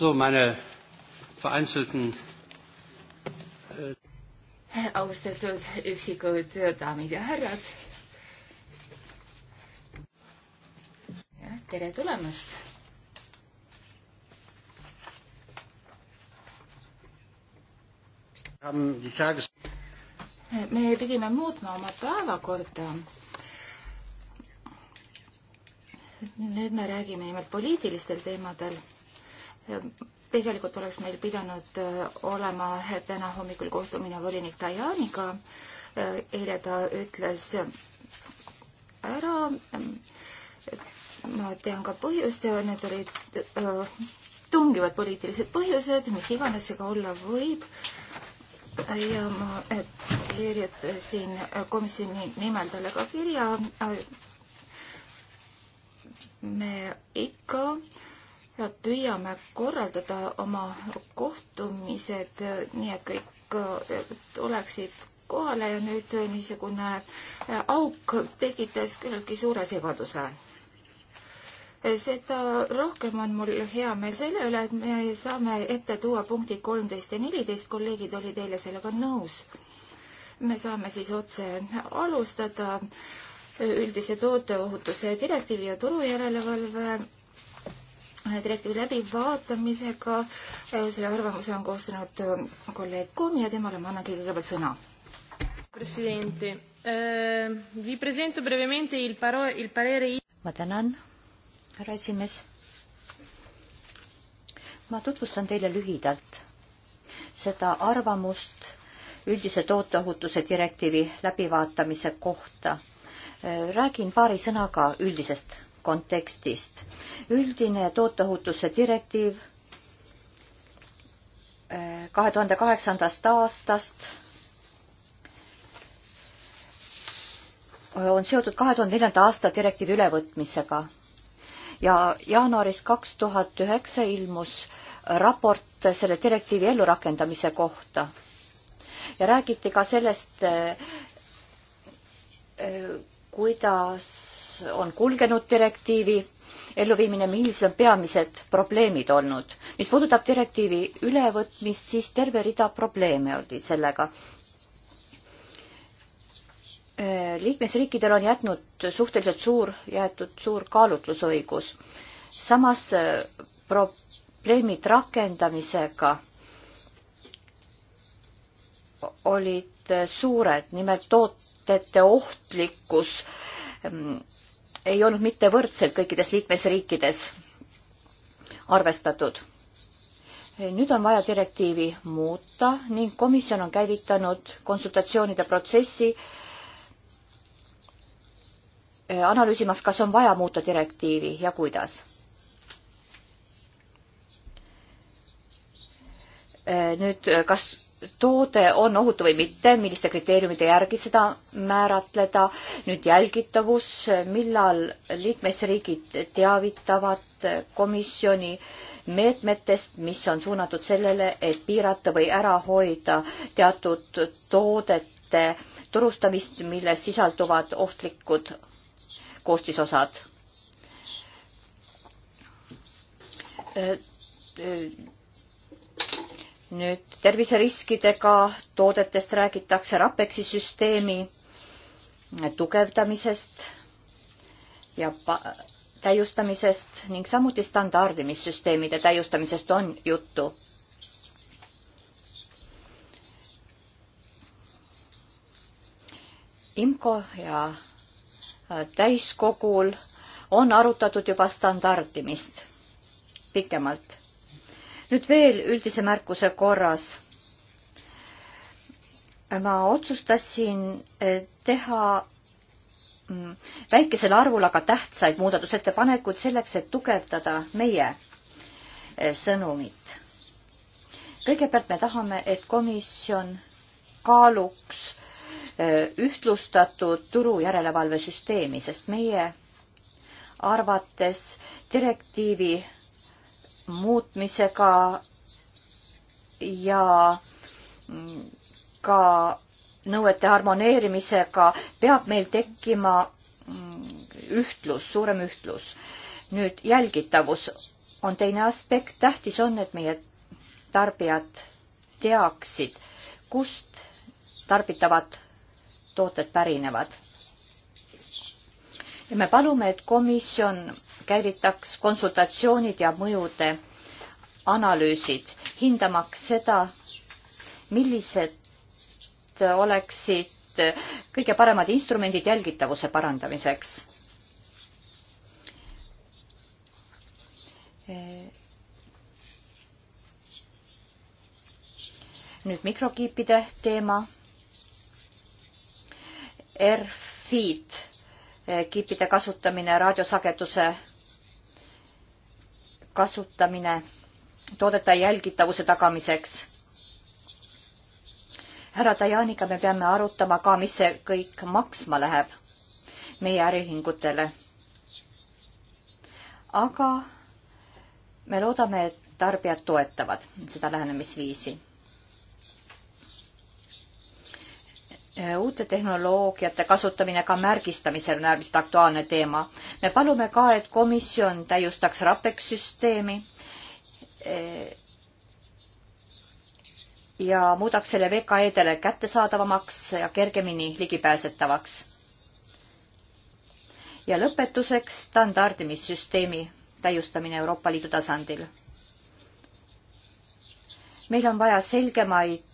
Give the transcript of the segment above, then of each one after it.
So, meine vereinzelten äh, austatud üksikud daamid ja härrad. tere tulemast. me pidime muutma oma päevakorda. nüüd me räägime nimelt poliitilistel teemadel tegelikult oleks meil pidanud äh, olema täna hommikul kohtumine volinik Tajaniga. Äh, eile ta ütles ära. ma tean ka põhjust, need olid äh, tungivad poliitilised põhjused, mis iganes see ka olla võib. ja ma kirjutasin komisjoni nimel talle ka kirja. me ikka äh, püüame korraldada oma kohtumised nii, et kõik oleksid kohale ja nüüd niisugune auk tekitas küllaltki suure segaduse. seda rohkem on mul hea meel selle üle, et me saame ette tuua punktid kolmteist ja neliteist, kolleegid olid eile sellega nõus. me saame siis otse alustada üldise tooteohutuse direktiivi ja turujärelevalve direktiivi läbivaatamisega. Äh, selle arvamuse on koostanud äh, kolleeg Komi ja temale ma annangi kõigepealt sõna. presidenti äh,, vi presento brevemente il paro-, il parere. ma tänan, härra esimees. ma tutvustan teile lühidalt seda arvamust üldise tooteohutuse direktiivi läbivaatamise kohta. Äh, räägin paari sõnaga üldisest kontekstist. üldine tooteohutuse direktiiv äh, kahe tuhande kaheksandast aastast on seotud kahe tuhande neljanda aasta direktiivi ülevõtmisega ja jaanuaris kaks tuhat üheksa ilmus raport selle direktiivi ellurakendamise kohta. ja räägiti ka sellest, äh, äh, kuidas on kulgenud direktiivi elluviimine, millised on peamised probleemid olnud. mis puudutab direktiivi ülevõtmist, siis terve rida probleeme oli sellega. Äh, liikmesriikidel on jätnud suhteliselt suur, jäetud suur kaalutlusõigus. samas äh, probleemid rakendamisega olid äh, suured, nimelt tootete ohtlikkus ähm, ei olnud mitte võrdselt kõikides liikmesriikides arvestatud. nüüd on vaja direktiivi muuta ning komisjon on käivitanud konsultatsioonide protsessi, eh, analüüsimaks, kas on vaja muuta direktiivi ja kuidas. Eh, nüüd, kas toode on ohutu või mitte, milliste kriteeriumide järgi seda määratleda, nüüd jälgitavus, millal liikmesriigid teavitavad komisjoni meetmetest, mis on suunatud sellele, et piirata või ära hoida teatud toodete turustamist, milles sisalduvad ohtlikud koostisosad äh, äh, nüüd terviseriskidega toodetest räägitakse, RAPEX-i süsteemi tugevdamisest ja täiustamisest ning samuti standardimissüsteemide täiustamisest on juttu. IMCO ja äh, täiskogul on arutatud juba standardimist pikemalt nüüd veel üldise märkuse korras. ma otsustasin eh, teha mm, väikesel arvul, aga tähtsaid muudatusettepanekuid selleks, et tugevdada meie eh, sõnumit. kõigepealt me tahame, et komisjon kaaluks eh, ühtlustatud turujärelevalvesüsteemi, sest meie arvates direktiivi muutmisega ja ka nõuete harmoneerimisega peab meil tekkima ühtlus, suurem ühtlus. nüüd jälgitavus on teine aspekt, tähtis on, et meie tarbijad teaksid, kust tarbitavad tooted pärinevad ja me palume, et komisjon käivitaks konsultatsioonid ja mõjude analüüsid, hindamaks seda, millised oleksid kõige paremad instrumendid jälgitavuse parandamiseks. nüüd mikrokiipide teema. RFID Eh, kippide kasutamine, raadiosageduse kasutamine toodete jälgitavuse tagamiseks. härra Tajaniga me peame arutama ka, mis see kõik maksma läheb meie äriühingutele. aga me loodame, et tarbijad toetavad seda lähenemisviisi Äh, uute tehnoloogiate kasutamine ka märgistamisel on äärmiselt aktuaalne teema. me palume ka, et komisjon täiustaks RAPEX süsteemi äh, ja muudaks selle VKE-dele kättesaadavamaks ja kergemini ligipääsetavaks. ja lõpetuseks standardimissüsteemi täiustamine Euroopa Liidu tasandil. meil on vaja selgemaid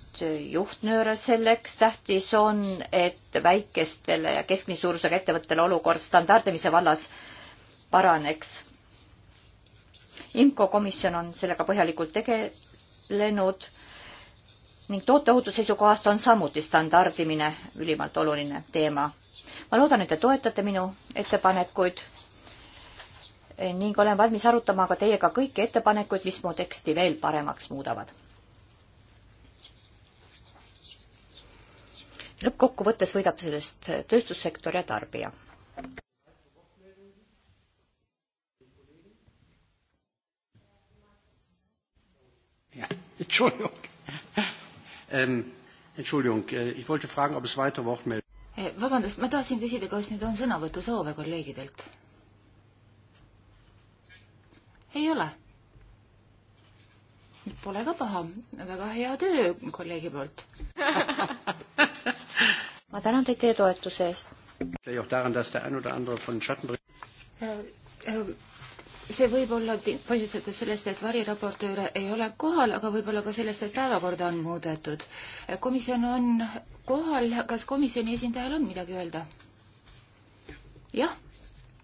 juhtnööre selleks. tähtis on, et väikestele ja keskmise suurusega ettevõttele olukord standardimise vallas paraneks. IMCO komisjon on sellega põhjalikult tegelenud ning tooteohutu seisukohast on samuti standardimine ülimalt oluline teema. ma loodan, et te toetate minu ettepanekuid ning olen valmis arutama ka teiega kõiki ettepanekuid, mis mu teksti veel paremaks muudavad lõppkokkuvõttes võidab sellest tööstussektor ja tarbija. jah, Entschuldigung ähm,. Entschuldigung, äh, ich wollte fragen, ob es weitere Wortmeldungen eh, vabandust, ma tahtsin küsida, kas nüüd on sõnavõtusoove kolleegidelt? ei ole? Pole ka paha, väga hea töö kolleegi poolt ma tänan teid teie toetuse eest äh, äh, see võib olla põhjustatud sellest, et variraportööre ei ole kohal, aga võib-olla ka sellest, et päevakorda on muudetud. Äh, komisjon on kohal, kas komisjoni esindajal on midagi öelda? jah,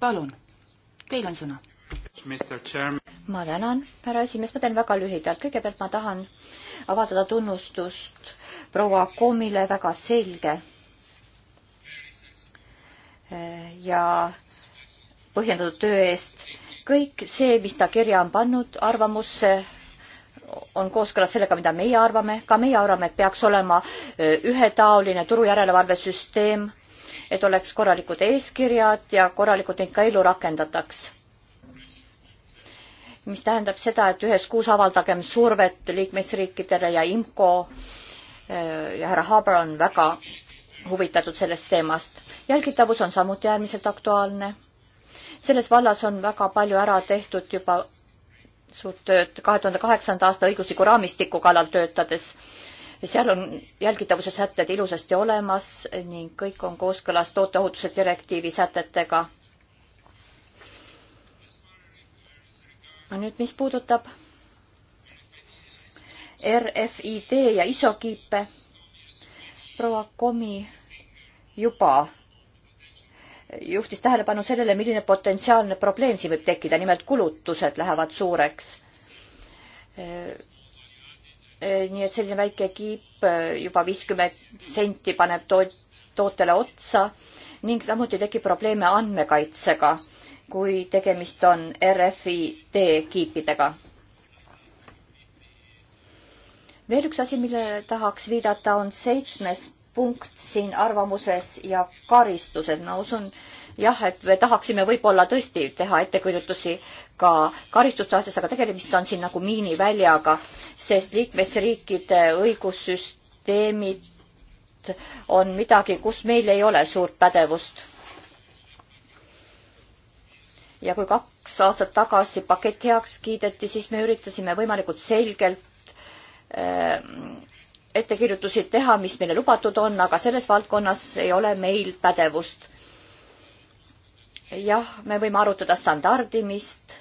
palun, teil on sõna. ma tänan, härra esimees, ma teen väga lühidalt. kõigepealt ma tahan avaldada tunnustust proua Koomile väga selge ja põhjendatud töö eest. kõik see, mis ta kirja on pannud arvamusse, on kooskõlas sellega, mida meie arvame, ka meie arvame, et peaks olema ühetaoline turujärelevalvesüsteem, et oleks korralikud eeskirjad ja korralikult neid ka ellu rakendataks. mis tähendab seda, et ühes-kuus avaldagem survet liikmesriikidele ja IMCO ja härra Haber on väga huvitatud sellest teemast. jälgitavus on samuti äärmiselt aktuaalne. selles vallas on väga palju ära tehtud juba suurt tööd kahe tuhande kaheksanda aasta õigusliku raamistiku kallal töötades. seal on jälgitavuse sätted ilusasti olemas ning kõik on kooskõlas tooteohutuse direktiivi sätetega. nüüd, mis puudutab RFID ja isokiipe proua Komi juba juhtis tähelepanu sellele, milline potentsiaalne probleem siin võib tekkida, nimelt kulutused lähevad suureks. nii et selline väike kiip juba viiskümmend senti paneb to tootele otsa ning samuti tekib probleeme andmekaitsega, kui tegemist on RFID kiipidega veel üks asi, millele tahaks viidata, on seitsmes punkt siin arvamuses ja karistused. ma usun jah, et me tahaksime võib-olla tõesti teha ettekirjutusi ka karistuste asjas, aga tegemist on siin nagu miiniväljaga, sest liikmesriikide õigussüsteemid on midagi, kus meil ei ole suurt pädevust. ja kui kaks aastat tagasi pakett heaks kiideti, siis me üritasime võimalikult selgelt Äh, ettekirjutusi teha, mis meile lubatud on, aga selles valdkonnas ei ole meil pädevust. jah, me võime arutada standardimist,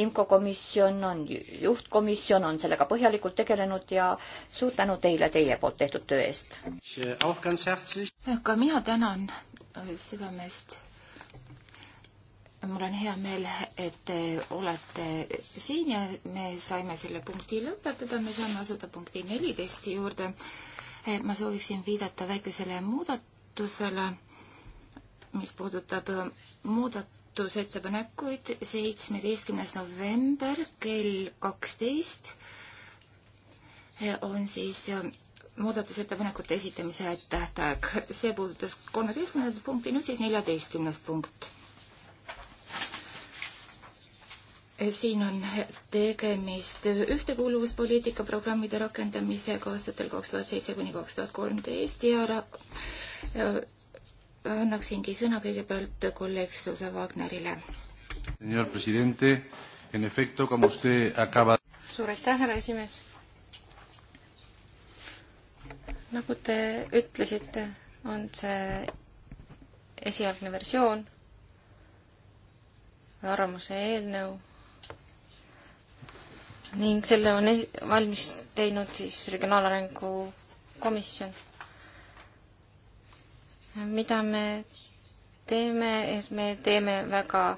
IMCO komisjon on juhtkomisjon, on sellega põhjalikult tegelenud ja suur tänu teile teie poolt tehtud töö eest. Äh, ka mina tänan südamest mul on hea meel, et te olete siin ja me saime selle punkti lõpetada, me saame asuda punkti neliteist juurde. ma sooviksin viidata väikesele muudatusele, mis puudutab muudatusettepanekuid seitsmeteistkümnes november kell kaksteist on siis muudatusettepanekute esitamise tähtaeg. see puudutas kolmeteistkümnendat punkti, nüüd siis neljateistkümnes punkt siin on tegemist ühtekuuluvuspoliitika programmide rakendamisega aastatel kaks tuhat seitse kuni kaks tuhat kolmteist ja äh, annaksingi sõna kõigepealt kolleeg Suuse Wagnerile. suur aitäh, härra esimees! nagu te ütlesite, on see esialgne versioon, arvamuse eelnõu ning selle on es-, valmis teinud siis Regionaalarengu komisjon. mida me teeme, me teeme väga,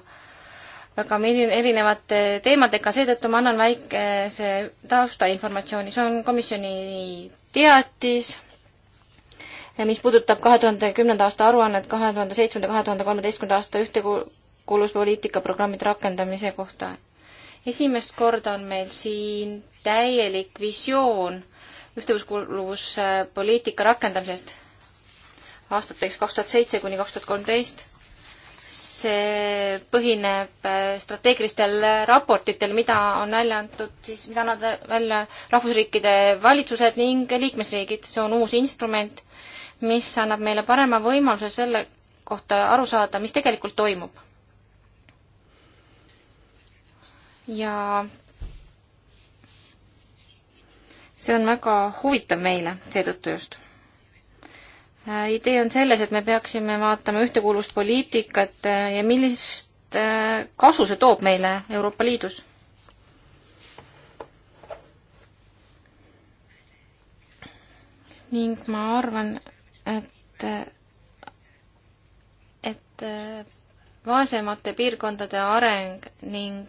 väga erinevate teemadega, seetõttu ma annan väikese taustainformatsiooni, see on komisjoni teatis, mis puudutab kahe tuhande kümnenda aasta aruannet kahe tuhande seitsmenda, kahe tuhande kolmeteistkümnenda aasta ühtekuuluvuspoliitika programmide rakendamise kohta esimest korda on meil siin täielik visioon ühtekuuluvuspoliitika äh, rakendamisest aastateks kaks tuhat seitse kuni kaks tuhat kolmteist. see põhineb äh, strateegilistel raportitel, mida on välja antud siis, mida annavad välja rahvusriikide valitsused ning liikmesriigid, see on uus instrument, mis annab meile parema võimaluse selle kohta aru saada, mis tegelikult toimub ja see on väga huvitav meile seetõttu just. Äh, idee on selles, et me peaksime vaatama ühtekuuluvuspoliitikat äh, ja millist äh, kasu see toob meile Euroopa Liidus. ning ma arvan, et, et vaesemate piirkondade areng ning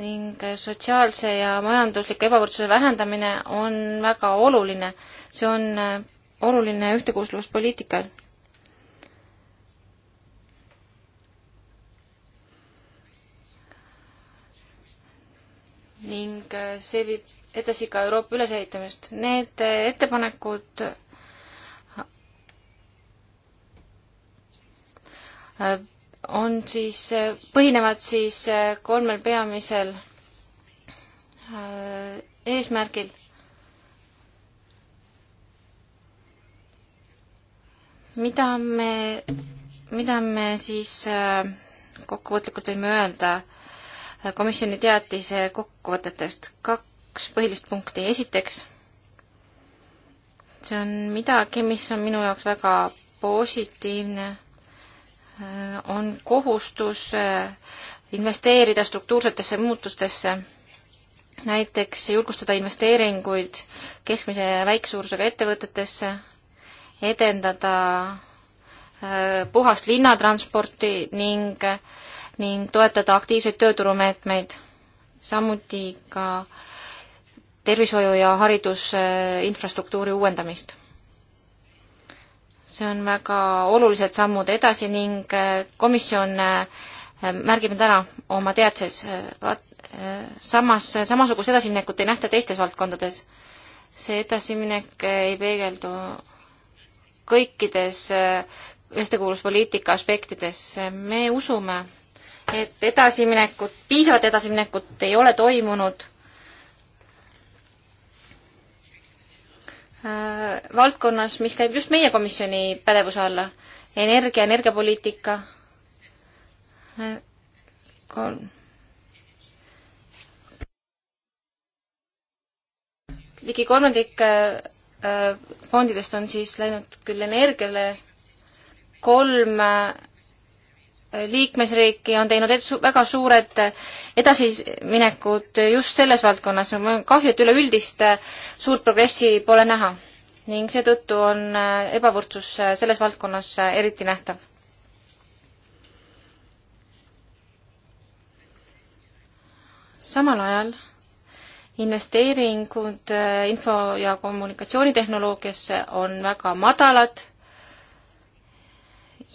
ning sotsiaalse ja majandusliku ebavõrdsuse vähendamine on väga oluline. see on äh, oluline ühtekuuluvuspoliitikal. ning äh, see viib edasi ka Euroopa ülesehitamist. Need äh, ettepanekud äh, on siis, põhinevad siis äh, kolmel peamisel äh, eesmärgil. mida me, mida me siis äh, kokkuvõtlikult võime öelda komisjoni teatise kokkuvõtetest? kaks põhilist punkti. esiteks, see on midagi, mis on minu jaoks väga positiivne Äh, on kohustus äh, investeerida struktuursetesse muutustesse, näiteks julgustada investeeringuid keskmise ja väiksuurusega ettevõtetesse, edendada äh, puhast linnatransporti ning, ning toetada aktiivseid tööturumeetmeid, samuti ka tervishoiu ja hariduse infrastruktuuri uuendamist see on väga olulised sammud edasi ning äh, komisjon äh, märgime täna oma teadses, äh, samas, samasugust edasiminekut ei nähta teistes valdkondades. see edasiminek ei peegeldu kõikides ühtekuuluvuspoliitika aspektides. me usume, et edasiminekut, piisavat edasiminekut ei ole toimunud Äh, valdkonnas, mis käib just meie komisjoni pädevuse alla. energia, energiapoliitika. Äh, kolm. ligi kolmandik äh, fondidest on siis läinud küll energiale, kolm liikmesriiki on teinud edu, väga suured edasiminekud just selles valdkonnas. mul on kahju, et üleüldist suurt progressi pole näha ning seetõttu on ebavõrdsus selles valdkonnas eriti nähtav. samal ajal investeeringud info- ja kommunikatsioonitehnoloogiasse on väga madalad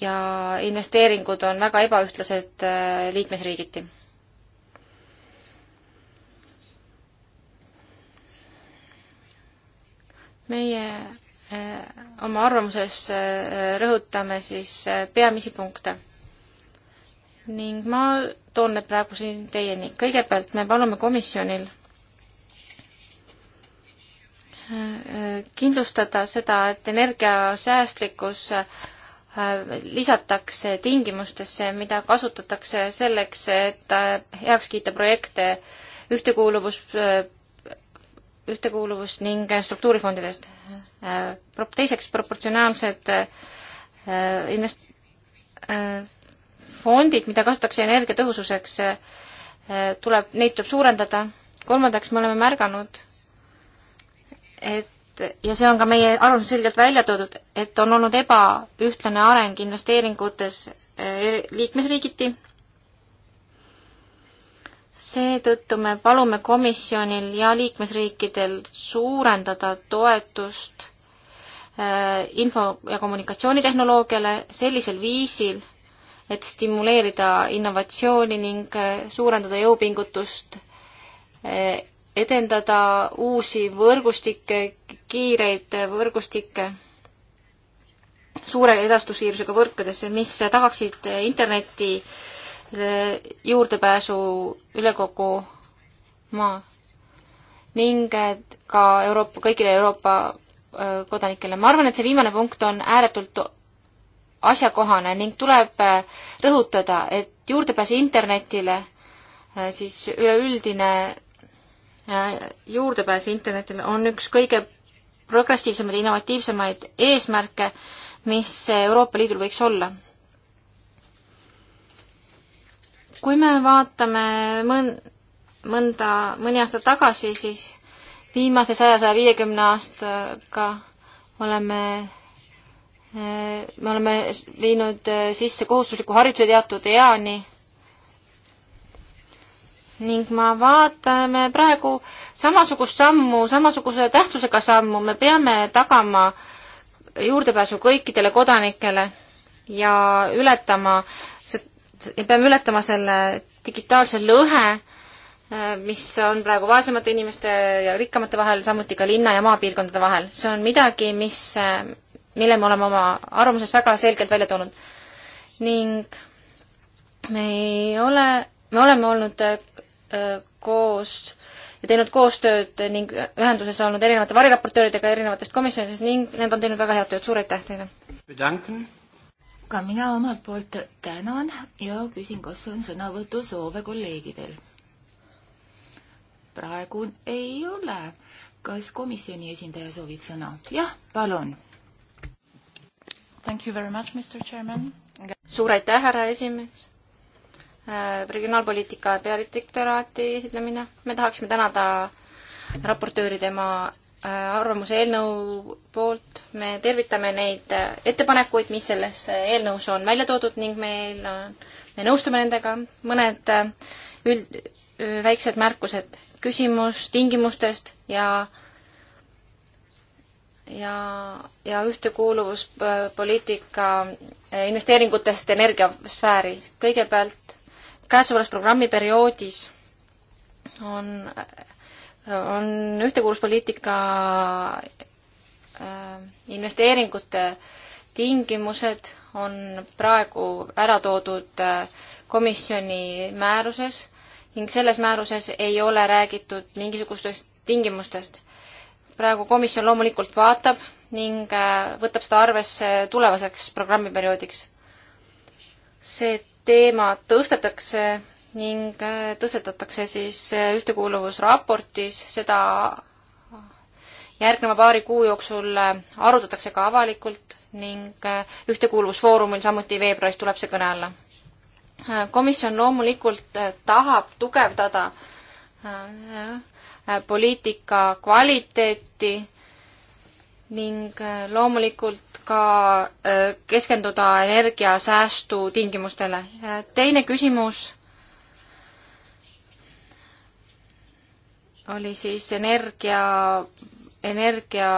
ja investeeringud on väga ebaühtlased äh, liikmesriigiti. meie äh, oma arvamuses äh, rõhutame siis peamisi punkte. ning ma toon need praegu siin teieni. kõigepealt me palume komisjonil kindlustada seda, et energiasäästlikkus Äh, lisatakse tingimustesse, mida kasutatakse selleks, et äh, heaks kiita projekte ühtekuuluvus, äh, ühtekuuluvus ning struktuurifondidest. teiseks, proportsionaalsed invest-, fondid, mida kasutatakse energiatõhususeks, tuleb, neid tuleb suurendada. kolmandaks, me oleme märganud, et et ja see on ka meie arvamuses selgelt välja toodud, et on olnud ebaühtlane areng investeeringutes eh, liikmesriigiti. seetõttu me palume komisjonil ja liikmesriikidel suurendada toetust eh, info- ja kommunikatsioonitehnoloogiale sellisel viisil, et stimuleerida innovatsiooni ning eh, suurendada jõupingutust edendada uusi võrgustikke, kiireid võrgustikke suure edastuskiirusega võrkudesse, mis tagaksid interneti eh, juurdepääsu üle kogu maa ning ka Euroopa, kõigile Euroopa eh, kodanikele. ma arvan, et see viimane punkt on ääretult asjakohane ning tuleb eh, rõhutada, et juurdepääs internetile siis üleüldine juurdepääs internetile on üks kõige progressiivsemaid, innovatiivsemaid eesmärke, mis Euroopa Liidul võiks olla. kui me vaatame mõn-, mõnda, mõni aasta tagasi, siis viimase saja, saja viiekümne aastaga oleme me oleme viinud sisse kohustusliku hariduse teatud eani ning ma vaatame praegu samasugust sammu, samasuguse tähtsusega sammu, me peame tagama juurdepääsu kõikidele kodanikele ja ületama, peame ületama selle digitaalse lõhe, mis on praegu vaesemate inimeste ja rikkamate vahel, samuti ka linna ja maapiirkondade vahel. see on midagi, mis, mille me oleme oma arvamuses väga selgelt välja toonud. ning me ei ole, me oleme olnud koos ja teinud koostööd ning ühenduses olnud erinevate variraportööridega erinevatest komisjonidest ning need on teinud väga head tööd, suur aitäh teile! ka mina omalt poolt tänan ja küsin, kas on sõnavõtusoove kolleegidel? praegu ei ole. kas komisjoni esindaja soovib sõna? jah, palun! suur aitäh, härra esimees! Äh, regionaalpoliitika peadirektoraati esitlemine. me tahaksime tänada raportööri tema äh, arvamuse eelnõu poolt. me tervitame neid äh, ettepanekuid, mis selles eelnõus on välja toodud ning meil on, me nõustume nendega. mõned üld, väiksed märkused. küsimus tingimustest ja ja, ja ühtekuuluvuspoliitika investeeringutest energiasfääris. kõigepealt käesolevas programmiperioodis on, on ühtekuuluvuspoliitika äh, investeeringute tingimused on praegu ära toodud äh, komisjoni määruses ning selles määruses ei ole räägitud mingisugustest tingimustest. praegu komisjon loomulikult vaatab ning äh, võtab seda arvesse tulevaseks programmiperioodiks. see teema tõstetakse ning äh, tõstetatakse siis äh, ühtekuuluvusraportis, seda järgneva paari kuu jooksul äh, arutatakse ka avalikult ning Ühtekuuluvusfoorumil samuti veebruaris tuleb see kõne alla. komisjon loomulikult tahab tugevdada poliitika kvaliteeti ning äh, loomulikult ka äh, keskenduda energiasäästu tingimustele. Äh, teine küsimus oli siis energia, energia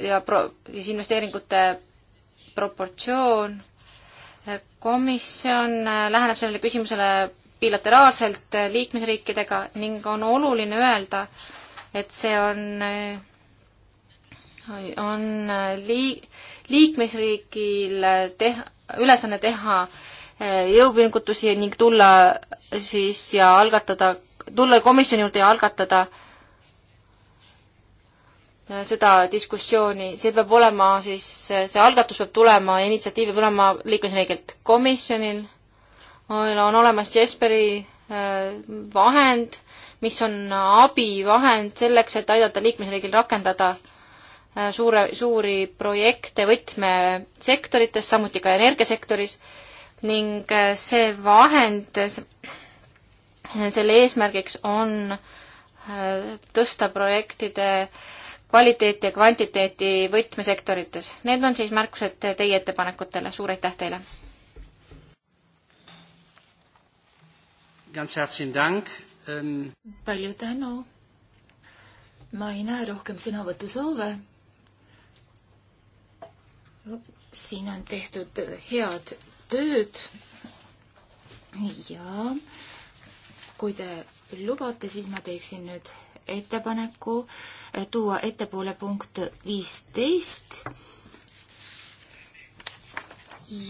ja pro-, siis investeeringute proportsioon. komisjon läheneb sellele küsimusele bilateraalselt liikmesriikidega ning on oluline öelda, et see on on äh, lii-, liikmesriigil teha, ülesanne teha äh, jõupingutusi ning tulla siis ja algatada, tulla komisjoni juurde ja algatada äh, seda diskussiooni, see peab olema siis, see algatus peab tulema, initsiatiiv peab olema liikmesriigilt. komisjonil on, on olemas Jesperi vahend, mis on abivahend selleks, et aidata liikmesriigil rakendada äh, Äh, suure, suuri projekte võtmesektorites, samuti ka energiasektoris ning äh, see vahend, selle eesmärgiks on äh, tõsta projektide kvaliteeti ja kvantiteeti võtmesektorites. Need on siis märkused teie ettepanekutele, suur aitäh teile! Ähm, palju tänu! ma ei näe rohkem sõnavõtusoove siin on tehtud head tööd ja kui te lubate, siis ma teeksin nüüd ettepaneku eh, tuua ettepoole punkt viisteist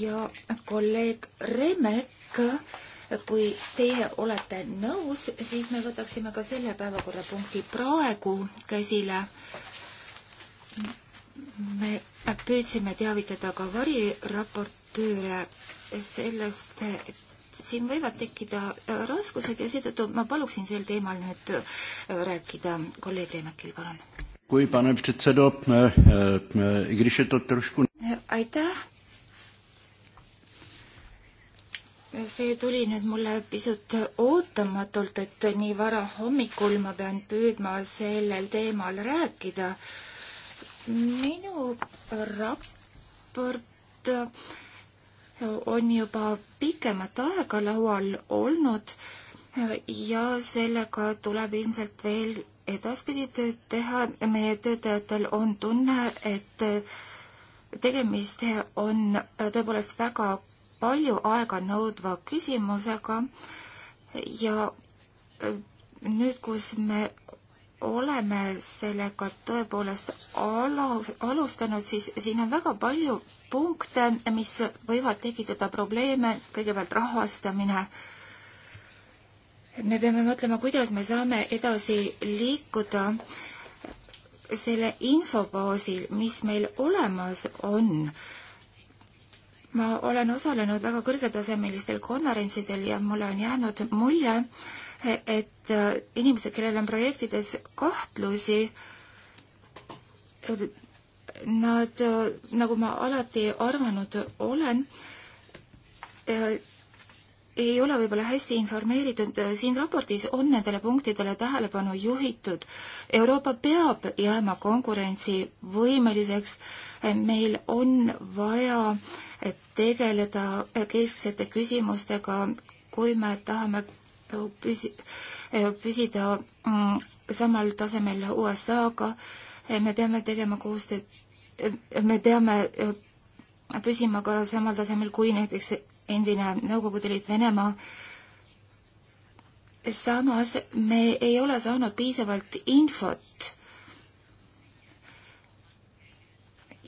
ja kolleeg Remek, kui teie olete nõus, siis me võtaksime ka selle päevakorrapunkti praegu käsile me püüdsime teavitada ka variraportööre sellest, et siin võivad tekkida äh, raskused ja seetõttu ma paluksin sel teemal nüüd äh, rääkida kolleeg Leemäkil, palun. kui paneb seda, äh, aitäh. see tuli nüüd mulle pisut ootamatult, et nii vara hommikul ma pean püüdma sellel teemal rääkida minu raport on juba pikemat aega laual olnud ja sellega tuleb ilmselt veel edaspidi tööd teha. meie töötajatel on tunne, et tegemist on tõepoolest väga palju aega nõudva küsimusega ja nüüd, kus me oleme sellega tõepoolest alustanud, siis siin on väga palju punkte, mis võivad tekitada probleeme, kõigepealt rahastamine. me peame mõtlema, kuidas me saame edasi liikuda selle infobaasil, mis meil olemas on. ma olen osalenud väga kõrgetasemelistel konverentsidel ja mulle on jäänud mulje, et äh, inimesed, kellel on projektides kahtlusi, nad, äh, nagu ma alati arvanud olen, äh, ei ole võib-olla hästi informeeritud, siin raportis on nendele punktidele tähelepanu juhitud. Euroopa peab jääma konkurentsivõimeliseks, meil on vaja tegeleda kesksete küsimustega, kui me tahame püsi-, eh, püsida mm, samal tasemel USA-ga, eh, me peame tegema koostööd, eh, me peame püsima ka samal tasemel kui näiteks endine Nõukogude Liit Venemaa. samas me ei ole saanud piisavalt infot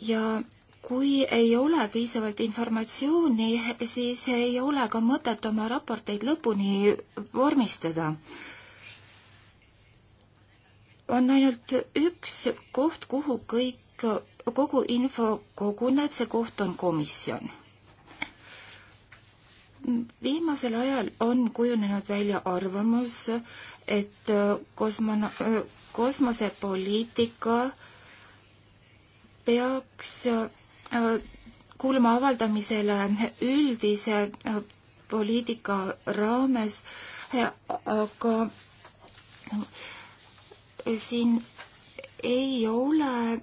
ja kui ei ole piisavalt informatsiooni, siis ei ole ka mõtet oma raporteid lõpuni vormistada. on ainult üks koht, kuhu kõik, kogu info koguneb, see koht on komisjon. viimasel ajal on kujunenud välja arvamus, et kosmona-, kosmosepoliitika peaks kuulma avaldamisele üldise poliitika raames, aga siin ei ole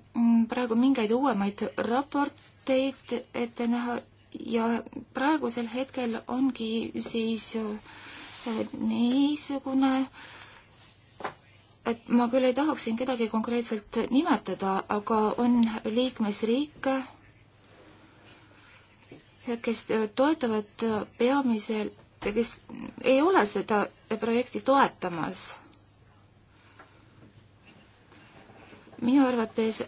praegu mingeid uuemaid raporteid ette näha ja praegusel hetkel ongi siis niisugune, et ma küll ei tahaks siin kedagi konkreetselt nimetada, aga on liikmesriike, kes äh, toetavad äh, peamiselt, kes ei ole seda projekti toetamas. minu arvates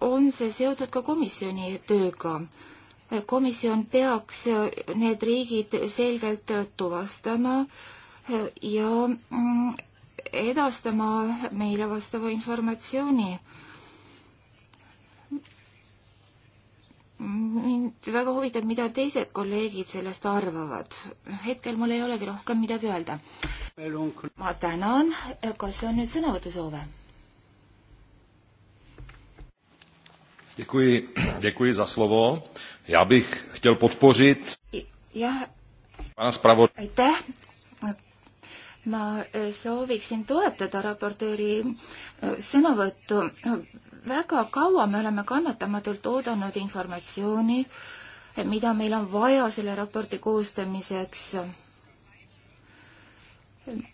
on see seotud ka komisjoni tööga. komisjon peaks äh, need riigid selgelt tuvastama ja mm, edastama meile vastava informatsiooni mind väga huvitab, mida teised kolleegid sellest arvavad. hetkel mul ei olegi rohkem midagi öelda. ma tänan, kas on nüüd sõnavõtusoove? Děkuji, děkuji za slovo. Já bych chtěl podpořit ja, pana zpravo... Aitäh. Ma eh, sooviksin toetada raportööri eh, sõnavõttu väga kaua me oleme kannatamatult oodanud informatsiooni, mida meil on vaja selle raporti koostamiseks.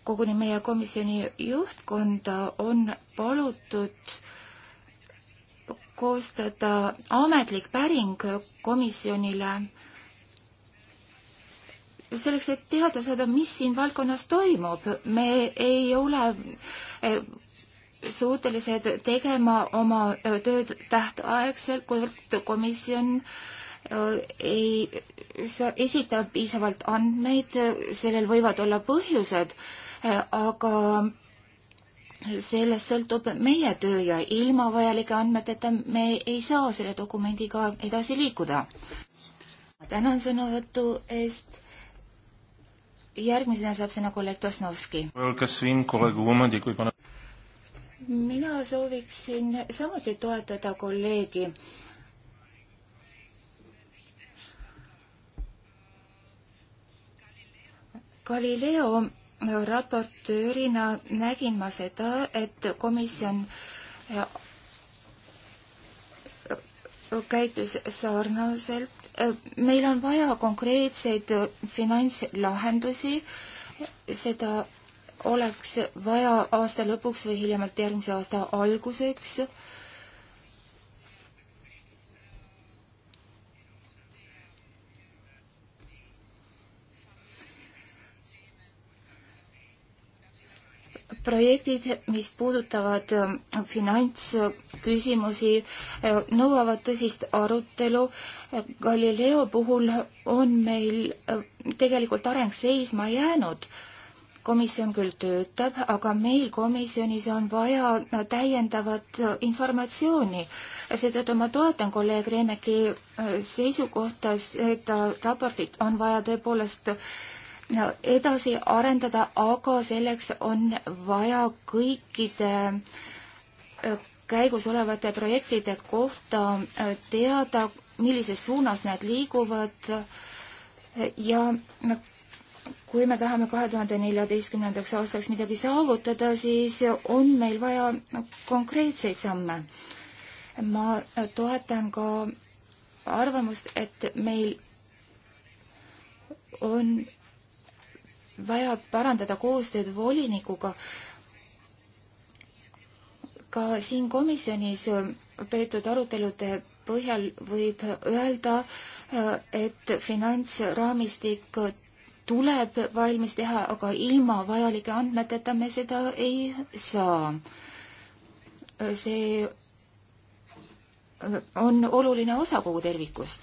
koguni meie komisjoni juhtkonda on palutud koostada ametlik päring komisjonile selleks, et teada saada, mis siin valdkonnas toimub. me ei ole suutelised tegema oma tööd tähtaegselt, kuivõrd komisjon ei esita piisavalt andmeid, sellel võivad olla põhjused, aga sellest sõltub meie töö ja ilma vajalike andmeteta me ei saa selle dokumendiga edasi liikuda. ma tänan sõnavõtu eest järgmisena saab sõna kolleeg Tosnovski mina sooviksin samuti toetada kolleegi. Galileo raportöörina nägin ma seda, et komisjon äh, käitus sarnaselt. meil on vaja konkreetseid finantslahendusi, seda oleks vaja aasta lõpuks või hiljemalt järgmise aasta alguseks projektid, mis puudutavad ähm, finantsküsimusi, äh, nõuavad tõsist arutelu. Galileo puhul on meil äh, tegelikult areng seisma jäänud komisjon küll töötab, aga meil komisjonis on vaja täiendavat informatsiooni. seetõttu ma toetan kolleeg Reemeki äh, seisukohta, seda raportit on vaja tõepoolest no, äh, edasi arendada, aga selleks on vaja kõikide äh, käigus olevate projektide kohta teada, millises suunas need liiguvad ja kui me tahame kahe tuhande neljateistkümnendaks aastaks midagi saavutada, siis on meil vaja konkreetseid samme. ma toetan ka arvamust, et meil on vaja parandada koostööd volinikuga. ka siin komisjonis peetud arutelude põhjal võib öelda, et finantsraamistik tuleb valmis teha, aga ilma vajalike andmeteta me seda ei saa. see on oluline osa kogu tervikust.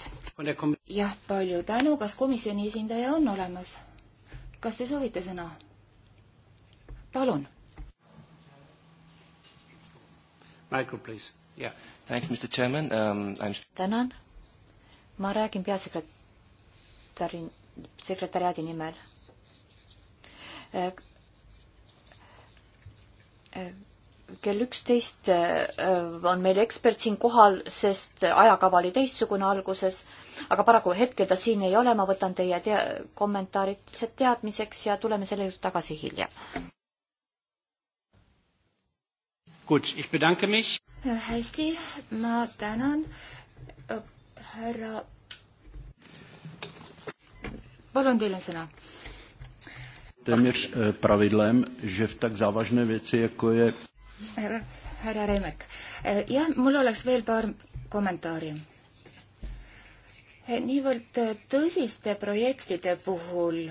jah, palju tänu, kas komisjoni esindaja on olemas? kas te soovite sõna? palun. Michael, please. jah yeah., thanks, Mr Chairman um,. tänan. ma räägin peasekretäri sekretäriaadi nimel. kell üksteist äh, on meil ekspert siin kohal, sest ajakava oli teistsugune alguses, aga paraku hetkel ta siin ei ole, ma võtan teie tea-, kommentaarid lihtsalt teadmiseks ja tuleme selle juurde tagasi hiljem. Äh, hästi, ma tänan äh, härra Palun, teil on sõna. Téměř eh, pravidlem, že v tak závažné věci, jako je... Härra Reimek. Eh, Jah, mul oleks veel paar kommentaari. Eh, niivõrd tõsiste projektide puhul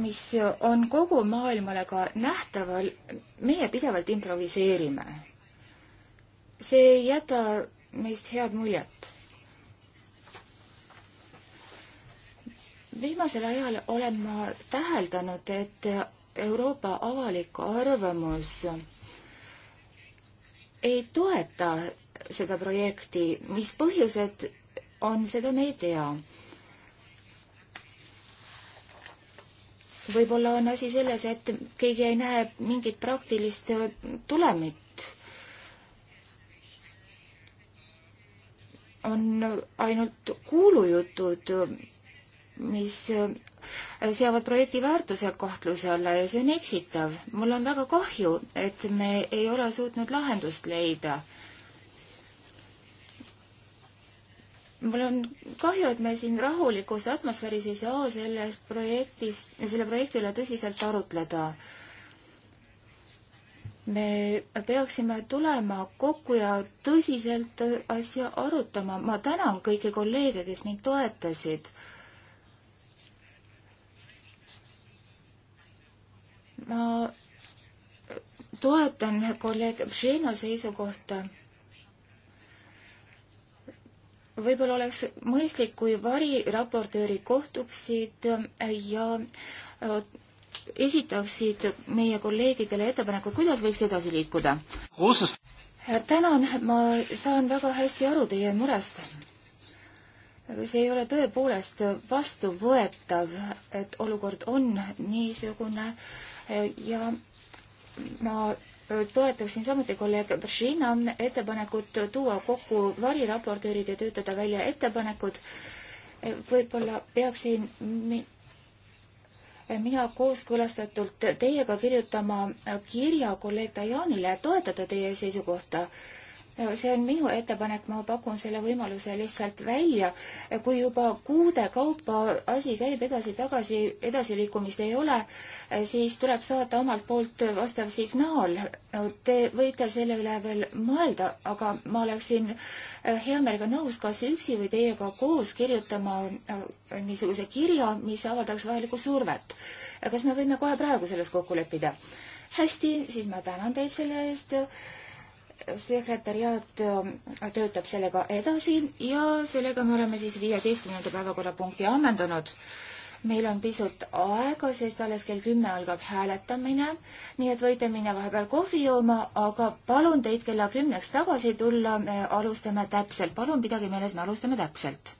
mis on kogu maailmale ka nähtaval, meie pidevalt improviseerime. see ei jäta meist head muljet. viimasel ajal olen ma täheldanud, et Euroopa avalik arvamus ei toeta seda projekti, mis põhjused on, seda me ei tea. võib-olla on asi selles, et keegi ei näe mingit praktilist tulemit. on ainult kuulujutud mis äh, seavad projekti väärtuse kahtluse alla ja see on eksitav. mul on väga kahju, et me ei ole suutnud lahendust leida. mul on kahju, et me siin rahulikus atmosfääris ei saa sellest projektist, selle projekti üle tõsiselt arutleda me peaksime tulema kokku ja tõsiselt asja arutama. ma tänan kõiki kolleege, kes mind toetasid. ma toetan kolleeg Bžena seisukohta. võib-olla oleks mõistlik, kui variraportöörid kohtuksid ja äh, esitaksid meie kolleegidele ettepanekud, kuidas võiks edasi liikuda. tänan, ma saan väga hästi aru teie murest see ei ole tõepoolest vastuvõetav, et olukord on niisugune ja ma toetaksin samuti kolleeg Bršina ettepanekut tuua kokku variraportöörid ja töötada välja ettepanekud. E, võib-olla peaksin e, mina kooskõlastatult teiega kirjutama kirja kolleeg Dajanile, toetada teie seisukohta see on minu ettepanek, ma pakun selle võimaluse lihtsalt välja. kui juba kuude kaupa asi käib edasi-tagasi, edasiliikumist ei ole, siis tuleb saata omalt poolt vastav signaal. Te võite selle üle veel mõelda, aga ma oleksin eh, hea meelega nõus kas üksi või teiega koos kirjutama eh, niisuguse kirja, mis avaldaks vajalikku survet. kas me võime kohe praegu selles kokku leppida? hästi, siis ma tänan teid selle eest sekretäriaat äh, töötab sellega edasi ja sellega me oleme siis viieteistkümnenda päevakorrapunkti ammendanud. meil on pisut aega, sest alles kell kümme algab hääletamine, nii et võite minna vahepeal kohvi jooma, aga palun teid kella kümneks tagasi tulla, me alustame täpselt, palun pidage meeles, me alustame täpselt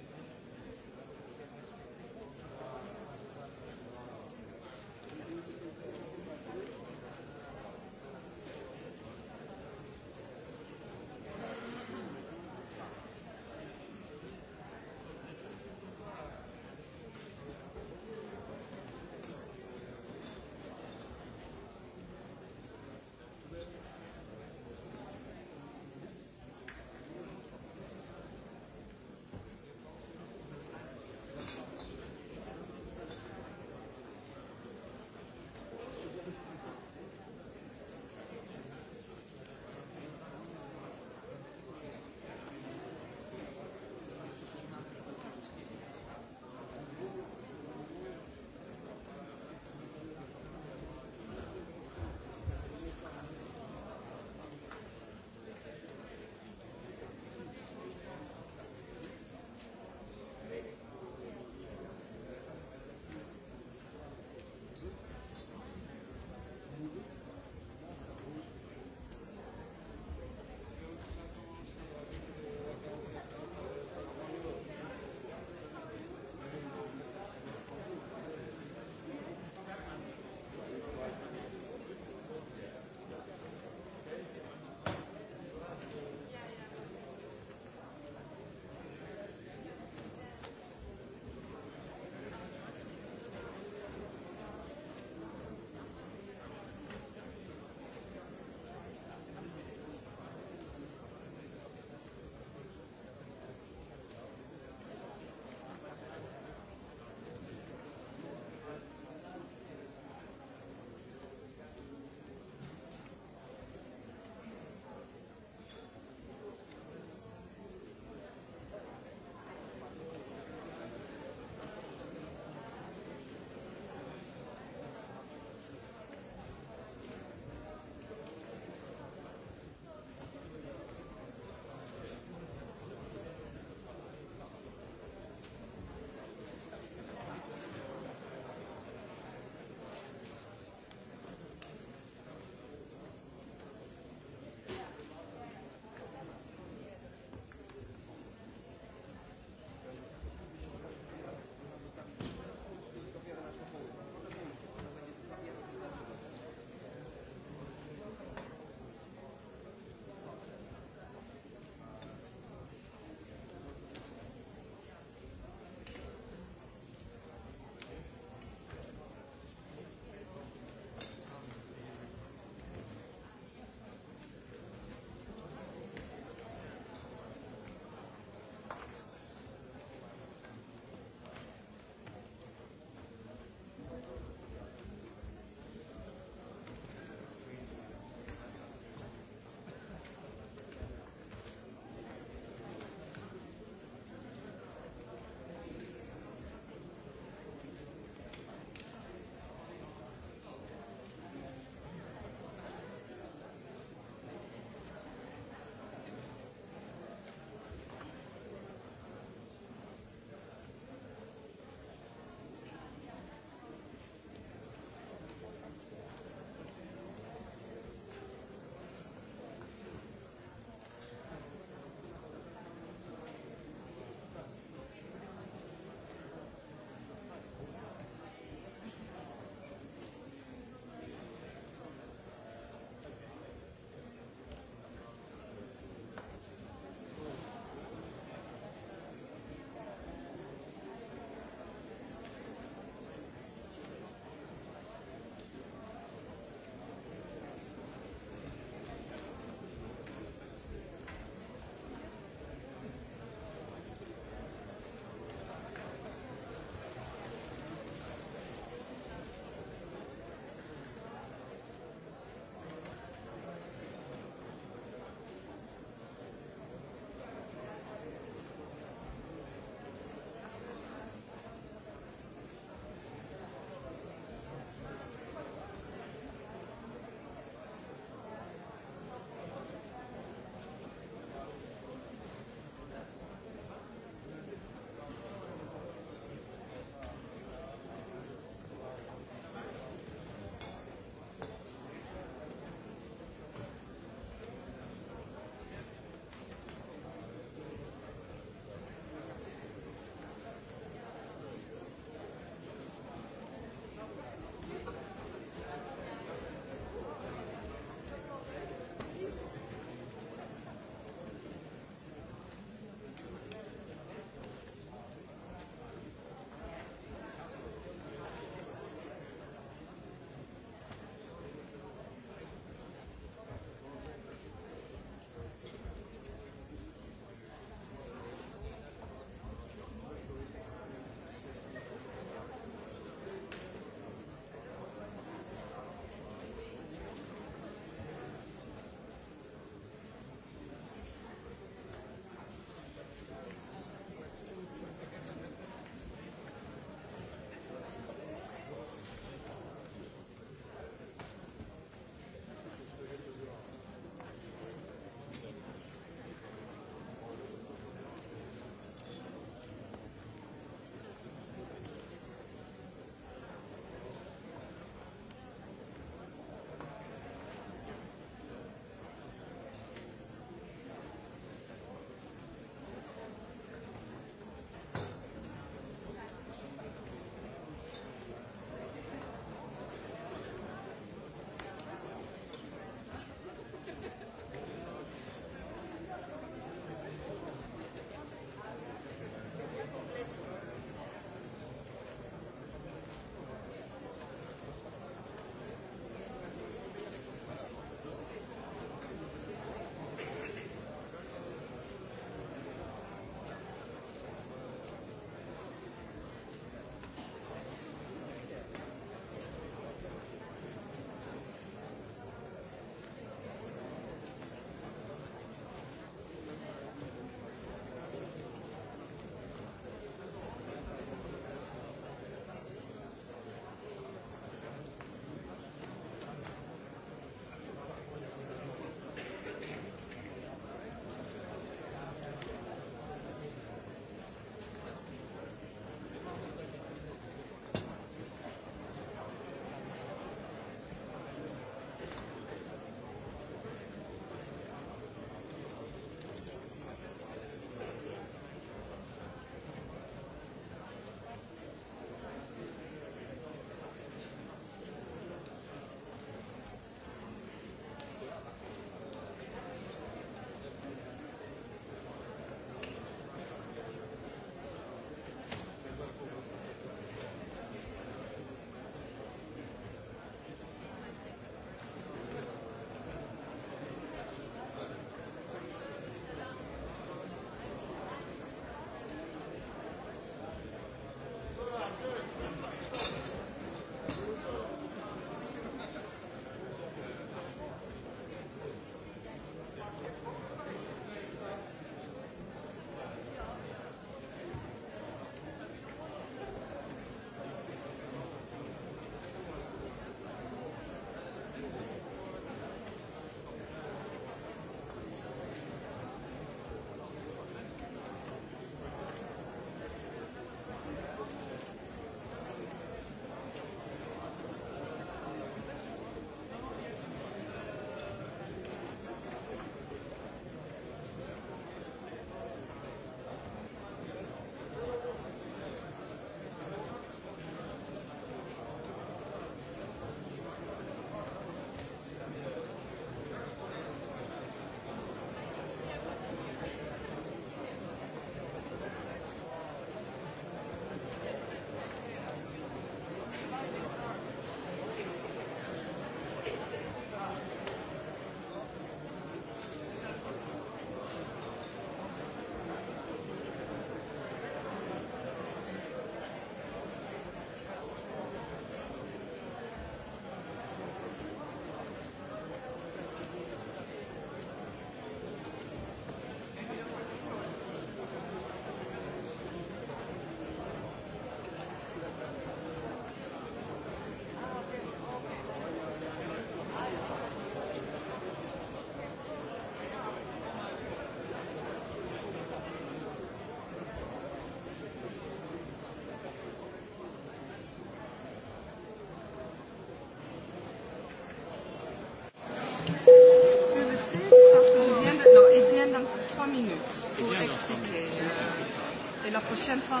trois minutes pour expliquer. Euh, et la prochaine fois,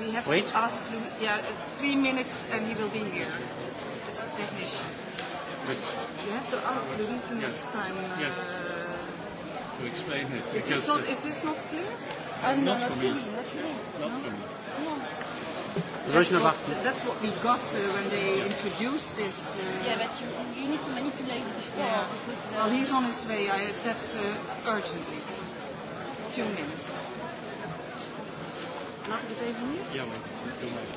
we have Wait. to ask him. Yeah, three minutes and he will be here. It's technician. But you have to ask Louise yes. next time. Uh, yes. To explain it. Is because this not, is this not clear? Uh, um, not, not for me. me. Not for me. Not no? for me. No. That's what, that's what we got uh, when they yeah. introduced this. Uh, yeah, but you, you need to manipulate it before. Yeah. Because, uh, well, he's on his way. I said uh, urgently few minutes. Laat ik het even nu? Ja, maar doe maar.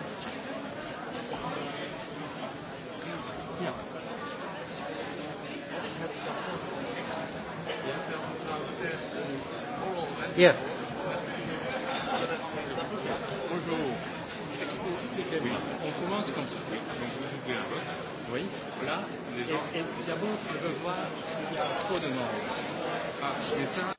Ja. Yeah. Bonjour. Oui, on commence comme ça. Oui. Donc vous ouvrez un vote. Oui. Voilà, les gens. Et, et d'abord, je veux voir s'il y a trop de morts. Ah, mais ça.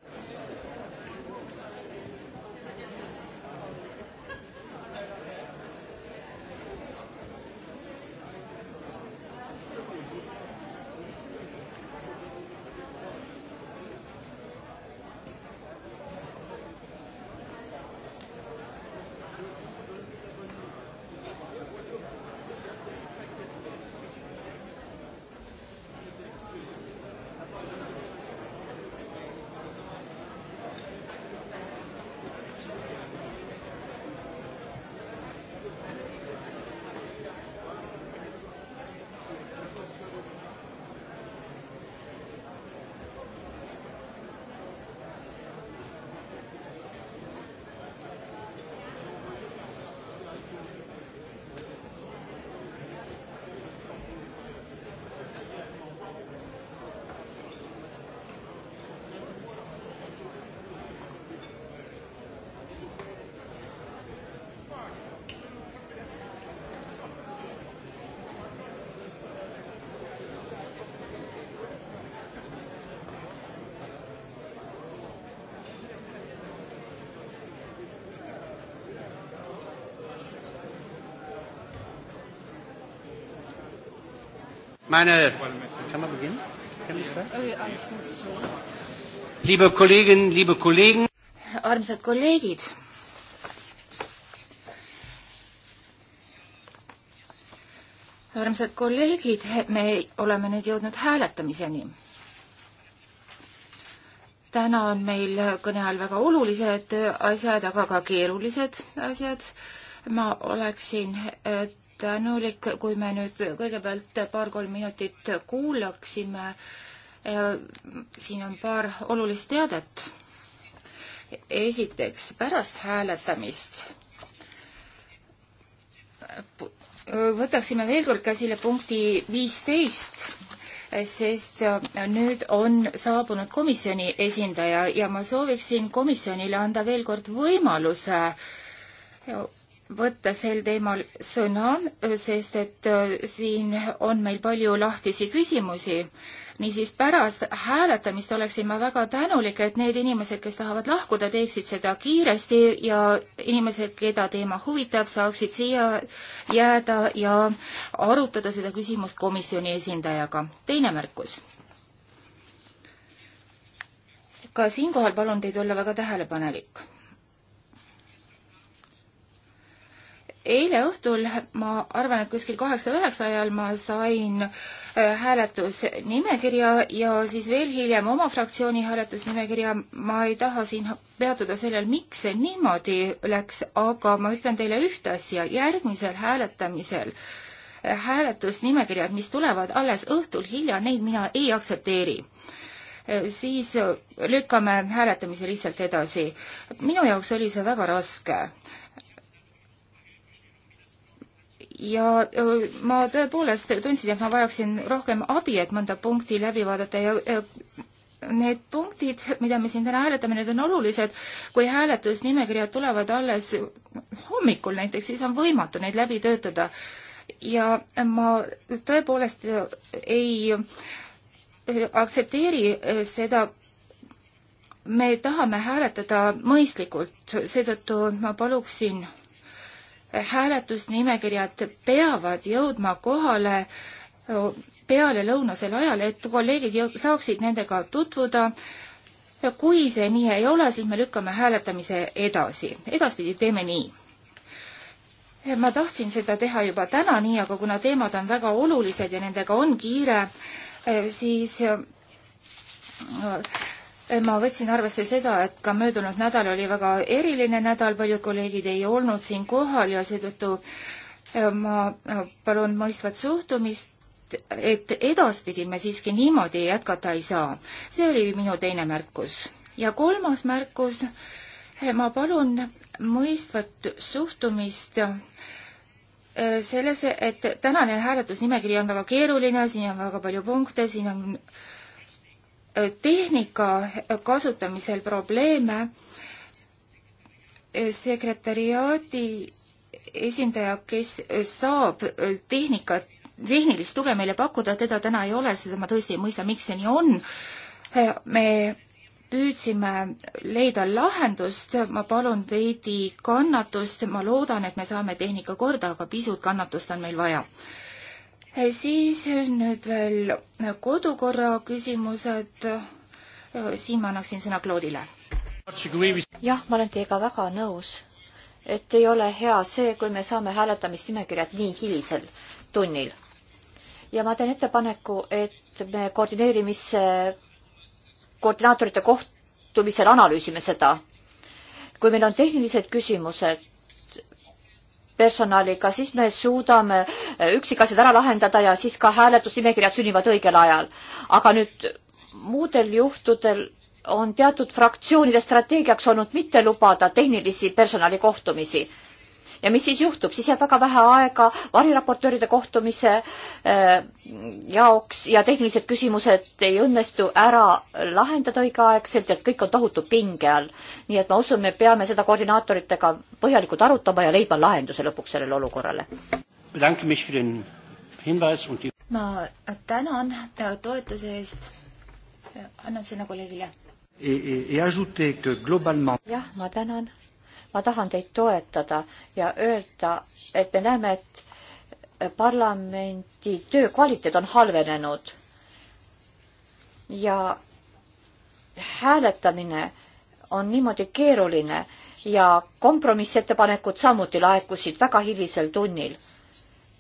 Meine, kann man beginnen? Can we start? Liebe Kolleginnen, liebe Kollegen. Armsad kolleegid. armsad kolleegid, me oleme nüüd jõudnud hääletamiseni. täna on meil kõne all väga olulised asjad, aga ka keerulised asjad. ma oleksin eh, tänulik, kui me nüüd kõigepealt paar-kolm minutit kuulaksime. siin on paar olulist teadet. esiteks, pärast hääletamist võtaksime veel kord käsile punkti viisteist, sest nüüd on saabunud komisjoni esindaja ja ma sooviksin komisjonile anda veel kord võimaluse võtta sel teemal sõna, sest et äh, siin on meil palju lahtisi küsimusi. niisiis pärast hääletamist oleksin ma väga tänulik, et need inimesed, kes tahavad lahkuda, teeksid seda kiiresti ja inimesed, keda teema huvitab, saaksid siia jääda ja arutada seda küsimust komisjoni esindajaga. teine märkus. ka siinkohal palun teid olla väga tähelepanelik eile õhtul ma arvan, et kuskil kaheksa-üheksa ajal ma sain äh, hääletusnimekirja ja siis veel hiljem oma fraktsiooni hääletusnimekirja. ma ei taha siin peatuda sellel, miks see niimoodi läks, aga ma ütlen teile ühte asja, järgmisel hääletamisel äh, hääletusnimekirjad, mis tulevad alles õhtul hilja, neid mina ei aktsepteeri äh, siis lükkame hääletamise lihtsalt edasi. minu jaoks oli see väga raske ja ma tõepoolest tundsin, et ma vajaksin rohkem abi, et mõnda punkti läbi vaadata ja, ja need punktid, mida me siin täna hääletame, need on olulised. kui hääletusnimekirjad tulevad alles hommikul näiteks, siis on võimatu neid läbi töötada. ja ma tõepoolest ei aktsepteeri seda, me tahame hääletada mõistlikult, seetõttu ma paluksin hääletusnimekirjad peavad jõudma kohale peale lõunasel ajal, et kolleegid saaksid nendega tutvuda. kui see nii ei ole, siis me lükkame hääletamise edasi. edaspidi teeme nii. ma tahtsin seda teha juba täna nii, aga kuna teemad on väga olulised ja nendega on kiire, siis ma võtsin arvesse seda, et ka möödunud nädal oli väga eriline nädal, paljud kolleegid ei olnud siin kohal ja seetõttu äh, ma äh, palun mõistvat suhtumist, et edaspidi me siiski niimoodi jätkata ei saa. see oli minu teine märkus. ja kolmas märkus, äh, ma palun mõistvat suhtumist sellesse, et tänane hääletusnimekiri on väga keeruline, siin on väga palju punkte, siin on äh, tehnika kasutamisel probleeme. sekretariaadi esindaja, kes saab tehnikat, tehnilist tuge meile pakkuda, teda täna ei ole, seda ma tõesti ei mõista, miks see nii on. me püüdsime leida lahendust, ma palun veidi kannatust, ma loodan, et me saame tehnika korda, aga pisut kannatust on meil vaja siis nüüd veel kodukorra küsimused. siin ma annaksin sõna Claude'ile. jah, ma olen teiega väga nõus, et ei ole hea see, kui me saame hääletamisnimekirjad nii hilisel tunnil. ja ma teen ettepaneku, et me koordineerimise, koordinaatorite kohtumisel analüüsime seda. kui meil on tehnilised küsimused, personaliga, siis me suudame eh, üksikasjad ära lahendada ja siis ka hääletusnimekirjad sünnivad õigel ajal. aga nüüd muudel juhtudel on teatud fraktsioonide strateegiaks olnud mitte lubada tehnilisi personalikohtumisi ja mis siis juhtub, siis jääb väga vähe aega variraportööride kohtumise äh, jaoks ja tehnilised küsimused ei õnnestu ära lahendada õigeaegselt ja kõik on tohutu pinge all. nii et ma usun, me peame seda koordinaatoritega põhjalikult arutama ja leidma lahenduse lõpuks sellele olukorrale. ma tänan toetuse eest. annan sõna kolleegile. jah, ma tänan ma tahan teid toetada ja öelda, et me näeme, et parlamendi töö kvaliteet on halvenenud. ja hääletamine on niimoodi keeruline ja kompromissettepanekud samuti laekusid väga hilisel tunnil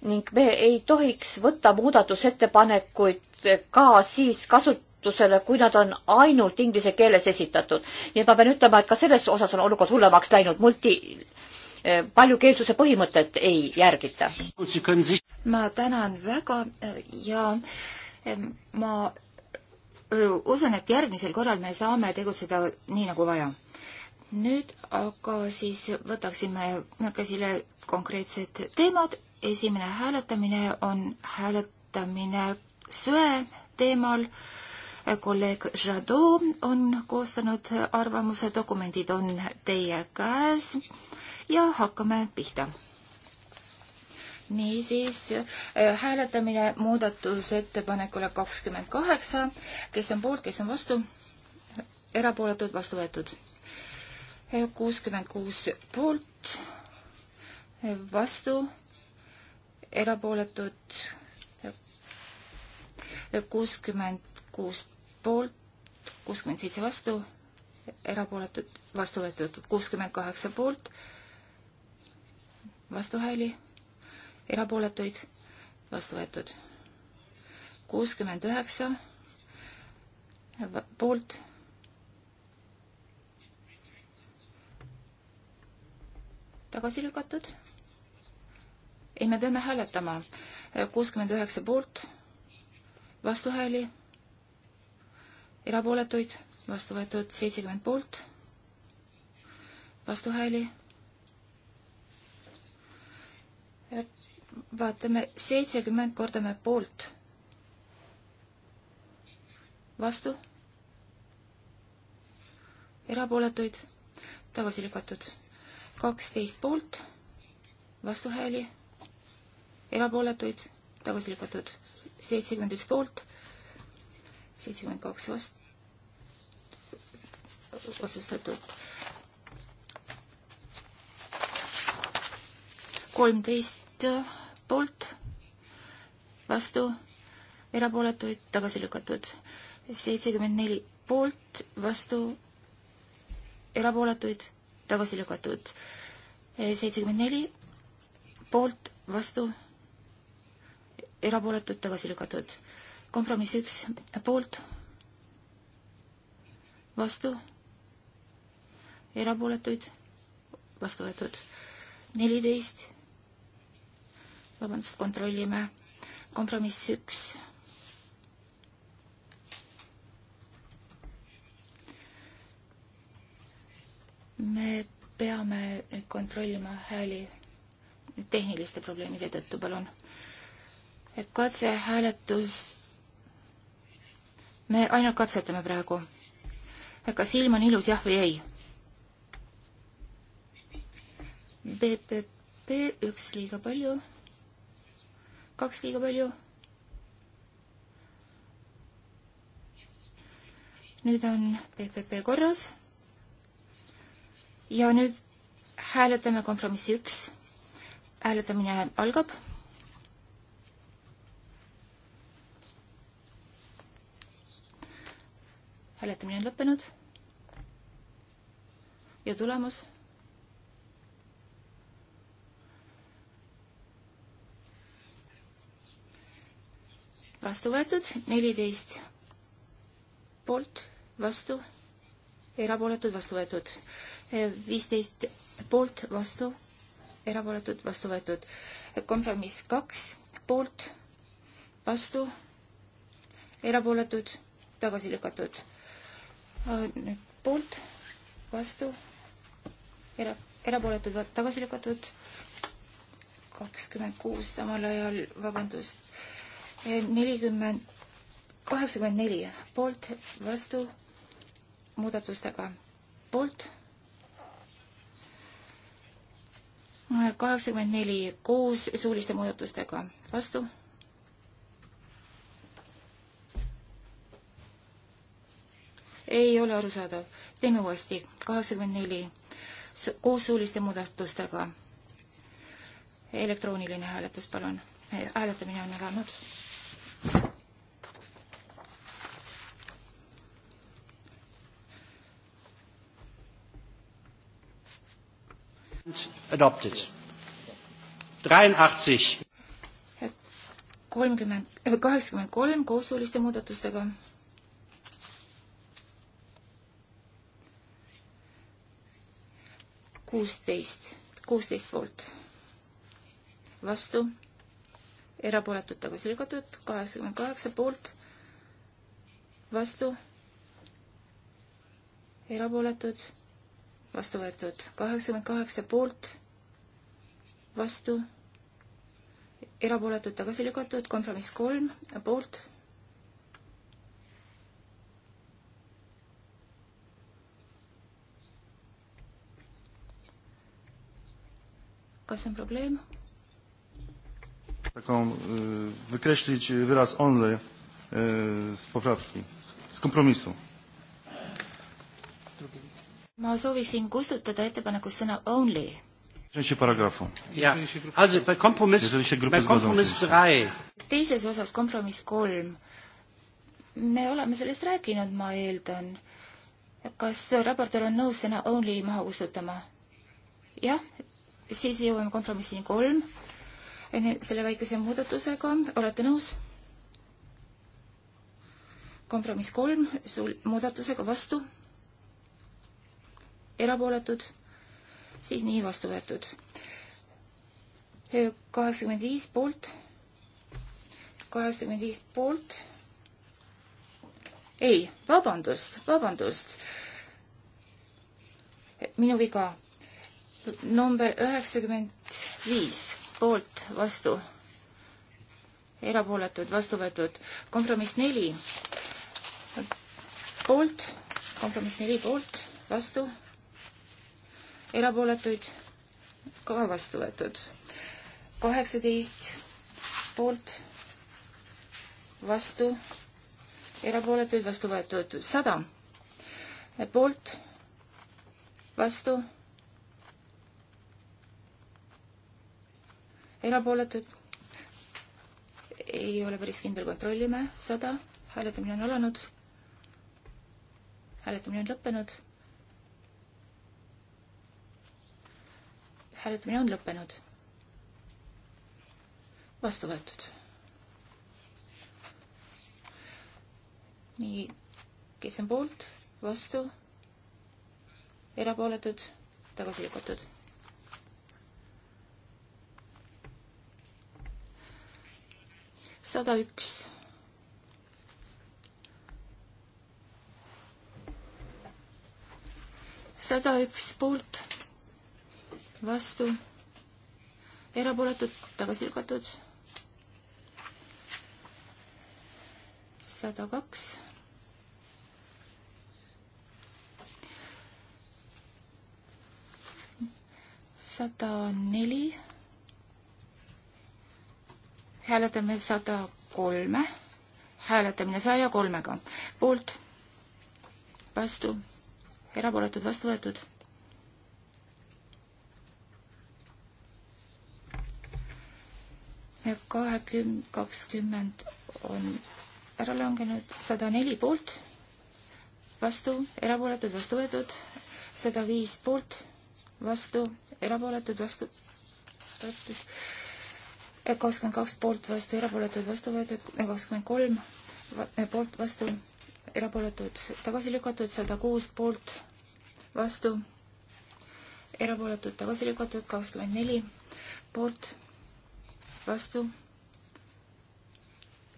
ning me ei tohiks võtta muudatusettepanekuid ka siis kasut-, kasutusele, kui nad on ainult inglise keeles esitatud. nii et ma pean ütlema, et ka selles osas on olukord hullemaks läinud, multi eh, paljukeelsuse põhimõtet ei järgita. ma tänan väga eh, ja eh, ma usun, et järgmisel korral me saame tegutseda nii, nagu vaja. nüüd aga siis võtaksime käsile konkreetsed teemad. esimene hääletamine on hääletamine söe teemal kolleeg Jadot on koostanud arvamuse, dokumendid on teie käes ja hakkame pihta. niisiis äh, hääletamine muudatusettepanekule kakskümmend kaheksa, kes on poolt, kes on vastu, erapooletud, vastu võetud. Äh, kuuskümmend kuus poolt, äh, vastu, erapooletud kuuskümmend kuus poolt, kuuskümmend seitse vastu, erapooletud, vastu võetud kuuskümmend kaheksa poolt, vastuhääli, erapooletuid, vastu võetud kuuskümmend üheksa poolt tagasi lükatud. ei, me peame hääletama. kuuskümmend üheksa poolt, vastuhääli, erapooletuid, vastu võetud seitsekümmend poolt, vastuhääli. vaatame, seitsekümmend kordame poolt, vastu, erapooletuid, tagasi lükatud, kaksteist poolt, vastuhääli, erapooletuid, tagasi lükatud, seitsekümmend üks poolt, seitsekümmend kaks vastu, otsustatud. kolmteist poolt, vastu, erapooletuid tagasi lükatud. seitsekümmend neli poolt, vastu, erapooletuid tagasi lükatud. seitsekümmend neli poolt, vastu, erapooletud, tagasi lükatud. kompromiss üks, poolt, vastu, erapooletuid, vastu võetud neliteist, vabandust, kontrollime, kompromiss üks, me peame nüüd kontrollima hääli tehniliste probleemide tõttu, palun. katsehääletus, me ainult katsetame praegu. kas ilm on ilus, jah või ei? BPP üks liiga palju, kaks liiga palju. nüüd on BPP korras. ja nüüd hääletame kompromissi üks. hääletamine algab. hääletamine on lõppenud. ja tulemus vastu võetud, neliteist poolt, vastu, erapooletud, vastu võetud, viisteist poolt, vastu, erapooletud, vastu võetud, kompromiss kaks poolt, vastu, erapooletud, tagasi lükatud, nüüd poolt, vastu, era-, erapooletud, tagasi lükatud, kakskümmend kuus samal ajal, vabandust nelikümmend, kaheksakümmend neli poolt, vastu muudatustega poolt. kaheksakümmend neli koos suuliste muudatustega vastu. ei ole arusaadav, teeme uuesti, kaheksakümmend neli koos suuliste muudatustega. elektrooniline hääletus, palun, hääletamine on alanud adopted. Dreiundachtzig. kolmkümmend, eh, kaheksakümmend kolm koos suuliste muudatustega. kuusteist, kuusteist poolt. vastu, erapooletud tagasi lükatud, kaheksakümmend kaheksa poolt, vastu, erapooletud, vastu võetud, kaheksakümmend kaheksa poolt vastu, erapooletud tagasi lükatud, kompromiss kolm, poolt. kas on probleem? taką e, wykreślić wyraz only e, z poprawki, z kompromisu. ma soovisin kustutada ettepanekust sõna only teises osas kompromiss kolm. me oleme sellest rääkinud, ma eeldan. kas raportöör on nõus sõna only maha kustutama? jah, siis jõuame kompromissini kolm. selle väikese muudatusega, olete nõus? kompromiss kolm, sul muudatusega vastu? erapooletud siis nii vastu võetud. kaheksakümmend viis poolt, kaheksakümmend viis poolt. ei, vabandust, vabandust. minu viga. number üheksakümmend viis poolt, vastu, erapooletud, vastu võetud, kompromiss neli poolt, kompromiss neli poolt, vastu erapooletuid, ka vastu võetud. kaheksateist poolt, vastu, erapooletuid, vastu võetud sada poolt, vastu, erapooletud, ei ole päris kindel, kontrollime, sada, hääletamine on alanud, hääletamine on lõppenud hääletamine on lõppenud. vastu võetud. nii, kes on poolt, vastu, erapooletud, tagasi lükatud. sada üks sada üks poolt vastu, erapooletud, tagasi lükatud. sada kaks. sada neli. hääletame sada kolme. hääletamine saja kolmega. poolt, vastu, erapooletud, vastu võetud kahekümne, kakskümmend on ära langenud, sada neli poolt, vastu, erapooletud, vastu võetud, sada viis poolt, vastu, erapooletud, vastu võetud, kakskümmend kaks poolt, vastu, erapooletud, vastu võetud, kakskümmend kolm poolt, vastu, erapooletud, tagasi lükatud, sada kuus poolt, vastu, erapooletud, tagasi lükatud, kakskümmend neli poolt vastu,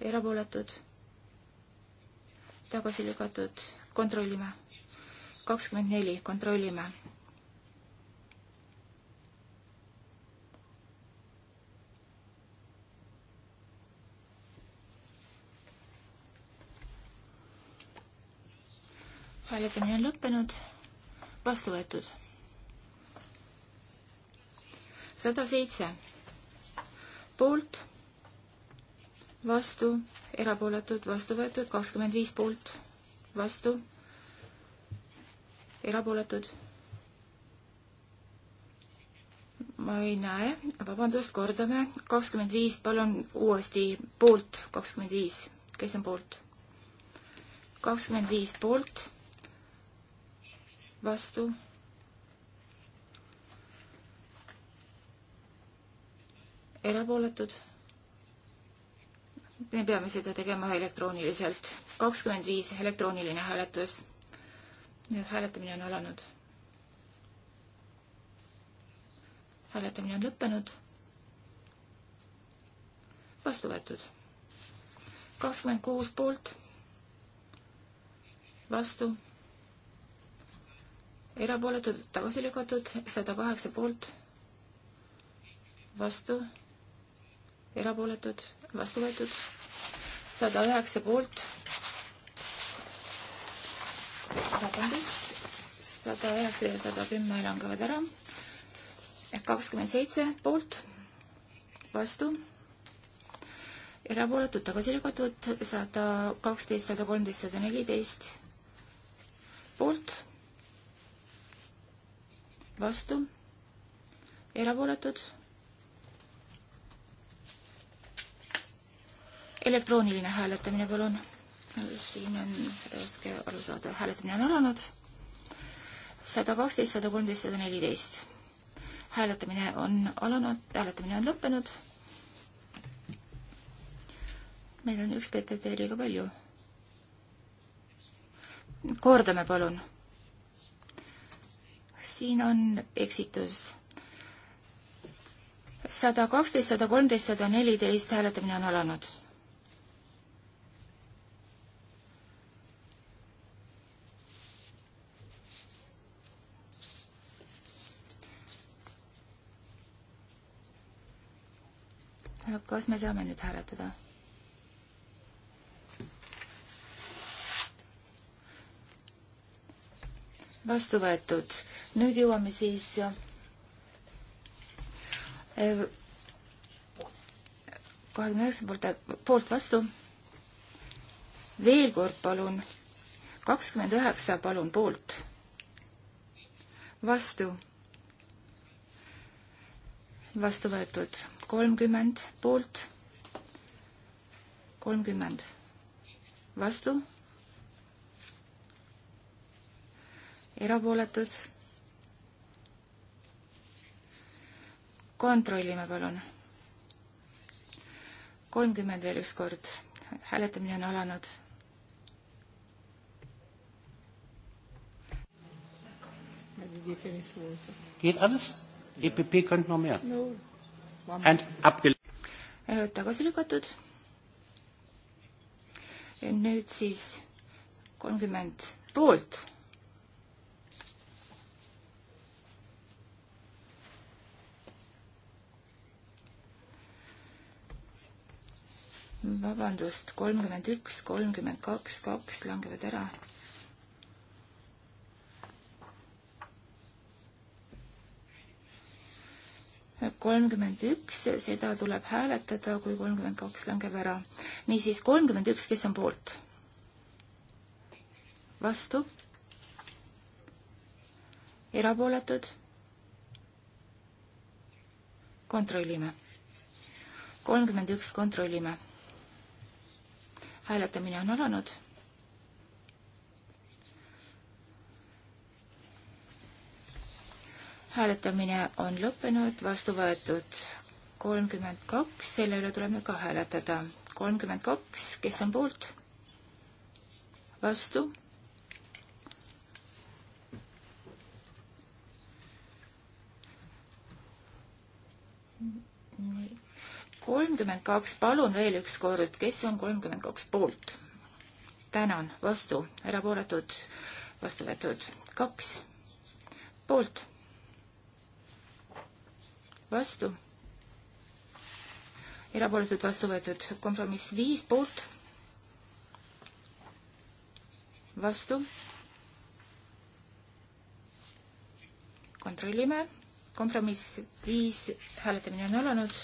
erapooletud, tagasi lükatud, kontrollime. kakskümmend neli, kontrollime. hääletamine on lõppenud, vastu võetud. sada seitse poolt, vastu, erapooletud, vastu võetud, kakskümmend viis poolt, vastu, erapooletud. ma ei näe, vabandust, kordame, kakskümmend viis, palun uuesti poolt, kakskümmend viis, kes on poolt? kakskümmend viis poolt, vastu erapooletud. me peame seda tegema elektrooniliselt. kakskümmend viis elektrooniline hääletus. hääletamine on alanud. hääletamine on lõppenud. vastu võetud. kakskümmend kuus poolt. vastu. erapooletud, tagasi lükatud, sada kaheksa poolt vastu erapooletud, vastu võetud, sada üheksa poolt, vabandust, sada üheksa ja sada kümme langevad ära, kakskümmend seitse poolt, vastu, erapooletud, tagasi lükatud, sada kaksteist, sada kolmteist, sada neliteist poolt, vastu, erapooletud elektrooniline hääletamine, palun. siin on raske aru saada, hääletamine on alanud. sada kaksteist, sada kolmteist, sada neliteist. hääletamine on alanud, hääletamine on lõppenud. meil on üks PPP liiga palju. kordame, palun. siin on eksitus sada kaksteist, sada kolmteist, sada neliteist hääletamine on alanud kas me saame nüüd hääletada? vastu võetud. nüüd jõuame siis äh, kahekümne üheksa poolt, poolt vastu. veel kord palun, kakskümmend üheksa palun poolt. vastu. vastu võetud kolmkümmend poolt, kolmkümmend vastu, erapooletud. kontrollime palun. kolmkümmend veel üks kord, hääletamine on alanud Geht alles? EPP könnte noch mehr. No. Äh, tagasi lükatud. nüüd siis kolmkümmend poolt. vabandust, kolmkümmend üks, kolmkümmend kaks, kaks langevad ära kolmkümmend üks, seda tuleb hääletada, kui kolmkümmend kaks langeb ära. niisiis kolmkümmend üks, kes on poolt? vastu? erapooletud? kontrollime. kolmkümmend üks, kontrollime. hääletamine on alanud hääletamine on lõppenud, vastu võetud kolmkümmend kaks, selle üle tuleme ka hääletada. kolmkümmend kaks, kes on poolt? vastu? nii, kolmkümmend kaks, palun veel üks kord, kes on kolmkümmend kaks poolt? tänan, vastu, erapooletud, vastu võetud, kaks, poolt vastu, erapooletud vastu võetud, kompromiss viis poolt, vastu, kontrollime, kompromiss viis, hääletamine on alanud,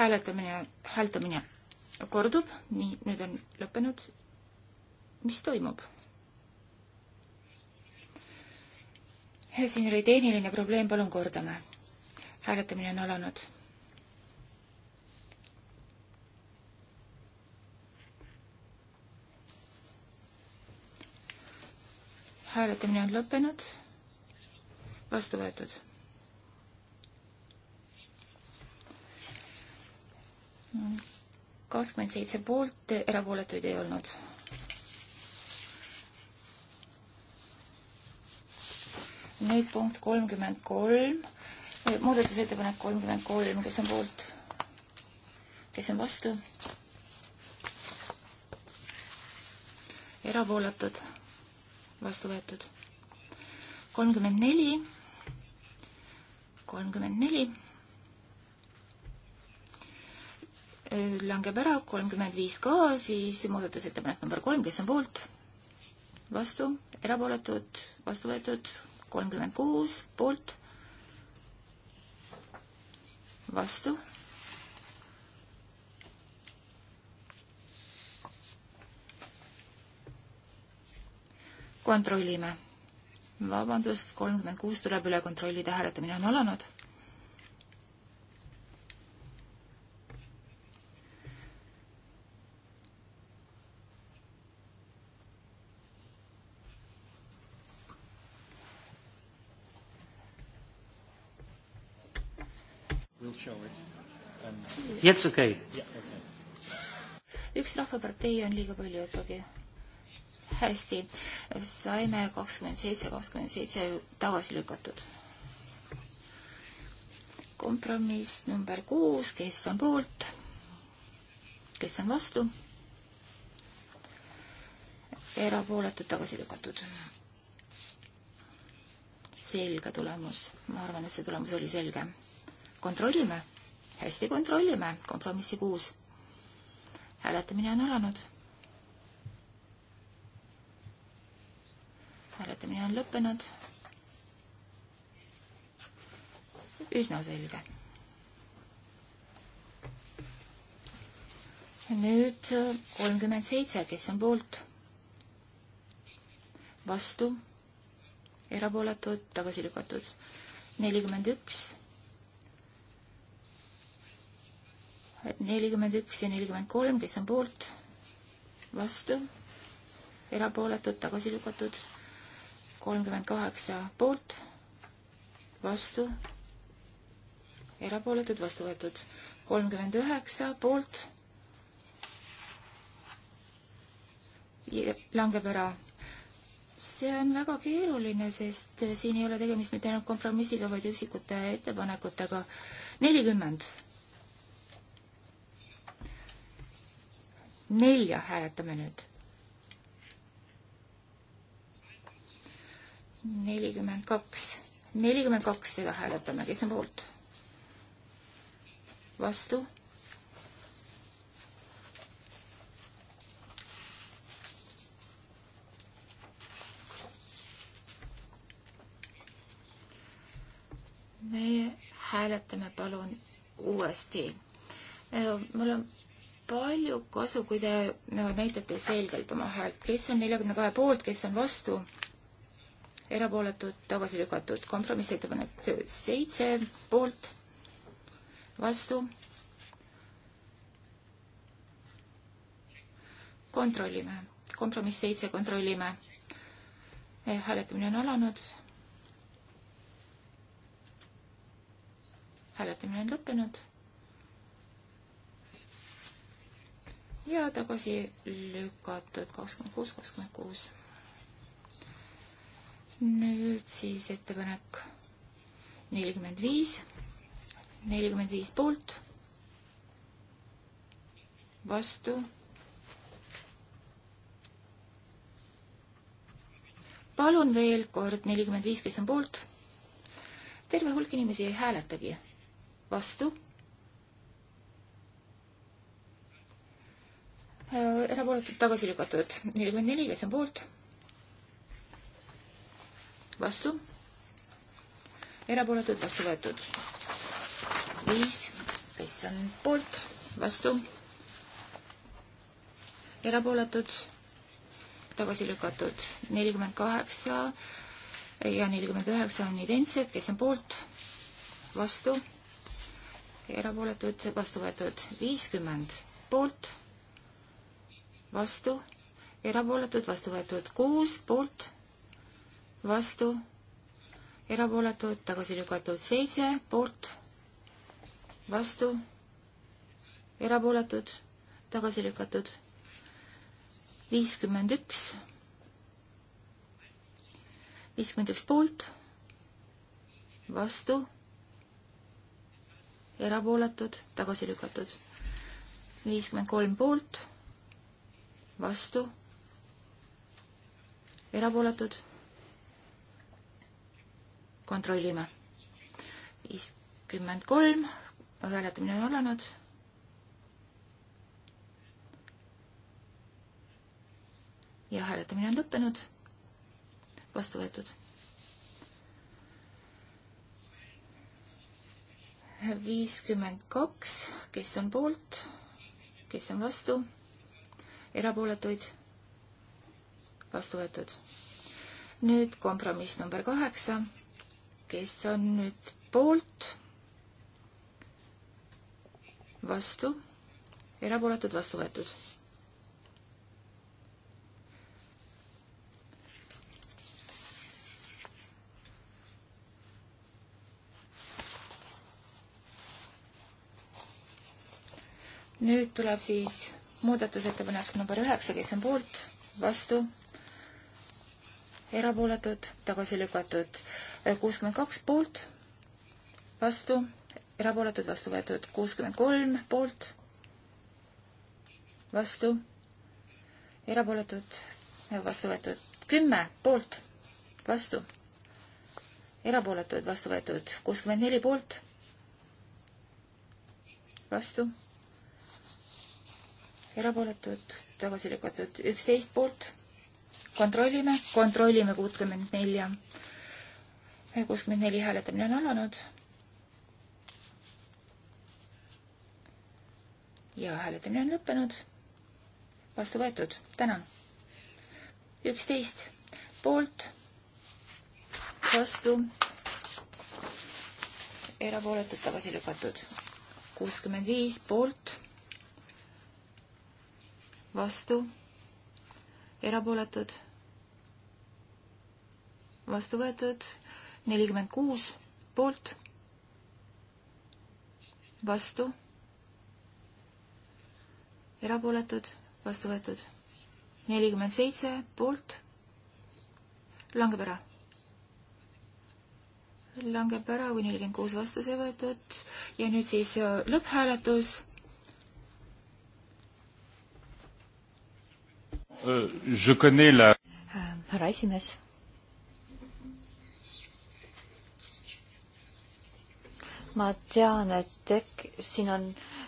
hääletamine, hääletamine kordub, nii, nüüd on lõppenud. mis toimub? siin oli tehniline probleem, palun kordame. hääletamine on alanud. hääletamine on lõppenud. vastu võetud mm kakskümmend seitse poolt, erapooletuid ei olnud. nüüd punkt kolmkümmend kolm, eh, muudatusettepanek kolmkümmend kolm, kes on poolt, kes on vastu? erapooletud, vastu võetud. kolmkümmend neli, kolmkümmend neli langeb ära, kolmkümmend viis ka, siis muudatusettepanek number kolm, kes on poolt, vastu, erapooletud, vastu võetud, kolmkümmend kuus, poolt, vastu. kontrollime. vabandust, kolmkümmend kuus tuleb üle kontrollida, hääletamine on alanud Jetzt okay. üks rahvapartei on liiga palju ikkagi. hästi, saime kakskümmend seitse, kakskümmend seitse tagasi lükatud. kompromiss number kuus, kes on poolt, kes on vastu? erapooletud tagasi lükatud. selge tulemus, ma arvan, et see tulemus oli selge. kontrollime hästi, kontrollime kompromissi kuus. hääletamine on alanud. hääletamine on lõppenud. üsna selge. nüüd kolmkümmend seitse, kes on poolt? vastu, erapooletud, tagasi lükatud. nelikümmend üks nelikümmend üks ja nelikümmend kolm, kes on poolt, vastu, erapooletud, tagasi lükatud, kolmkümmend kaheksa poolt, vastu, erapooletud, vastu võetud, kolmkümmend üheksa poolt, langeb ära see on väga keeruline, sest siin ei ole tegemist mitte ainult kompromissiga, vaid üksikute ettepanekutega. nelikümmend nelja hääletame nüüd. nelikümmend kaks, nelikümmend kaks, seda hääletame, kes on poolt? vastu? meie hääletame palun uuesti. Äh, mul on palju kasu, kui te no, näitate selgelt oma häält, kes on neljakümne kahe poolt, kes on vastu, erapooletud, tagasi lükatud, kompromissettepanek seitse poolt, vastu. kontrollime, kompromiss seitse, kontrollime. hääletamine on alanud. hääletamine on lõppenud ja tagasi lükatud kakskümmend kuus, kakskümmend kuus. nüüd siis ettepanek nelikümmend viis, nelikümmend viis poolt, vastu, palun veel kord nelikümmend viis, kes on poolt. terve hulk inimesi ei hääletagi. vastu Äh, erapooletud tagasi lükatud. nelikümmend neli, kes on poolt? vastu? erapooletud, vastu võetud. viis, kes on poolt? vastu? erapooletud, tagasi lükatud. nelikümmend kaheksa ja nelikümmend üheksa on identsed, kes on poolt? vastu? erapooletud, vastu võetud. viiskümmend poolt vastu, erapooletud, vastu võetud kuus poolt, vastu, erapooletud, tagasi lükatud seitse poolt, vastu, erapooletud, tagasi lükatud viiskümmend üks, viiskümmend üks poolt, vastu, erapooletud, tagasi lükatud, viiskümmend kolm poolt vastu, erapooletud. kontrollime. viiskümmend kolm, hääletamine on alanud. ja hääletamine on lõppenud. vastu võetud. viiskümmend kaks, kes on poolt, kes on vastu erapooletuid, vastu võetud. nüüd kompromiss number kaheksa, kes on nüüd poolt, vastu, erapooletud, vastu võetud. nüüd tuleb siis muudatusettepanek number üheksa, kes on poolt, vastu, erapooletud, tagasi lükatud. kuuskümmend kaks poolt, vastu, erapooletud, vastu võetud. kuuskümmend kolm poolt, vastu, erapooletud, vastu võetud. kümme poolt, vastu, erapooletud, vastu võetud. kuuskümmend neli poolt, vastu erapooletud, tagasi lükatud üksteist poolt. kontrollime, kontrollime kuutkümmend nelja. kuuskümmend neli hääletamine on alanud. ja hääletamine on lõppenud. vastu võetud, tänan. üksteist poolt, vastu, erapooletud, tagasi lükatud. kuuskümmend viis poolt vastu, erapooletud, vastu võetud, nelikümmend kuus poolt, vastu, erapooletud, vastu võetud, nelikümmend seitse poolt, langeb ära. langeb ära, kui nelikümmend kuus vastus ei võetud ja nüüd siis äh, lõpphääletus härra euh, äh, esimees. ma tean, et ek-, siin on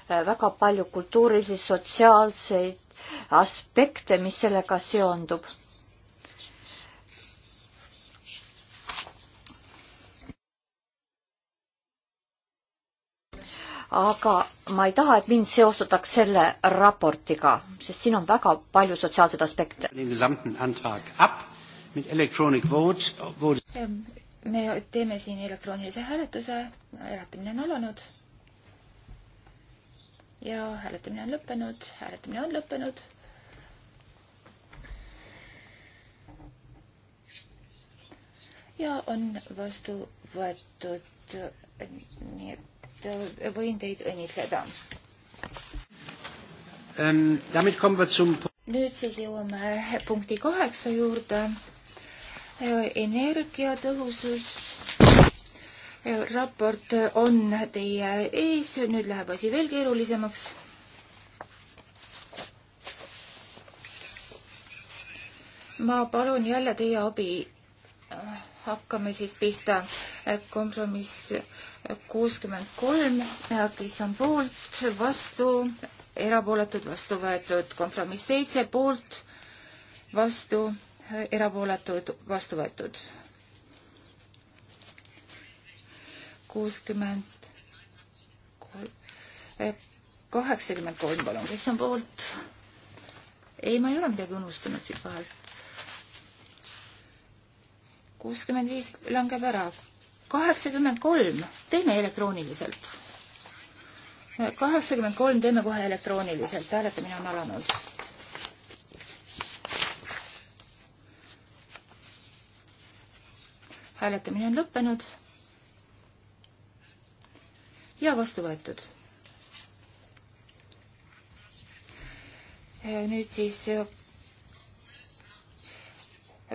äh, väga palju kultuurilisi, sotsiaalseid aspekte, mis sellega seondub aga ma ei taha, et mind seostataks selle raportiga, sest siin on väga palju sotsiaalseid aspekte. me teeme siin elektroonilise hääletuse, hääletamine on alanud. ja hääletamine on lõppenud, hääletamine on lõppenud. ja on vastu võetud, nii et võin äh, teid õnnitleda ähm,. Zum... nüüd siis jõuame punkti kaheksa juurde. Äh, energiatõhusus äh, raport on teie ees, nüüd läheb asi veel keerulisemaks. ma palun jälle teie abi. hakkame siis pihta. kompromiss kuuskümmend kolm, kes on poolt, vastu, erapooletud, vastu võetud. kompromiss seitse poolt, vastu, erapooletud, vastu võetud. kuuskümmend kolm, kaheksakümmend kolm, palun, kes on poolt? ei, ma ei ole midagi unustanud siit vahelt. kuuskümmend viis langeb ära kaheksakümmend kolm, teeme elektrooniliselt. kaheksakümmend kolm teeme kohe elektrooniliselt, hääletamine on alanud. hääletamine on lõppenud ja vastu võetud. nüüd siis eh,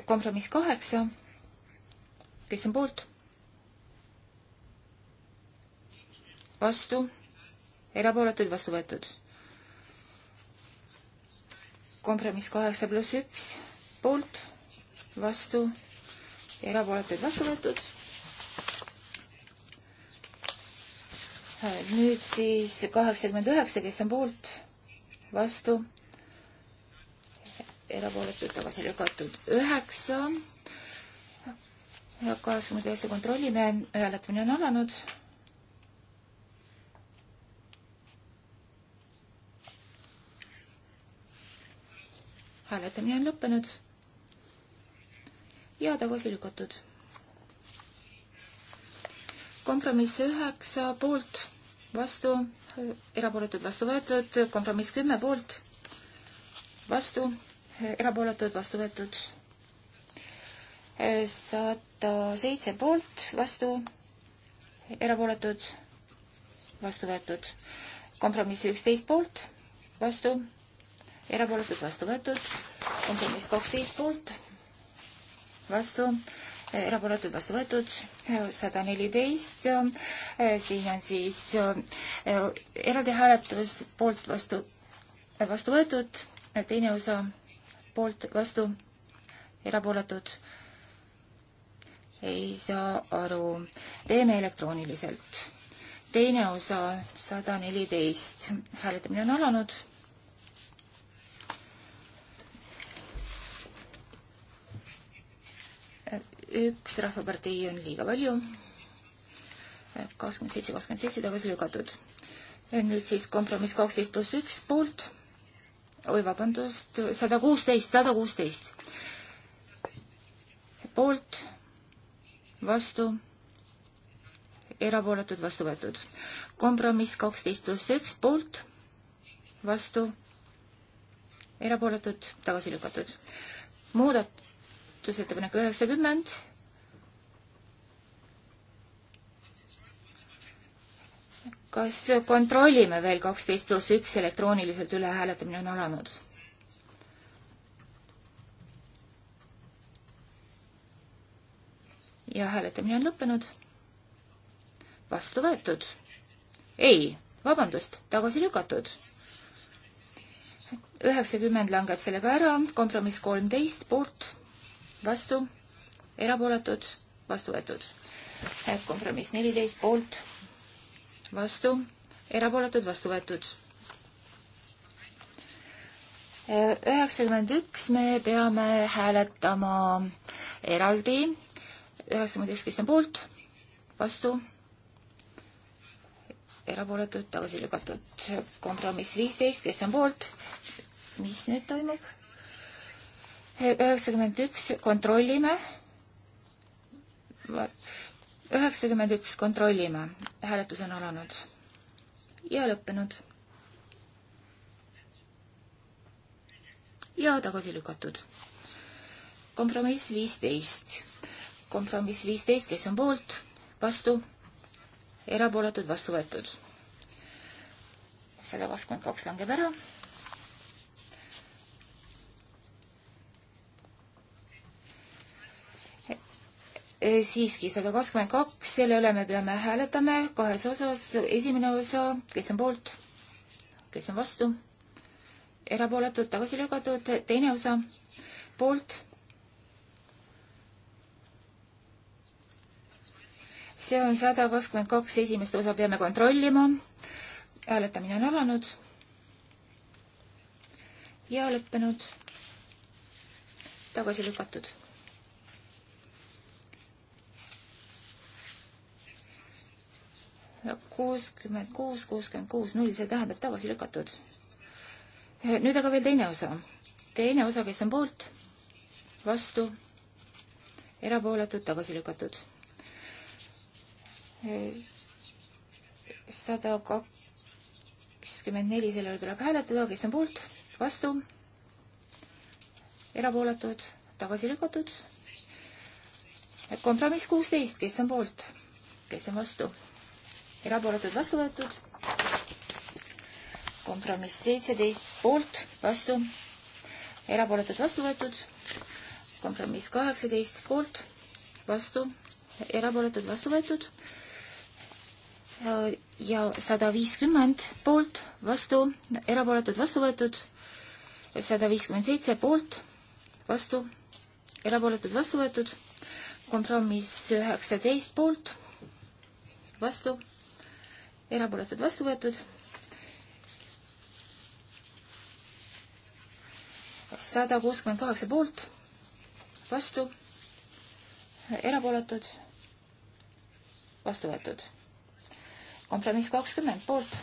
kompromiss kaheksa, kes on poolt vastu, erapooletuid vastu võetud. kompromiss kaheksa pluss üks, poolt, vastu, erapooletuid vastu võetud. nüüd siis kaheksakümmend üheksa, kes on poolt, vastu, erapooletuid tagasi lükatud üheksa kaheksakümmend üheksa kontrollime, hääletamine on alanud hääletamine on lõppenud ja tagasi lükatud. kompromiss üheksa poolt, vastu, erapooletud, vastu võetud, kompromiss kümme poolt, vastu, erapooletud, vastu võetud, sada seitse poolt, vastu, erapooletud, vastu võetud, kompromiss üksteist poolt, vastu erapooletud vastu võetud, kompromiss kaksteist poolt, vastu, erapooletud vastu võetud, sada neliteist, siin on siis eh, eraldi hääletus poolt vastu, eh, vastu võetud, teine osa poolt vastu, erapooletud ei saa aru, teeme elektrooniliselt. teine osa sada neliteist, hääletamine on alanud üks rahvapartei on liiga palju. kakskümmend seitse, kakskümmend seitse tagasi lükatud. nüüd siis kompromiss kaksteist pluss üks poolt. oi, vabandust, sada kuusteist, sada kuusteist. poolt, vastu, erapooletud, vastu võetud. kompromiss kaksteist pluss üks poolt, vastu, erapooletud, tagasi lükatud. muudat-, muudatusettepanek üheksakümmend. kas kontrollime veel kaksteist pluss üks elektrooniliselt üle, hääletamine on alanud? ja hääletamine on lõppenud. vastu võetud. ei, vabandust, tagasi lükatud üheksakümmend langeb sellega ära, kompromiss kolmteist poolt, vastu, erapooletud, vastu võetud. kompromiss neliteist poolt, vastu, erapooletud, vastu võetud. üheksakümmend üks me peame hääletama eraldi. üheksakümmend üks, kes on poolt, vastu, erapooletud, tagasi lükatud. kompromiss viisteist, kes on poolt, mis nüüd toimub? üheksakümmend üks kontrollime. üheksakümmend üks kontrollime, hääletus on alanud ja lõppenud. ja tagasi lükatud. kompromiss viisteist, kompromiss viisteist, kes on poolt, vastu, erapooletud, vastu võetud. selle kakskümmend kaks langeb ära Äh, siiski sada kakskümmend kaks, selle üle me peame hääletama kahes osas. esimene osa, kes on poolt, kes on vastu, erapooletud, tagasi lükatud, teine osa poolt. see on sada kakskümmend kaks, esimest osa peame kontrollima. hääletamine on alanud ja lõppenud, tagasi lükatud kuuskümmend kuus, kuuskümmend kuus, null, see tähendab tagasi lükatud. nüüd aga veel teine osa. teine osa, kes on poolt, vastu, erapooletud, tagasi lükatud. sada kakskümmend neli, sellele tuleb hääletada, kes on poolt, vastu, erapooletud, tagasi lükatud. kompromiss kuusteist, kes on poolt, kes on vastu erapooletud vastu võetud. kompromiss seitseteist poolt, vastu, erapooletud vastu võetud. kompromiss kaheksateist poolt, vastu, erapooletud vastu võetud. ja sada viiskümmend poolt, vastu, erapooletud vastu võetud. sada viiskümmend seitse poolt, vastu, erapooletud vastu võetud kompromiss üheksateist poolt, vastu, erapooletud vastu võetud. sada kuuskümmend kaheksa poolt, vastu, erapooletud, vastu võetud. kompromiss kakskümmend poolt,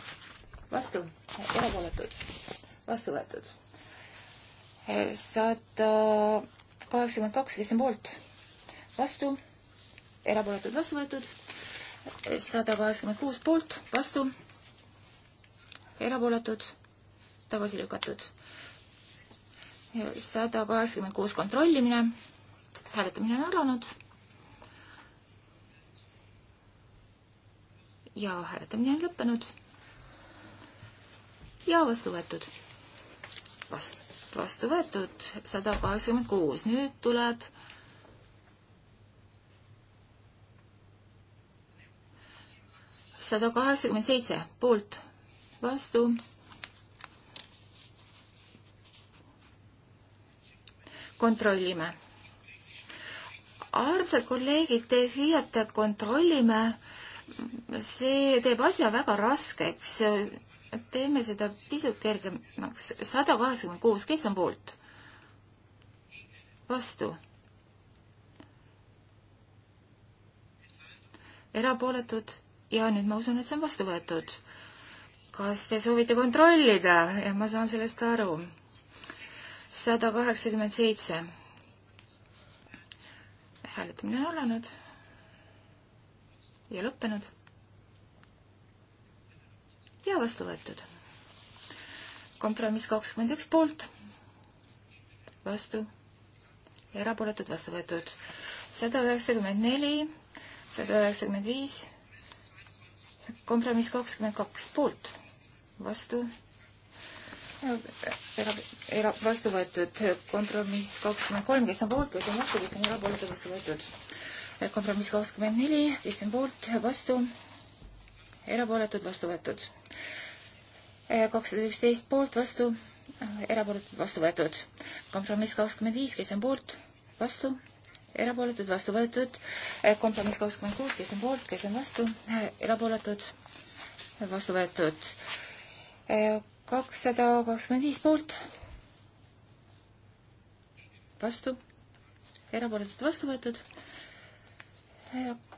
vastu, erapooletud, vastu võetud. sada kaheksakümmend kaks, kes on poolt, vastu, erapooletud, vastu võetud sada kaheksakümmend kuus poolt, vastu, erapooletud, tagasi lükatud. sada kaheksakümmend kuus kontrollimine, hääletamine on alanud. ja hääletamine on lõppenud. ja vastu võetud. vastu, vastu võetud sada kaheksakümmend kuus, nüüd tuleb sada kaheksakümmend seitse poolt, vastu. kontrollime. armsad kolleegid, te FIAT-e kontrollime. see teeb asja väga raskeks. teeme seda pisut kergemaks. sada kaheksakümmend kuus, kes on poolt? vastu. erapooletud ja nüüd ma usun, et see on vastu võetud. kas te soovite kontrollida? jah, ma saan sellest aru. sada kaheksakümmend seitse. hääletamine on alanud ja lõppenud ja vastu võetud. kompromiss kakskümmend üks poolt, vastu, erapooletud, vastu võetud sada üheksakümmend neli, sada üheksakümmend viis kompromiss kakskümmend kaks poolt, vastu era-, era-, vastu võetud kompromiss kakskümmend kolm, kes on poolt, kes on vastu, kes on erapooletu, vastu võetud. kompromiss kakskümmend neli, kes on poolt, vastu, erapooletud, vastu võetud. kakssada üksteist poolt, vastu, erapooletud, vastu võetud. kompromiss kakskümmend viis, kes on poolt, vastu, erapooletud, vastu võetud, eh, kompromiss kakskümmend kuus, kes on poolt, kes on vastu, eh, erapooletud, vastu võetud. Eh, kakssada kakskümmend viis poolt, vastu, erapooletud, vastu võetud.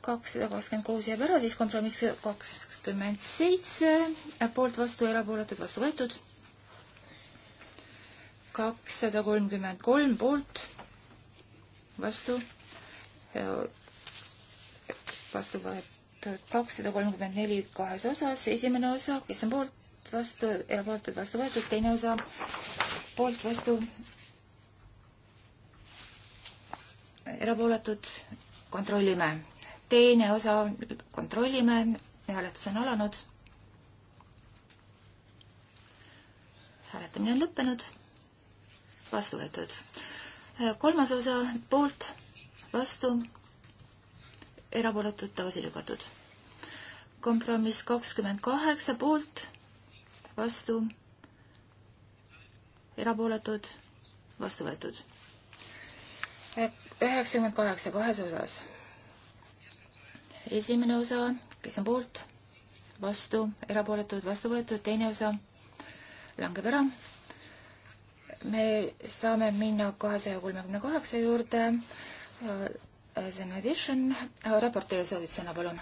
kakssada kakskümmend kuus jääb ära, siis kompromiss kakskümmend seitse, poolt, vastu, erapooletud, vastu võetud kakssada kolmkümmend kolm poolt, vastu, vastu võetud kakssada kolmkümmend neli kahes osas, esimene osa, kes on poolt, vastu, erapooletud, vastu võetud, teine osa poolt, vastu, erapooletud, kontrollime. teine osa kontrollime, hääletus on alanud. hääletamine on lõppenud, vastu võetud kolmas osa poolt, vastu, erapooletud, tagasi lükatud. kompromiss kakskümmend kaheksa poolt, vastu, erapooletud, vastu võetud. üheksakümmend kaheksa kahes osas. esimene osa, kes on poolt, vastu, erapooletud, vastu võetud, teine osa langeb ära me saame minna kahesaja kolmekümne kaheksa juurde. As äh, an addition, äh, raportöör soovib sõna, palun.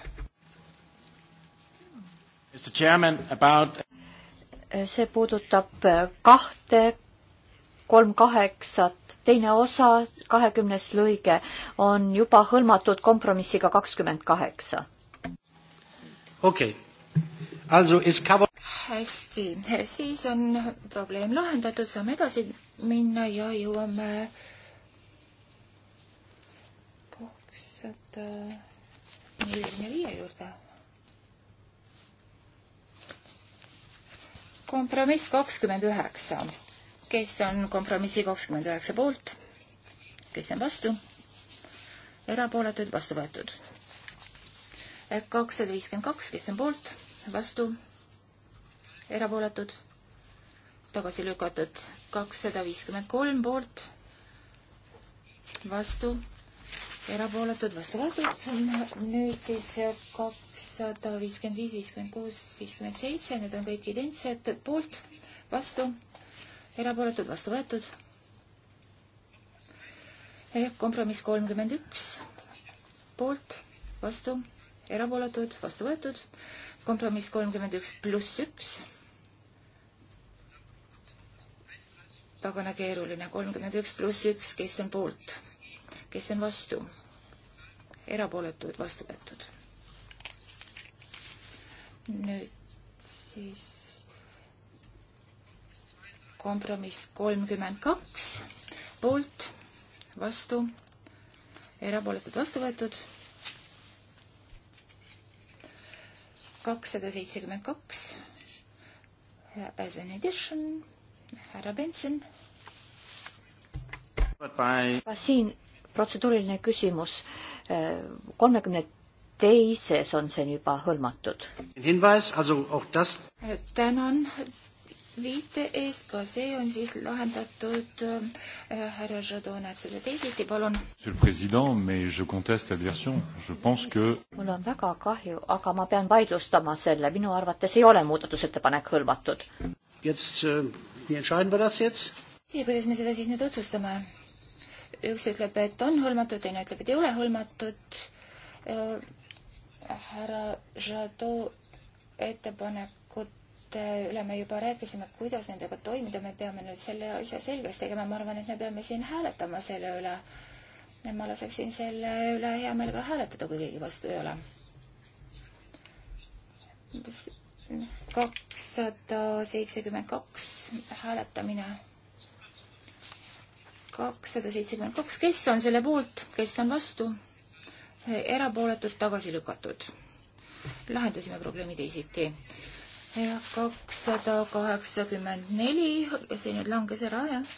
About... Äh, see puudutab kahte, kolm kaheksat, teine osa, kahekümnes lõige on juba hõlmatud kompromissiga kakskümmend kaheksa. okei okay., also es cover- hästi, siis on probleem lahendatud, saame edasi minna ja jõuame kakssada neljakümne viie juurde. kompromiss kakskümmend üheksa, kes on kompromissi kakskümmend üheksa poolt, kes on vastu, erapooletud, vastu võetud. kakssada viiskümmend kaks, kes on poolt, vastu erapooletud, tagasi lükatud kakssada viiskümmend kolm poolt, vastu, erapooletud, vastu võetud, nüüd siis kakssada viiskümmend viis, viiskümmend kuus, viiskümmend seitse, need on kõik identsed, poolt, vastu, erapooletud, vastu võetud. kompromiss kolmkümmend üks, poolt, vastu, erapooletud, vastu võetud, kompromiss kolmkümmend üks pluss üks pagana keeruline. kolmkümmend üks pluss üks, kes on poolt, kes on vastu, erapooletud, vastu võetud. nüüd siis kompromiss kolmkümmend kaks, poolt, vastu, erapooletud, vastu võetud. kakssada seitsekümmend kaks as an addition härra Benson. ka siin protseduuriline küsimus. Äh, kolmekümne teises on see juba hõlmatud. Äh, tänan viite eest, ka see on siis lahendatud äh, härra Žadonev, seda teisiti, palun. Que... mul on väga kahju, aga ma pean vaidlustama selle, minu arvates ei ole muudatusettepanek hõlmatud. Jetzt äh, Wie entscheiden wir das jetzt? ja kuidas me seda siis nüüd otsustame? üks ütleb, et on hõlmatud, teine ütleb, et ei ole hõlmatud. Äh, härra Jadot ettepanekute üle me juba rääkisime, kuidas nendega toimida, me peame nüüd selle asja selgeks tegema, ma arvan, et me peame siin hääletama selle üle. ma laseksin selle üle hea meelega hääletada, kui keegi vastu ei ole kakssada seitsekümmend kaks hääletamine. kakssada seitsekümmend kaks, kes on selle poolt, kes on vastu? erapooletud, tagasi lükatud. lahendasime probleemi teisiti. kakssada kaheksakümmend neli, see nüüd langes ära, jah.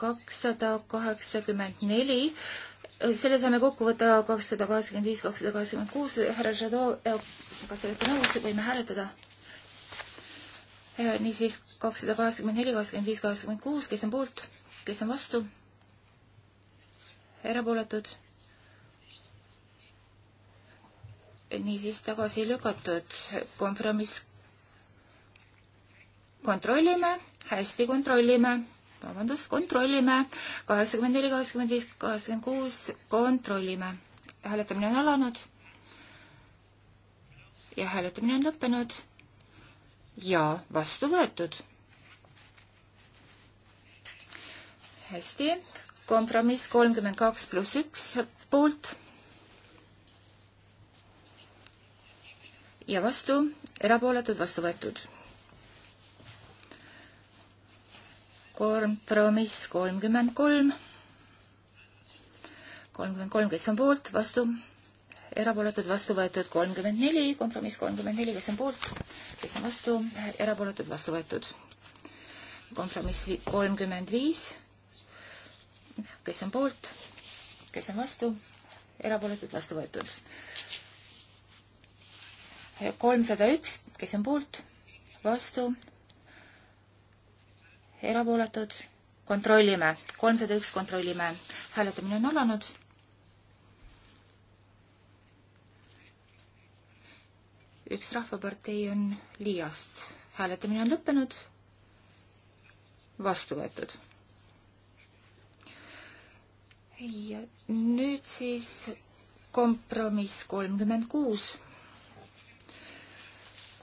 kakssada kaheksakümmend neli selle saame kokku võtta kakssada kaheksakümmend viis, kakssada kaheksakümmend kuus, härra Žado kas te olete nõus, võime hääletada? Äh, niisiis kakssada kaheksakümmend neli, kakskümmend viis, kaheksakümmend kuus, kes on poolt, kes on vastu? erapooletud? niisiis tagasi lükatud kompromiss. kontrollime, hästi kontrollime vabandust, kontrollime. kaheksakümmend neli, kaheksakümmend viis, kaheksakümmend kuus, kontrollime. hääletamine on alanud ja hääletamine on lõppenud ja vastu võetud. hästi, kompromiss kolmkümmend kaks pluss üks poolt. ja vastu, erapooletud, vastu võetud. kompromiss kolmkümmend kolm. kolmkümmend kolm, kes on poolt, vastu erapooletud, vastu võetud kolmkümmend neli, kompromiss kolmkümmend neli, kes on poolt, kes on vastu, erapooletud, vastu võetud. kompromiss kolmkümmend viis, kes on poolt, kes on vastu, erapooletud, vastu võetud. kolmsada üks, kes on poolt, vastu, erapooletud, kontrollime, kolmsada üks kontrollime, hääletamine on alanud üks rahvapartei on Liiast. hääletamine on lõppenud. vastu võetud. ja nüüd siis kompromiss kolmkümmend kuus.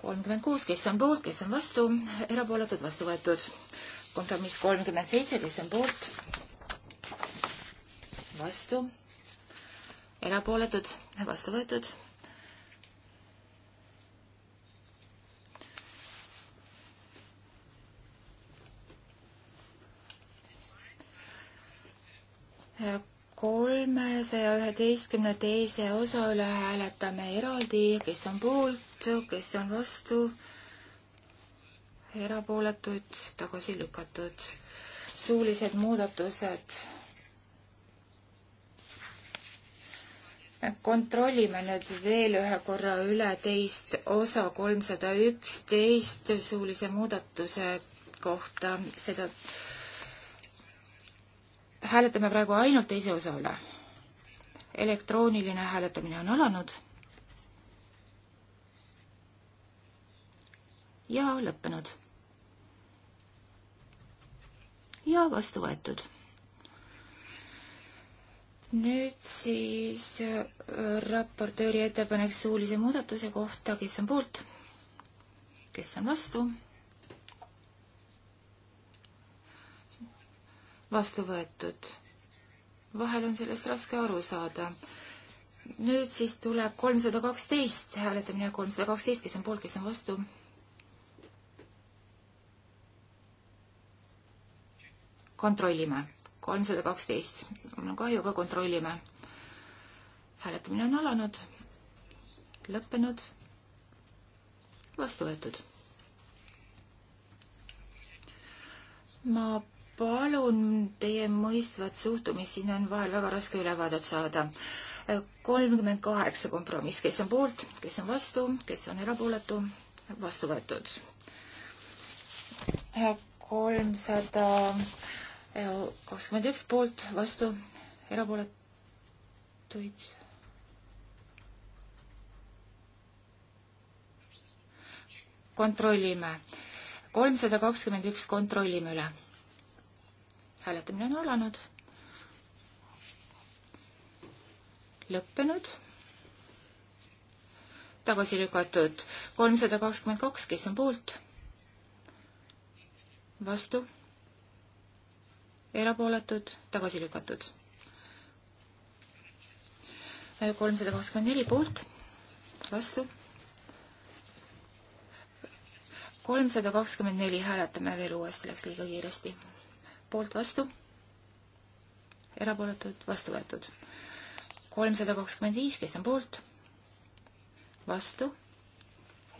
kolmkümmend kuus, kes on poolt, kes on vastu, erapooletud, vastu võetud. kompromiss kolmkümmend seitse, kes on poolt, vastu, erapooletud, vastu võetud kolmesaja üheteistkümne teise osa üle hääletame eraldi, kes on poolt, kes on vastu, erapooletuid tagasi lükatud. suulised muudatused kontrollime nüüd veel ühe korra üle teist osa kolmsada üksteist suulise muudatuse kohta, seda hääletame praegu ainult teise osa üle. elektrooniline hääletamine on alanud. ja lõppenud. ja vastu võetud. nüüd siis äh, raportööri ettepanek suulise muudatuse kohta, kes on poolt, kes on vastu vastu võetud. vahel on sellest raske aru saada. nüüd siis tuleb kolmsada kaksteist hääletamine, kolmsada kaksteist, kes on poolt, kes on vastu. kontrollime, kolmsada kaksteist, mul on kahju, aga kontrollime. hääletamine on alanud, lõppenud, vastu võetud. ma palun teie mõistvat suhtumist, siin on vahel väga raske ülevaadet saada. kolmkümmend kaheksa kompromiss, kes on poolt, kes on vastu, kes on erapooletu, vastu võetud. kolmsada kakskümmend üks poolt, vastu, erapooletuid. kontrollime kolmsada kakskümmend üks kontrollime üle hääletamine on alanud. lõppenud. tagasi lükatud kolmsada kakskümmend kaks, kes on poolt? vastu? erapooletud, tagasi lükatud. kolmsada kakskümmend neli poolt, vastu. kolmsada kakskümmend neli, hääletame veel uuesti, läks liiga kiiresti poolt vastu, erapooletud, vastu võetud. kolmsada kakskümmend viis, kes on poolt, vastu,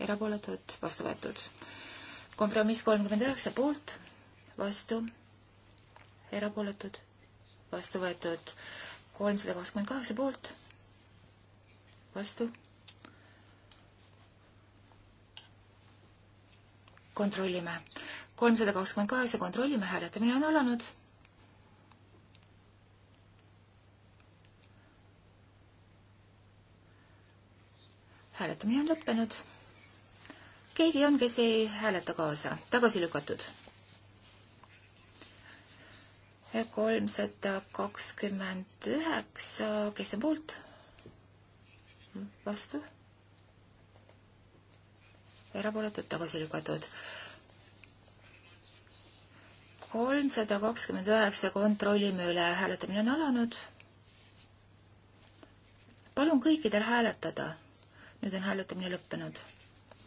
erapooletud, vastu võetud. kompromiss kolmkümmend üheksa poolt, vastu, erapooletud, vastu võetud. kolmsada kakskümmend kaheksa poolt, vastu. kontrollime kolmsada kakskümmend kaheksa kontrollime, hääletamine on alanud. hääletamine on lõppenud. keegi on, kes ei hääleta kaasa, tagasi lükatud. kolmsada kakskümmend üheksa, kes on poolt? vastu? erapooletud, tagasi lükatud kolmsada kakskümmend üheksa kontrollime üle, hääletamine on alanud. palun kõikidel hääletada. nüüd on hääletamine lõppenud,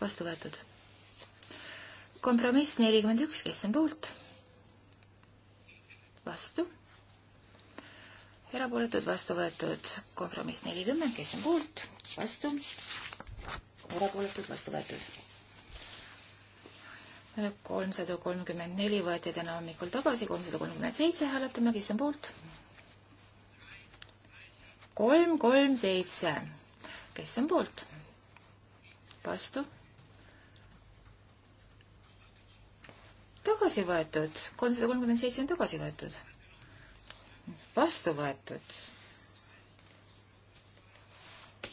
vastu võetud. kompromiss nelikümmend üks, kes on poolt? vastu. erapooletud, vastu võetud, kompromiss nelikümmend, kes on poolt? vastu. erapooletud, vastu võetud kolmsada kolmkümmend neli võeti täna hommikul tagasi, kolmsada kolmkümmend seitse hääletame, kes on poolt? kolm, kolm, seitse, kes on poolt? vastu? tagasi võetud, kolmsada kolmkümmend seitse on tagasi võetud. vastu võetud.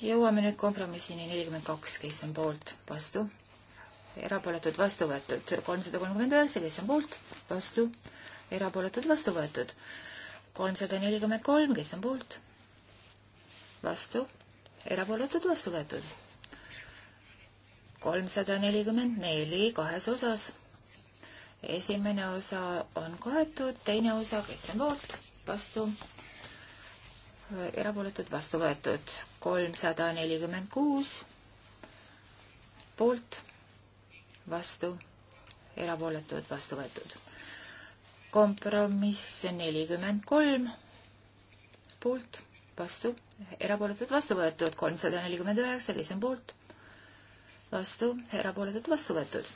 jõuame nüüd kompromissini nelikümmend kaks, kes on poolt, vastu erapooletud, vastu võetud. kolmsada kolmkümmend üheksa, kes on poolt, vastu, erapooletud, vastu võetud. kolmsada nelikümmend kolm, kes on poolt, vastu, erapooletud, vastu võetud. kolmsada nelikümmend neli kahes osas esimene osa on kaetud, teine osa, kes on poolt, vastu, erapooletud, vastu võetud, kolmsada nelikümmend kuus, poolt, vastu, erapooletud, vastu võetud. kompromiss nelikümmend kolm, poolt, vastu, erapooletud, vastu võetud, kolmsada nelikümmend üheksa, kes on poolt, vastu, erapooletud, vastu võetud.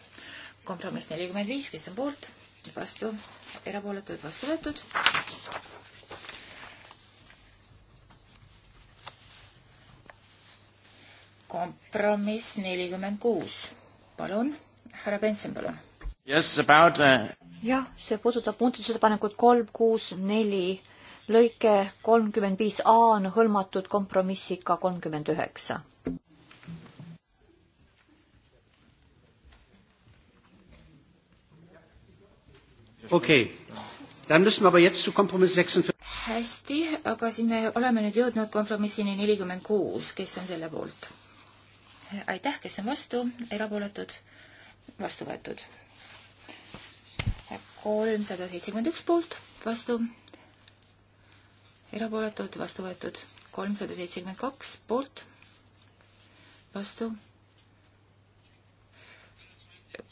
kompromiss nelikümmend viis, kes on poolt, vastu, erapooletud, vastu võetud. kompromiss nelikümmend kuus, palun härra Benson, palun. Uh, jah, see puudutab muudatusettepanekut kolm, kuus, neli, lõike kolmkümmend viis A on hõlmatud kompromissiga kolmkümmend üheksa. okei okay., dann müssen wir aber jetzt zu kompromiss seksundvierzig hästi, aga siin me oleme nüüd jõudnud kompromissini nelikümmend kuus, kes on selle poolt? aitäh, kes on vastu, erapooletud? vastu võetud. kolmsada seitsekümmend üks poolt, vastu, erapooletud, vastu võetud. kolmsada seitsekümmend kaks poolt, vastu.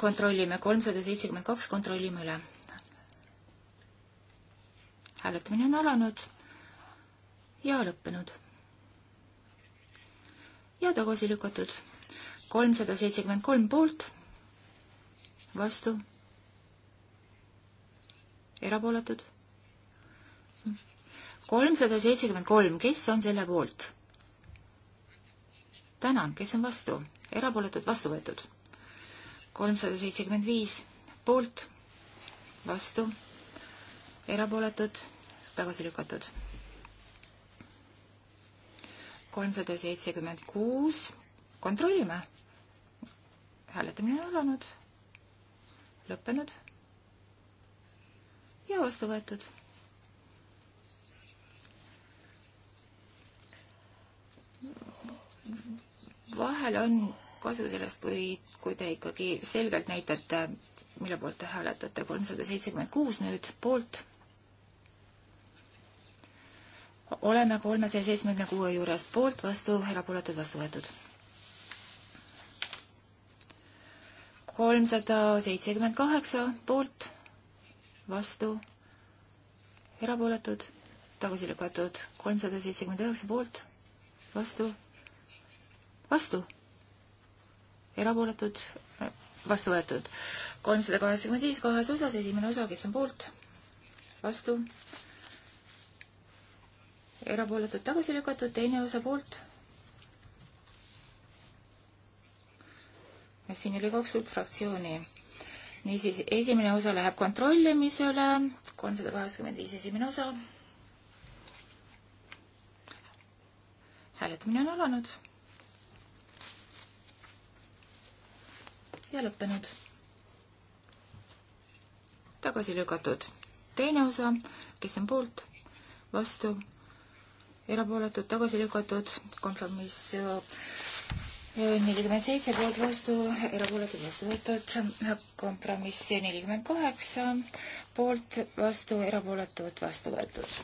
kontrollime, kolmsada seitsekümmend kaks, kontrollime üle. hääletamine on alanud ja lõppenud. ja tagasi lükatud. kolmsada seitsekümmend kolm poolt vastu, erapooletud. kolmsada seitsekümmend kolm, kes on selle poolt? tänan, kes on vastu, erapooletud, vastu võetud. kolmsada seitsekümmend viis poolt, vastu, erapooletud, tagasi lükatud. kolmsada seitsekümmend kuus, kontrollime. hääletamine on alanud lõppenud ja vastu võetud. vahel on kasu sellest, kui, kui te ikkagi selgelt näitate, mille poolt te hääletate, kolmsada seitsekümmend kuus nüüd poolt. oleme kolmesaja seitsmekümne kuue juures poolt, vastu, erapooletud, vastu võetud kolmsada seitsekümmend kaheksa poolt, vastu, erapooletud, tagasi lükatud, kolmsada seitsekümmend üheksa poolt, vastu, vastu, erapooletud, vastu võetud, kolmsada kaheksakümmend viis kahes osas, esimene osa, kes on poolt, vastu, erapooletud, tagasi lükatud, teine osa poolt siin oli kaks subfraktsiooni. niisiis, esimene osa läheb kontrollimisele, kolmsada kaheksakümmend viis esimene osa. hääletamine on alanud. ja lõppenud. tagasi lükatud. teine osa, kes on poolt, vastu, erapooletud, tagasi lükatud, kompromiss nelikümmend seitse poolt vastu, erapooletud vastu võetud, kompromiss nelikümmend kaheksa poolt vastu, erapooletud vastu võetud.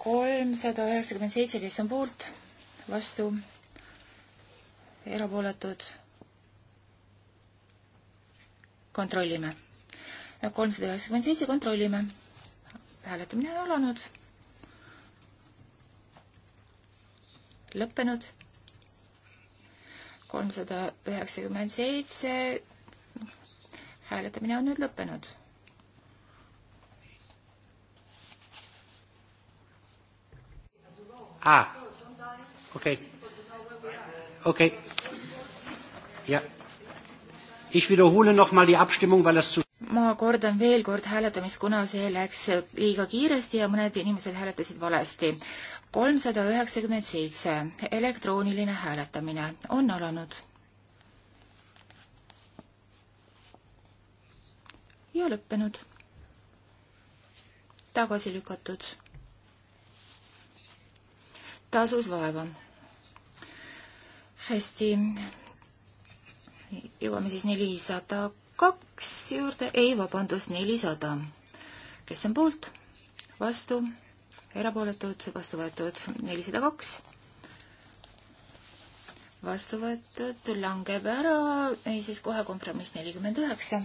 kolmsada üheksakümmend seitse, kes on poolt, vastu, erapooletud. kontrollime. kolmsada üheksakümmend seitse, kontrollime. hääletamine on alanud. lõppenud kolmsada üheksakümmend seitse. hääletamine on nüüd lõppenud. Ah, okay. Okay. Ja. Ich wiederhole noch mal die Abstimmung, weil das zu ma kordan veel kord hääletamist, kuna see läks liiga kiiresti ja mõned inimesed hääletasid valesti kolmsada üheksakümmend seitse, elektrooniline hääletamine on alanud. ja lõppenud. tagasi lükatud. tasus vaeva. hästi. jõuame siis nelisada kaks juurde, ei, vabandust, nelisada. kes on poolt? vastu erapooletud, vastu võetud nelisada kaks, vastu võetud, langeb ära, siis kohe kompromiss nelikümmend üheksa.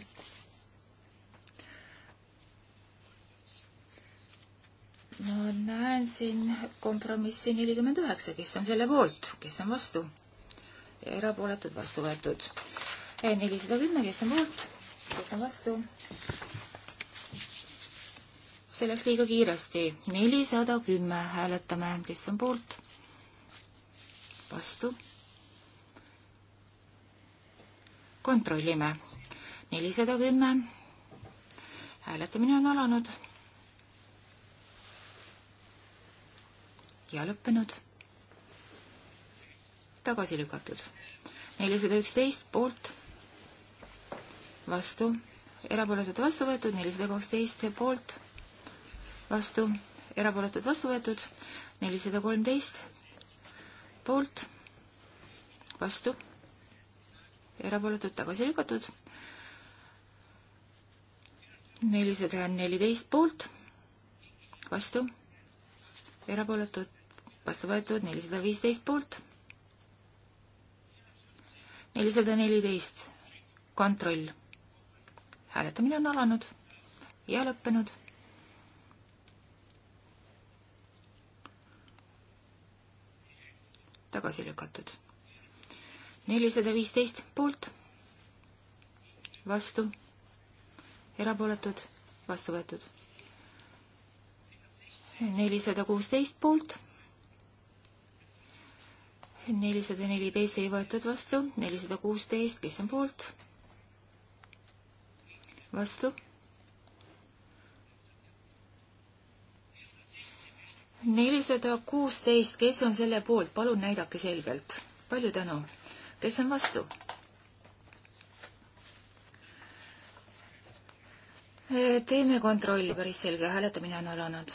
ma näen siin kompromissi nelikümmend üheksa, kes on selle poolt, kes on vastu? erapooletud, vastu võetud. nelisada kümme, kes on poolt, kes on vastu? see läks liiga kiiresti. nelisada kümme hääletame, kes on poolt? vastu. kontrollime. nelisada kümme. hääletamine on alanud. ja lõppenud. tagasi lükatud. nelisada üksteist poolt, vastu, erapooletud vastu võetud, nelisada kaksteist poolt vastu, erapooletud vastu võetud, nelisada kolmteist poolt, vastu, erapooletud tagasi lükatud, nelisada neliteist poolt, vastu, erapooletud vastu võetud, nelisada viisteist poolt, nelisada neliteist kontroll. hääletamine on alanud ja lõppenud tagasi lükatud. nelisada viisteist poolt, vastu, erapooletud, vastu võetud. nelisada kuusteist poolt, nelisada neliteist ei võetud vastu, nelisada kuusteist, kes on poolt, vastu nelisada kuusteist, kes on selle poolt, palun näidake selgelt. palju tänu. kes on vastu? teeme kontrolli, päris selge, hääletamine on alanud.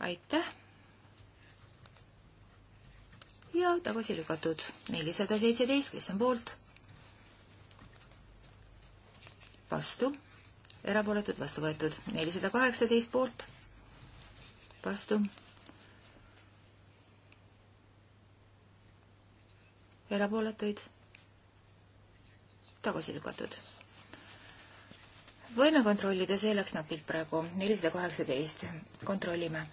aitäh. ja tagasi lükatud nelisada seitseteist, kes on poolt? vastu erapooletud, vastu võetud. nelisada kaheksateist poolt, vastu. erapooletuid, tagasi lükatud. võime kontrollida, see läks napilt praegu, nelisada kaheksateist, kontrollime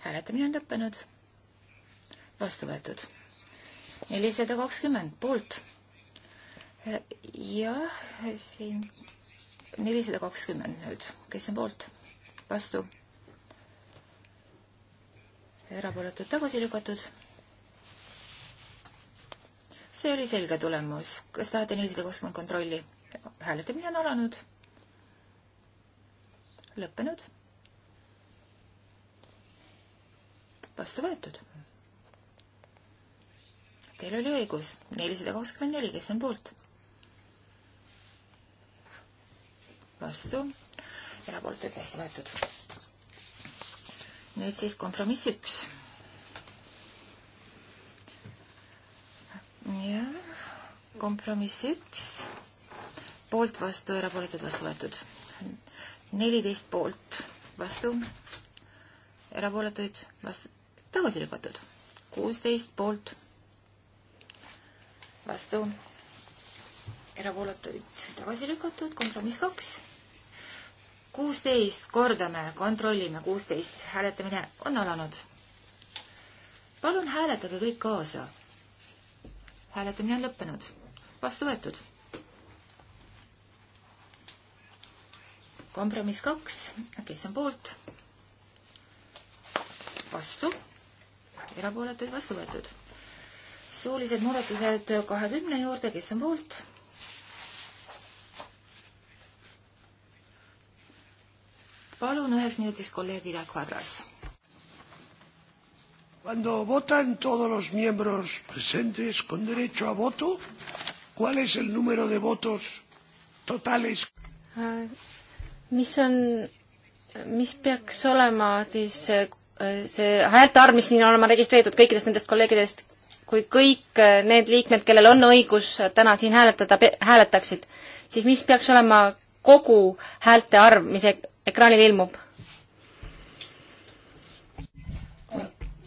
hääletamine on lõppenud. vastu võetud nelisada kakskümmend poolt. jah, siin nelisada kakskümmend nüüd, kes on poolt, vastu? erapooletud tagasi lükatud. see oli selge tulemus. kas tahate nelisada kakskümmend kontrolli? hääletamine on alanud. lõppenud. vastu võetud Teil oli õigus. nelisada kakskümmend neli, kes on poolt? vastu, erapooletud vastu võetud. nüüd siis kompromiss üks. jah, kompromiss üks, poolt, vastu, erapooletud, vastu võetud. neliteist poolt, vastu, erapooletuid, vastu, tagasi lükatud. kuusteist poolt vastu, erapooletuid tagasi lükatud, kompromiss kaks, kuusteist, kordame, kontrollime kuusteist, hääletamine on alanud. palun hääletage kõik kaasa. hääletamine on lõppenud, vastu võetud. kompromiss kaks, kes on poolt? vastu, erapooletuid vastu võetud suulised muudatused kahekümne juurde, kes on poolt? palun ühes minutis kolleeg Vidal Quadras. Cuando votan todos los miembros presentes con derecho a voto, ¿cuál es el número de votos totales? Äh, mis on, mis peaks olema siis äh, see häälte arv, mis siin on olema registreeritud kõikidest nendest kolleegidest, kui kõik äh, need liikmed, kellel on õigus äh, täna siin hääletada, hääletaksid, siis mis peaks olema kogu häälte arv, mis e-, ekraanil ilmub?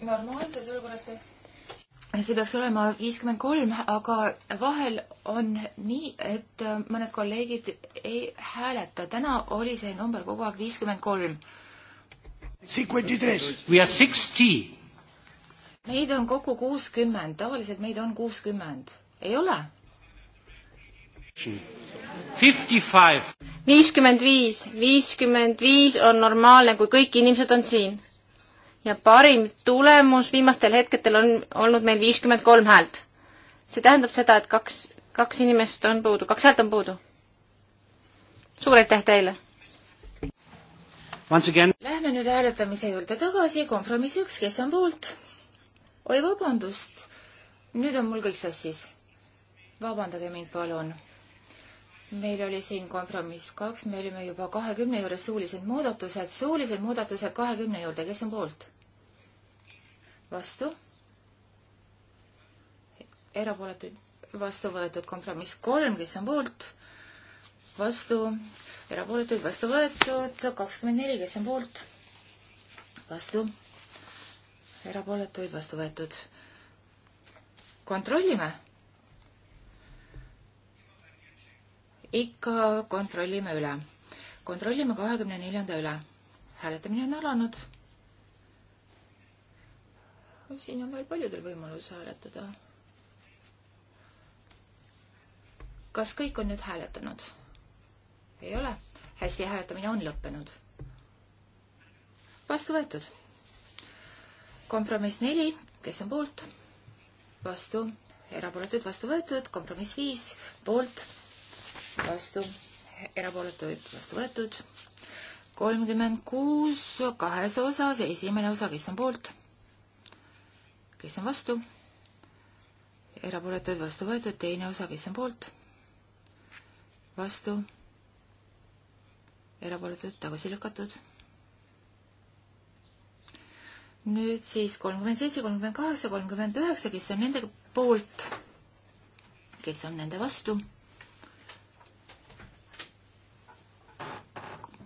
normaalses olukorras peaks see peaks olema viiskümmend kolm, aga vahel on nii, et äh, mõned kolleegid ei hääleta. täna oli see number kogu aeg viiskümmend kolm. We are sixty meid on kokku kuuskümmend, tavaliselt meid on kuuskümmend, ei ole? viiskümmend viis, viiskümmend viis on normaalne, kui kõik inimesed on siin. ja parim tulemus viimastel hetkedel on olnud meil viiskümmend kolm häält. see tähendab seda, et kaks, kaks inimest on puudu, kaks häält on puudu. suur aitäh teile! Lähme nüüd hääletamise juurde tagasi, kompromiss üks, kes on poolt? oi, vabandust, nüüd on mul kõik sassis. vabandage mind, palun. meil oli siin kompromiss kaks, me olime juba kahekümne juures suulised muudatused, suulised muudatused kahekümne juurde, kes on poolt? vastu? erapooletuid, vastu võetud kompromiss kolm, kes on poolt? vastu, erapooletuid vastu võetud kakskümmend neli, kes on poolt? vastu erapooletuid vastu võetud. kontrollime. ikka kontrollime üle. kontrollime kahekümne neljanda üle. hääletamine on alanud. siin on veel paljudel võimalus hääletada. kas kõik on nüüd hääletanud? ei ole? hästi, hääletamine on lõppenud. vastu võetud kompromiss neli, kes on poolt, vastu, erapooletuid vastu võetud, kompromiss viis, poolt, vastu, erapooletuid vastu võetud, kolmkümmend kuus kahes osas, esimene osa, kes on poolt, kes on vastu, erapooletuid vastu võetud, teine osa, kes on poolt, vastu, erapooletuid tagasi lükatud nüüd siis kolmkümmend seitse, kolmkümmend kaheksa, kolmkümmend üheksa, kes on nende poolt, kes on nende vastu.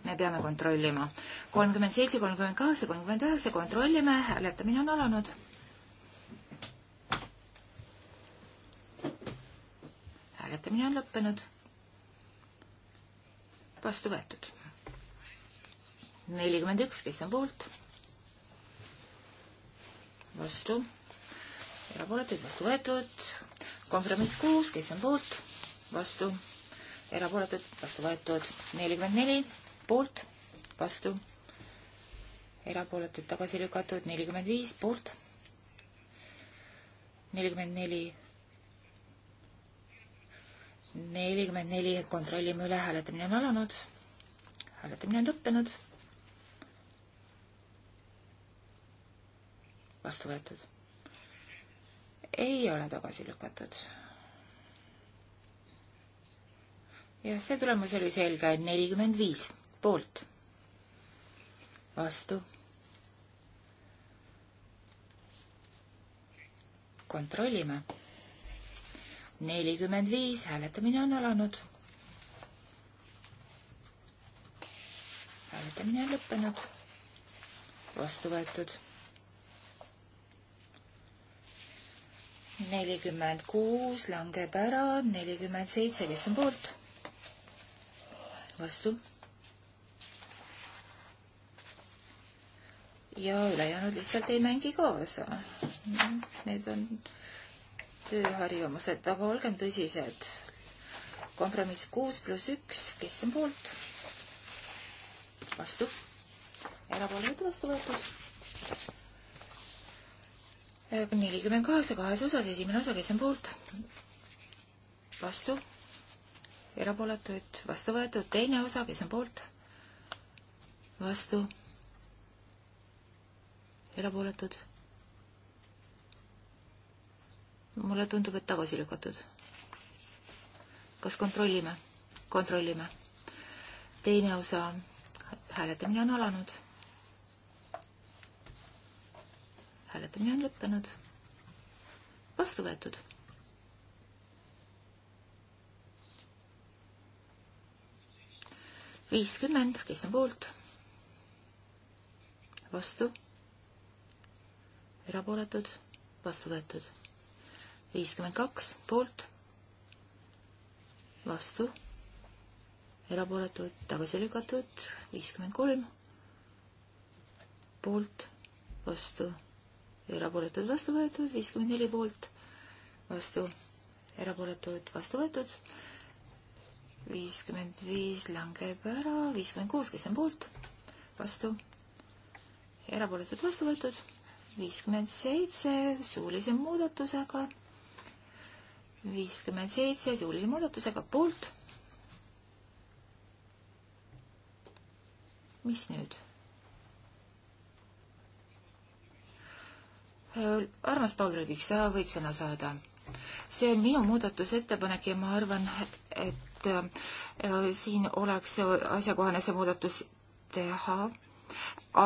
me peame kontrollima. kolmkümmend seitse, kolmkümmend kaheksa, kolmkümmend üheksa, kontrollime, hääletamine on alanud. hääletamine on lõppenud. vastu võetud. nelikümmend üks, kes on poolt vastu, erapooletuid vastu võetud, kompromiss kuus, kes on poolt, vastu, erapooletud, vastu võetud, nelikümmend neli, poolt, vastu, erapooletud, tagasi lükatud, nelikümmend viis, poolt, nelikümmend neli, nelikümmend neli, kontrollime üle, hääletamine on alanud, hääletamine on lõppenud vastu võetud. ei ole tagasi lükatud. ja see tulemus oli selge, et nelikümmend viis poolt, vastu. kontrollime. nelikümmend viis, hääletamine on alanud hääletamine on lõppenud. vastu võetud nelikümmend kuus langeb ära, nelikümmend seitse, kes on poolt? vastu. ja ülejäänud lihtsalt ei mängi kaasa. Need on tööharjumused, aga olgem tõsised. kompromiss kuus pluss üks, kes on poolt? vastu. erapooletud vastu võetud nelikümmend kaheksa kahes osas, esimene osa, kes on poolt? vastu? erapooletuid vastu võetud, teine osa, kes on poolt? vastu? erapooletud? mulle tundub, et tagasi lükatud. kas kontrollime? kontrollime. teine osa hääletamine on alanud hääletamine on lõppenud. vastu võetud. viiskümmend, kes on poolt? vastu? erapooletud? vastu võetud. viiskümmend kaks poolt? vastu? erapooletud, tagasi lükatud, viiskümmend kolm poolt, vastu erapooletud, vastu võetud, viiskümmend neli poolt, vastu, erapooletud, vastu võetud, viiskümmend viis langeb ära, viiskümmend kuus, kes on poolt, vastu, erapooletud, vastu võetud, viiskümmend seitse suulise muudatusega, viiskümmend seitse suulise muudatusega poolt. mis nüüd? Äh, armas Paul Rõivik, sa võid sõna saada. see on minu muudatusettepanek ja ma arvan, et äh, siin oleks asjakohane see muudatus teha,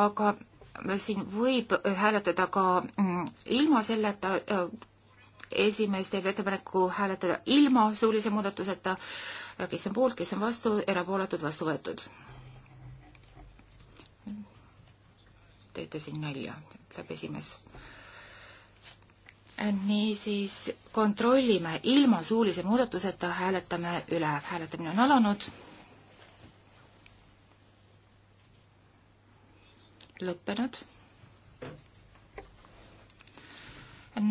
aga siin võib hääletada ka mm, ilma selleta, äh, esimees teeb ettepaneku hääletada ilma suulise muudatuseta, kes on poolt, kes on vastu, erapooletud, vastu võetud. teete siin nalja, ütleb esimees niisiis kontrollime ilma suulise muudatuseta, hääletame üle. hääletamine on alanud. lõppenud.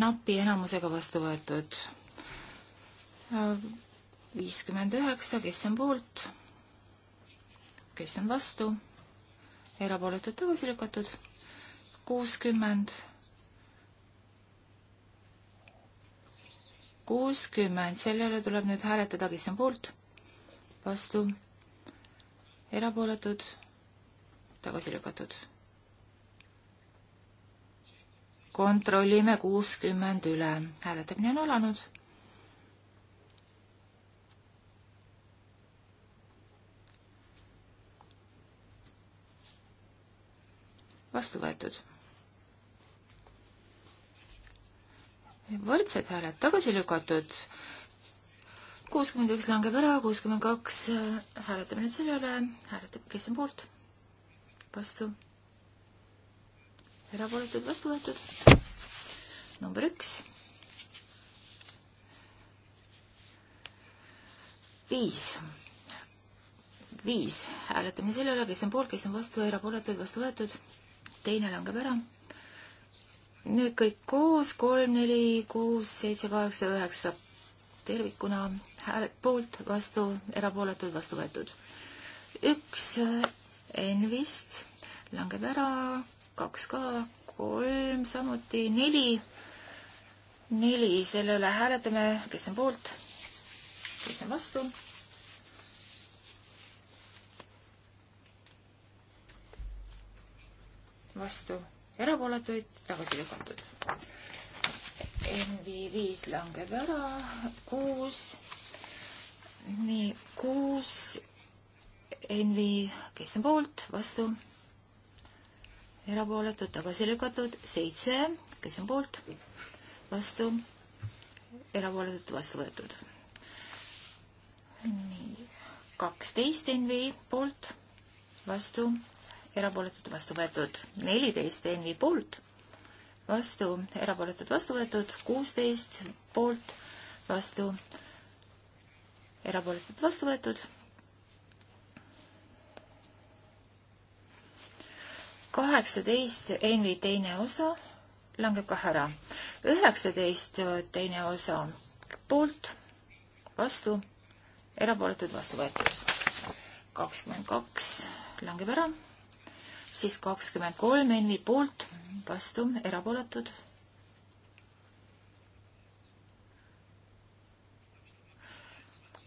napi enamusega vastu võetud viiskümmend üheksa, kes on poolt, kes on vastu, erapooletud tagasi lükatud, kuuskümmend kuuskümmend, selle üle tuleb nüüd hääletada, kes on poolt, vastu, erapooletud, tagasi lükatud. kontrollime kuuskümmend üle, hääletamine on alanud vastu võetud. võrdsed hääled tagasi lükatud. kuuskümmend üks langeb ära, kuuskümmend kaks, äh, hääletame nüüd selle üle, hääletab, kes on poolt, vastu, erapooletud, vastu võetud, number üks. viis, viis, hääletame selle üle, kes on poolt, kes on vastu, erapooletud, vastu võetud, teine langeb ära Need kõik koos, kolm, neli, kuus, seitse, kaheksa, üheksa tervikuna hääled poolt, vastu, erapooletud, vastu võetud. üks Envist eh, langeb ära, kaks ka, kolm samuti, neli, neli, selle üle hääletame, kes on poolt, kes on vastu vastu erapooletuid tagasi lükatud. NV5 langeb ära, kuus, nii, kuus, NV, kes on poolt, vastu, erapooletud, tagasi lükatud, seitse, kes on poolt, vastu, erapooletud, vastu võetud. nii, kaksteist NV poolt, vastu, erapooletud, vastu võetud neliteist NV poolt, vastu, erapooletud, vastu võetud kuusteist poolt, vastu, erapooletud, vastu võetud. kaheksateist NV teine osa langeb kah ära. üheksateist teine osa poolt, vastu, erapooletud, vastu võetud. kakskümmend kaks langeb ära siis kakskümmend kolm Envi poolt, vastu, erapooletud.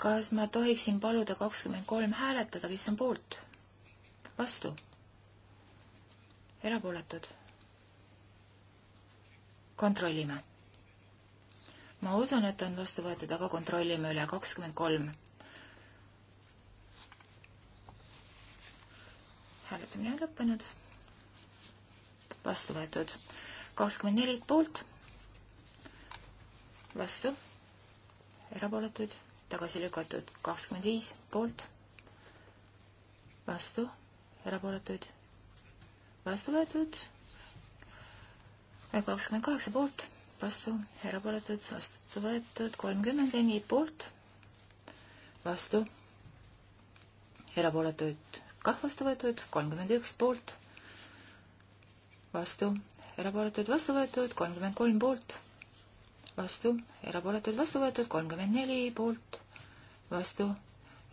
kas ma tohiksin paluda kakskümmend kolm hääletada, kes on poolt? vastu? erapooletud? kontrollime. ma usun, et on vastu võetud, aga kontrollime üle kakskümmend kolm hääletamine on lõppenud. vastu võetud kakskümmend neli poolt, vastu, erapooletuid, tagasi lükatud kakskümmend viis poolt, vastu, erapooletuid, vastu võetud kakskümmend kaheksa poolt, vastu, erapooletud, vastu võetud, kolmkümmend neli poolt, vastu, erapooletuid kah vastu võetud, kolmkümmend üks poolt, vastu, erapooletud, vastu võetud, kolmkümmend kolm poolt, vastu, erapooletud, vastu võetud, kolmkümmend neli poolt, vastu,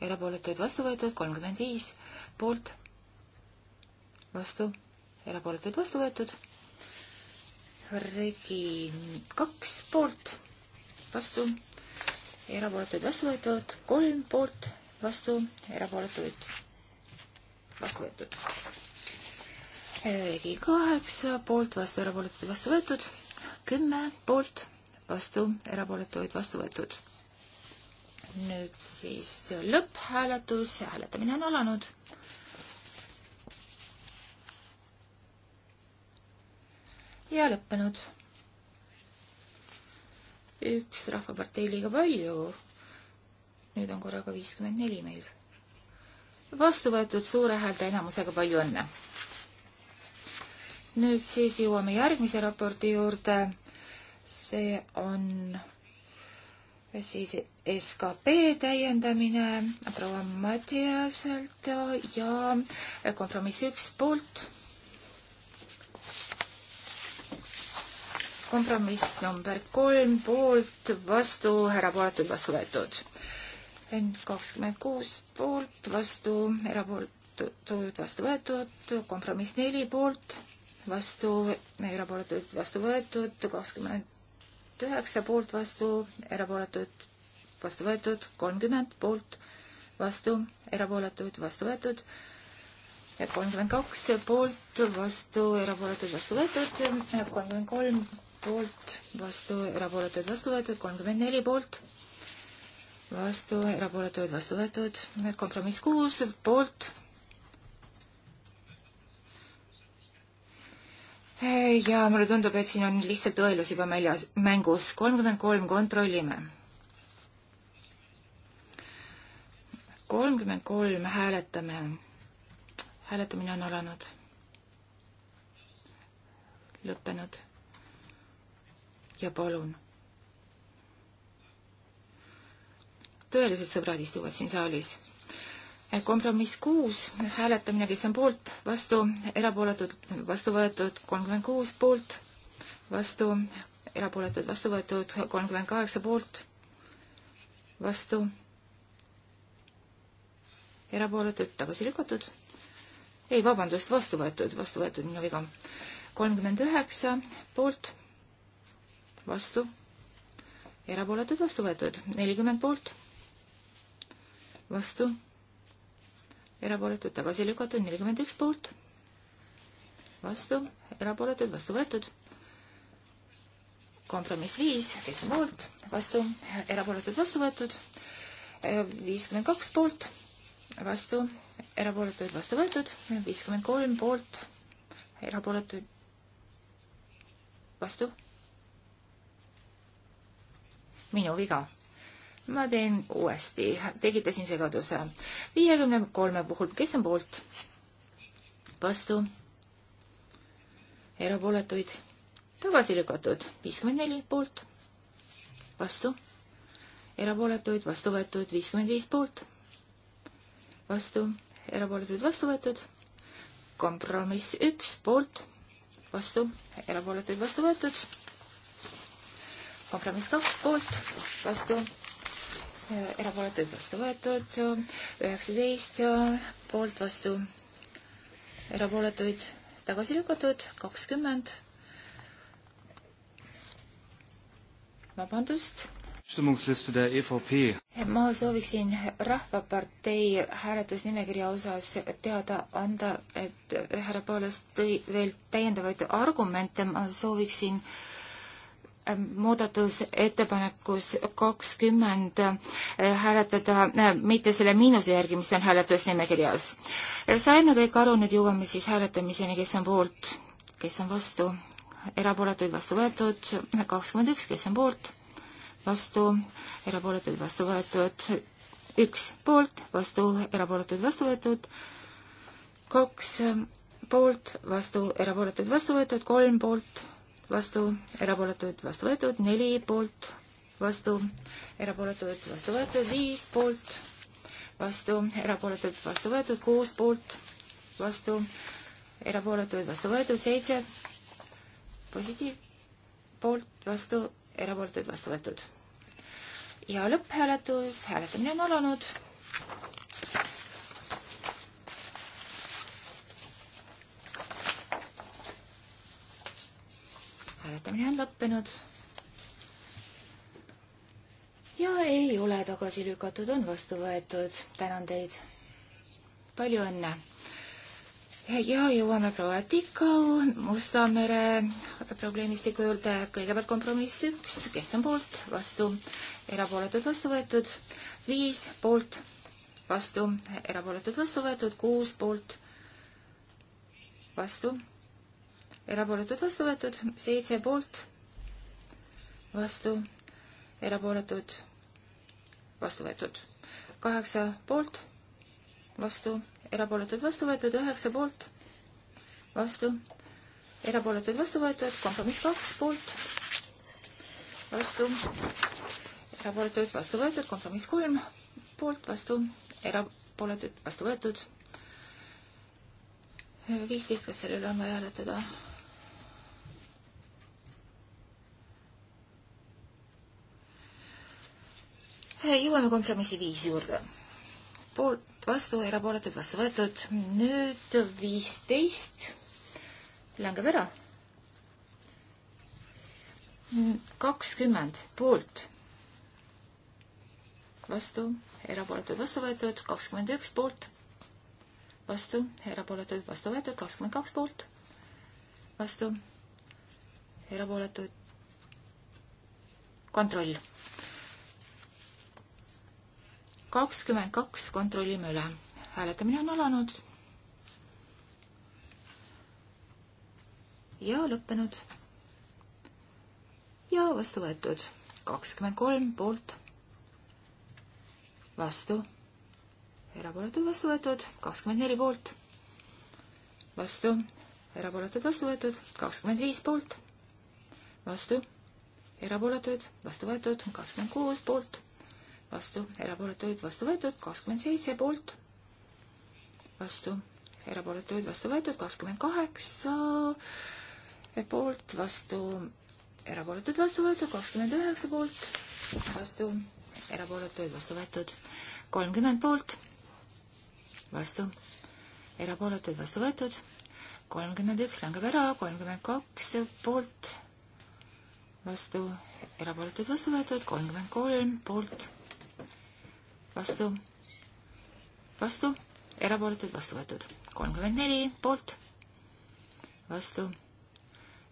erapooletud, vastu võetud, kolmkümmend viis poolt, vastu, erapooletud, vastu võetud, regi kaks poolt, vastu, erapooletud, vastu võetud, kolm poolt, vastu, erapooletuid vastu võetud. ligi kaheksa poolt, vastu erapooletuid, vastu võetud. kümme poolt, vastu erapooletuid, vastu võetud. nüüd siis lõpphääletus, hääletamine on alanud. ja lõppenud. üks Rahvapartei liiga palju. nüüd on korraga viiskümmend neli meil vastu võetud suure häälte enamusega, palju õnne! nüüd siis jõuame järgmise raporti juurde. see on siis skp täiendamine proua Mattiaselt ja kompromiss üks poolt. kompromiss number kolm poolt, vastu, erapooletud, vastu võetud kakskümmend kuus poolt, vastu, erapooletud, vastu võetud, kompromiss neli poolt, vastu, erapooletud, vastu võetud, kakskümmend üheksa poolt, vastu, erapooletud, vastu võetud, kolmkümmend poolt, vastu, erapooletud, vastu võetud, kolmkümmend kaks poolt, vastu, erapooletud, vastu võetud, kolmkümmend kolm poolt, vastu, erapooletud, vastu võetud, kolmkümmend neli poolt, vastu, erapooletuid vastu võetud, kompromiss kuus, poolt. ja mulle tundub, et siin on lihtsalt õelus juba väljas, mängus, kolmkümmend kolm, kontrollime. kolmkümmend kolm, hääletame. hääletamine on alanud. lõppenud. ja palun tõelised sõbrad istuvad siin saalis. Eh, kompromiss kuus, hääletamine, kes on poolt, vastu, erapooletud, vastu võetud kolmkümmend kuus poolt, vastu, erapooletud, vastu võetud kolmkümmend kaheksa poolt, vastu, erapooletud, tagasi lükatud, ei, vabandust, vastu võetud, vastu võetud, minu viga, kolmkümmend üheksa poolt, vastu erapooletud vastu võetud, nelikümmend poolt, vastu, erapooletud, tagasi lükatud, nelikümmend üks poolt, vastu, erapooletud, vastu võetud. kompromiss viis, kes on poolt, vastu, erapooletud, vastu võetud, viiskümmend kaks poolt, vastu, erapooletud, vastu võetud, viiskümmend kolm poolt, erapooletud, vastu. minu viga ma teen uuesti, tekitasin segaduse. viiekümne kolme puhul, kes on poolt? vastu? erapooletuid? tagasi lükatud, viiskümmend neli poolt? vastu? erapooletuid, vastu võetud, viiskümmend viis poolt? vastu? erapooletuid, vastu võetud? kompromiss üks poolt? vastu? erapooletuid, vastu võetud? kompromiss kaks poolt? vastu? erapooletuid vastu võetud, üheksateist poolt vastu, erapooletuid tagasi lükatud, kakskümmend. vabandust. E ma sooviksin Rahvapartei hääletusnimekirja osas teada anda, et härra Poolas tõi veel täiendavaid argumente, ma sooviksin äh, Ähm, muudatusettepanekus kakskümmend äh, hääletada äh, mitte selle miinuse järgi, mis on hääletusnimekirjas. Äh, saime kõik aru, nüüd jõuame siis hääletamiseni, kes on poolt, kes on vastu, erapooletuid vastu võetud, kakskümmend üks, kes on poolt, vastu, erapooletuid vastu võetud, üks poolt, vastu, erapooletuid vastu võetud, kaks poolt, vastu, erapooletuid vastu võetud, kolm poolt, vastu, erapooletuid vastu võetud, neli poolt, vastu, erapooletuid vastu võetud, viis poolt, vastu, erapooletuid vastu võetud, kuus poolt, vastu, erapooletuid vastu võetud, seitse positiiv, poolt, vastu, erapooletuid vastu võetud. ja lõpphääletus, hääletamine on alanud hääletamine on lõppenud. ja ei ole tagasi lükatud, on vastu võetud. tänan teid. palju õnne. ja jõuame proua Tikau Musta mere probleemistiku juurde. kõigepealt kompromiss üks, kes on poolt, vastu, erapooletud, vastu võetud, viis poolt vastu, erapooletud vastu võetud, kuus poolt vastu, erapooletud vastu võetud, seitse poolt, vastu, erapooletud, vastu võetud, kaheksa poolt, vastu, erapooletud vastu võetud, üheksa poolt, vastu, erapooletud vastu võetud, kompromiss kaks poolt, vastu, erapooletud vastu võetud, kompromiss kolm poolt, vastu, erapooletud vastu võetud viisteist, kas selle üle on vaja hääletada? jõuame kompromissi viis juurde. poolt, vastu, erapooletud, vastu võetud. nüüd viisteist langeb ära. kakskümmend poolt, vastu, erapooletud, vastu võetud, kakskümmend üks poolt, vastu, erapooletud, vastu võetud, kakskümmend kaks poolt, vastu, erapooletud, kontroll kakskümmend kaks kontrollime üle. hääletamine on alanud. ja lõppenud. ja vastu võetud kakskümmend kolm poolt, vastu, erapooletud vastu võetud, kakskümmend neli poolt, vastu, erapooletud vastu võetud, kakskümmend viis poolt, vastu, erapooletud vastu võetud, kakskümmend kuus poolt vastu, erapooletuid vastu võetud, kakskümmend seitse poolt, vastu, erapooletuid vastu võetud, kakskümmend kaheksa poolt, vastu, erapooletuid vastu võetud, kakskümmend üheksa poolt, vastu, erapooletuid vastu võetud, kolmkümmend poolt, vastu, erapooletuid vastu võetud, kolmkümmend üks langeb ära, kolmkümmend kaks poolt, vastu, erapooletuid vastu võetud, kolmkümmend kolm poolt vastu, vastu, erapooletud, vastu võetud. kolmkümmend neli poolt, vastu,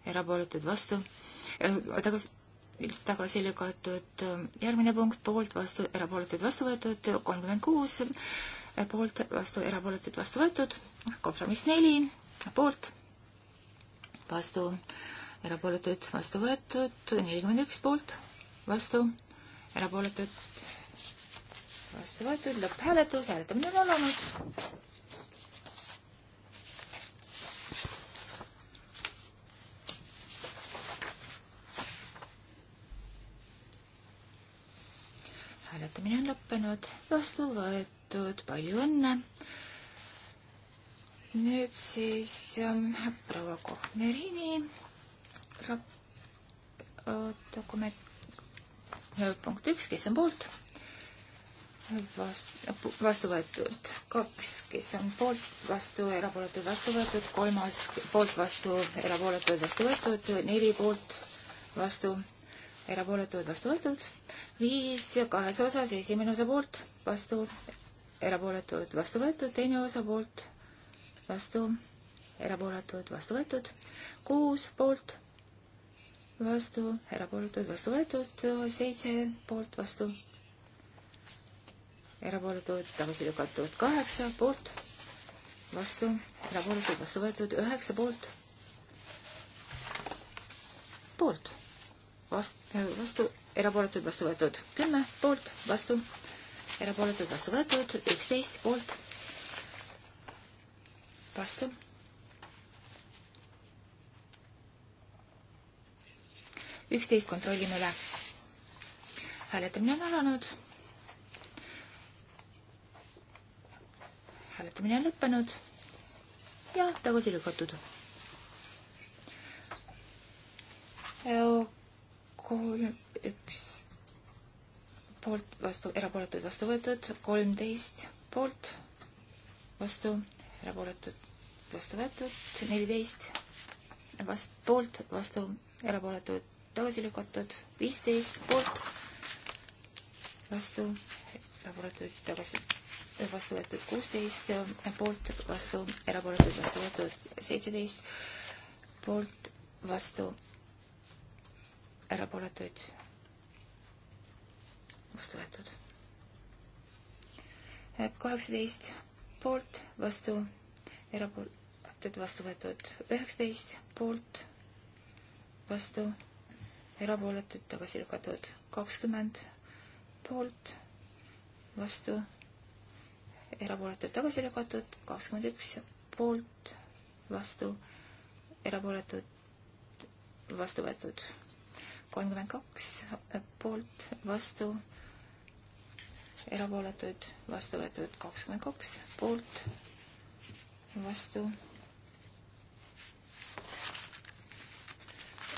erapooletud, vastu äh,, tagasi, tagasi lükatud, äh, järgmine punkt, poolt, vastu, erapooletud, vastu võetud, kolmkümmend kuus, äh, poolt, vastu, erapooletud, vastu võetud, kompromiss neli, poolt, vastu, erapooletud, vastu võetud, nelikümmend üks poolt, vastu, erapooletud, vastu võetud, lõpphääletus, hääletamine on alanud. hääletamine on lõppenud, vastu võetud, palju õnne. nüüd siis äh, proua Kohmerini rap-, äh, dokument, äh, punkt üks, kes on poolt vastu, vastu võetud kaks, kes on poolt, vastu, erapooletud, vastu võetud, kolmas poolt, vastu, erapooletud, vastu võetud, neli poolt, vastu, erapooletud, vastu võetud, viis ja kahes osas, esimene osa poolt, vastu, erapooletud, vastu võetud, teine osa poolt, vastu, erapooletud, vastu võetud, kuus poolt, vastu, erapooletud, vastu võetud, seitse poolt, vastu erapooletud, tagasi lükatud kaheksa poolt, vastu, erapooletud, vastu võetud üheksa poolt, poolt, vastu, äh, vastu, erapooletud, vastu võetud kümme poolt, vastu, erapooletud, vastu võetud üksteist poolt, vastu. üksteist kontrollime üle. hääletamine on alanud hääletamine on lõppenud ja tagasi lükatud. kolm, üks poolt vastu, erapooletud vastu võetud, kolmteist poolt vastu, erapooletud vastu võetud, neliteist vast-, poolt vastu, erapooletud tagasi lükatud, viisteist poolt vastu, erapooletud tagasi vastu võetud kuusteist, poolt, vastu, erapooletud, vastu võetud seitseteist, poolt, vastu, erapooletuid, vastu võetud. kaheksateist, poolt, vastu, erapooletud, vastu võetud üheksateist, poolt, vastu, erapooletud, tagasi lükatud kakskümmend, poolt, vastu erapooletud tagasi lükatud, kakskümmend üks poolt, vastu, erapooletud, vastu võetud, kolmkümmend kaks poolt, vastu, erapooletud, vastu võetud, kakskümmend kaks poolt, vastu,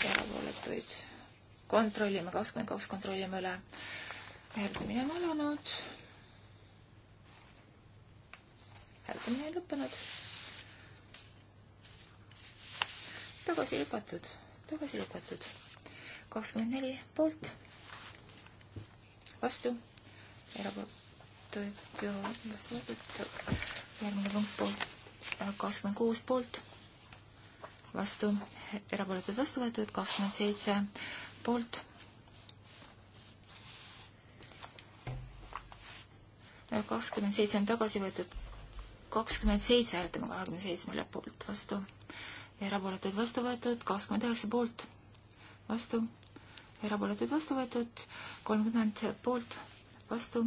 erapooletuid kontrollime, kakskümmend kaks kontrollime üle, hääletamine on alanud hääletamine on lõppenud. tagasi lükatud, tagasi lükatud. kakskümmend neli poolt, vastu, erapooletuid ja vastu võetud. järgmine punkt poolt, kakskümmend kuus poolt, vastu, erapooletud vastu võetud, kakskümmend seitse poolt. kakskümmend seitse on tagasi võetud, kakskümmend seitse hääletame kahekümne seitsmele poolt vastu, erapooletud vastu võetud kakskümmend üheksa poolt vastu, erapooletud vastu võetud kolmkümmend poolt vastu,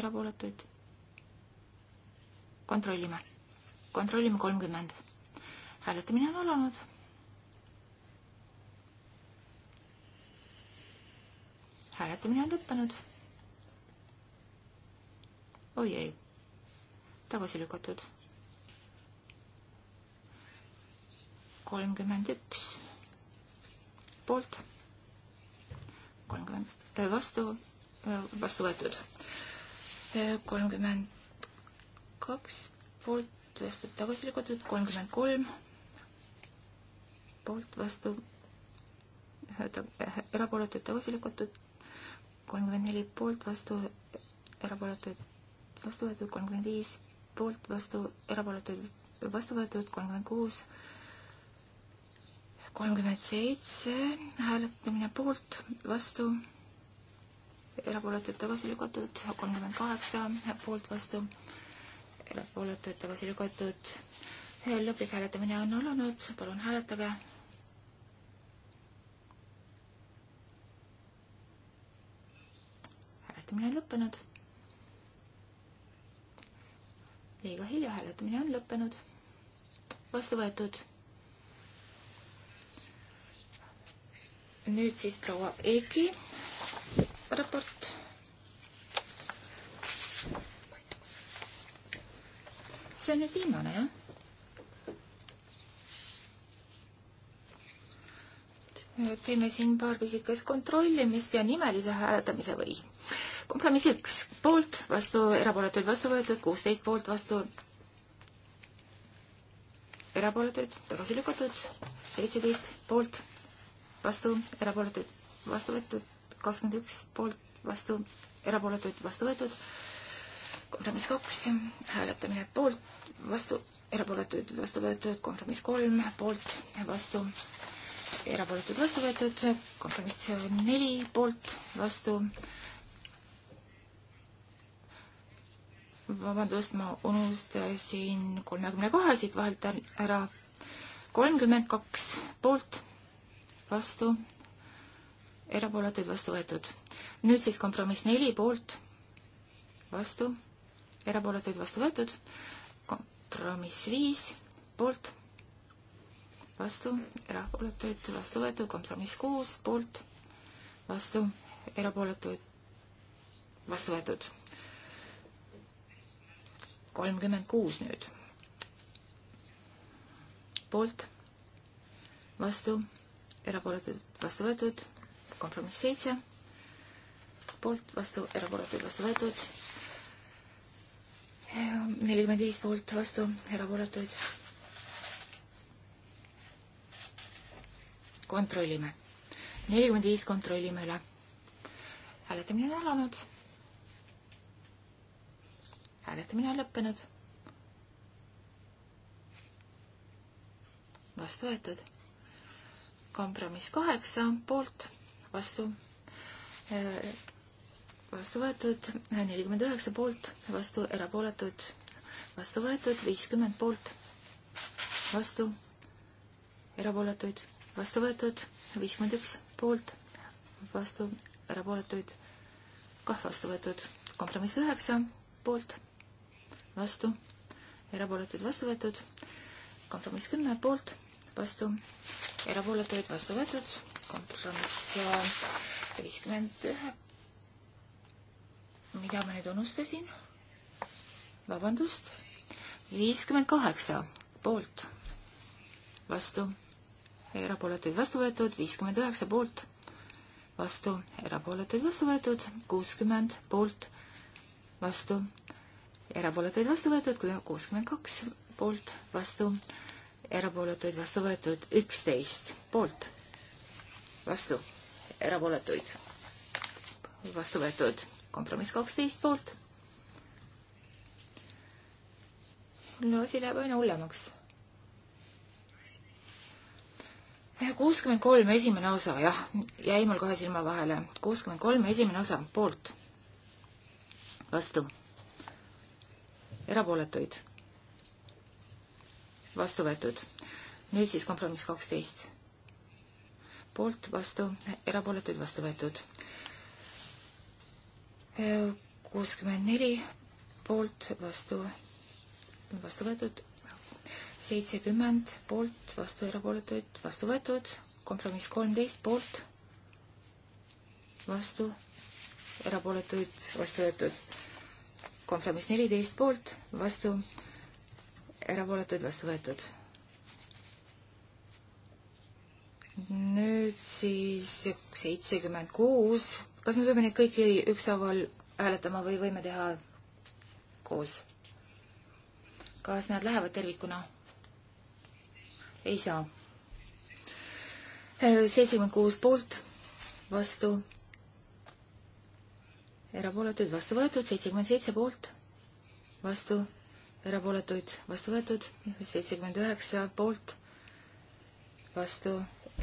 erapooletuid kontrollime, kontrollime kolmkümmend. hääletamine on alanud hääletamine on lõppenud. oi ei tagasi lükatud. kolmkümmend üks poolt, kolmkümmend äh, vastu, äh, vastu võetud. kolmkümmend kaks poolt, vastu tagasi lükatud, kolmkümmend kolm poolt, vastu äh, erapooletud tagasi lükatud, kolmkümmend neli poolt, vastu erapooletud vastu võetud, kolmkümmend viis poolt, vastu, erapooletuid vastu võetud, kolmkümmend kuus, kolmkümmend seitse, hääletamine poolt, vastu, erapooletuid tagasi lükatud, kolmkümmend kaheksa, poolt, vastu, erapooletuid tagasi lükatud. lõplik hääletamine on alanud, palun hääletage. hääletamine on lõppenud liiga hilja, hääletamine on lõppenud. vastu võetud. nüüd siis proua Eiki raport. see on nüüd viimane, jah? teeme siin paar pisikest kontrollimist ja nimelise hääletamise või kompromiss üks poolt, vastu, erapooletuid vastu võetud, kuusteist poolt, vastu, erapooletuid tagasi lükatud, seitseteist poolt, vastu, erapooletuid vastu võetud, kakskümmend üks poolt, vastu, erapooletuid vastu võetud, kompromiss kaks, hääletamine poolt, vastu, erapooletuid vastu võetud, kompromiss kolm, poolt, vastu, erapooletuid vastu võetud, kompromiss neli, poolt, vastu, vabandust, ma unustasin kolmekümne kahesid vahelt ära. kolmkümmend kaks poolt, vastu, erapooletuid vastu võetud. nüüd siis kompromiss neli poolt, vastu, erapooletuid vastu võetud. kompromiss viis poolt, vastu, erapooletuid vastu võetud. kompromiss kuus poolt, vastu, erapooletuid vastu võetud kolmkümmend kuus nüüd. poolt, vastu, erapooletud, vastu võetud, kompromiss seitse, poolt, vastu, erapooletud, vastu võetud, nelikümmend viis poolt, vastu, erapooletuid. kontrollime, nelikümmend viis kontrollime üle. hääletamine on alanud hääletamine on lõppenud. vastu võetud. kompromiss kaheksa poolt, vastu, vastu võetud nelikümmend üheksa poolt, vastu erapooletud, vastu võetud viiskümmend poolt, vastu erapooletuid, vastu võetud viiskümmend üks poolt, vastu erapooletuid, kah vastu võetud kompromiss üheksa poolt vastu, erapooletuid vastu võetud, kompromiss kümme poolt, vastu, erapooletuid vastu võetud, kompromiss äh, viiskümmend ühe, mida ma nüüd unustasin, vabandust, viiskümmend kaheksa poolt, vastu, erapooletuid vastu võetud, viiskümmend üheksa poolt vastu, erapooletuid vastu võetud, kuuskümmend poolt, vastu, erapooletuid vastu võetud, kuuskümmend kaks poolt, vastu, erapooletuid vastu võetud, üksteist poolt, vastu, erapooletuid vastu võetud, kompromiss kaksteist poolt. no asi läheb aina hullemaks. kuuskümmend kolm esimene osa, jah, jäi mul kohe silma vahele, kuuskümmend kolm esimene osa poolt, vastu erapooletuid, vastu võetud. nüüd siis kompromiss kaksteist. poolt, vastu, erapooletuid, vastu võetud. kuuskümmend neli poolt, vastu, vastu võetud, seitsekümmend poolt, vastu erapooletuid, vastu võetud, kompromiss kolmteist poolt, vastu, erapooletuid, vastu võetud, kompromiss neliteist poolt, vastu, erapooletuid vastu võetud. nüüd siis seitsekümmend kuus, kas me peame neid kõiki ükshaaval hääletama või võime teha koos? kas nad lähevad tervikuna? ei saa. seitsekümmend kuus poolt, vastu erapooletuid vastu võetud, seitsekümmend seitse poolt, vastu, erapooletuid vastu võetud, seitsekümmend üheksa poolt, vastu,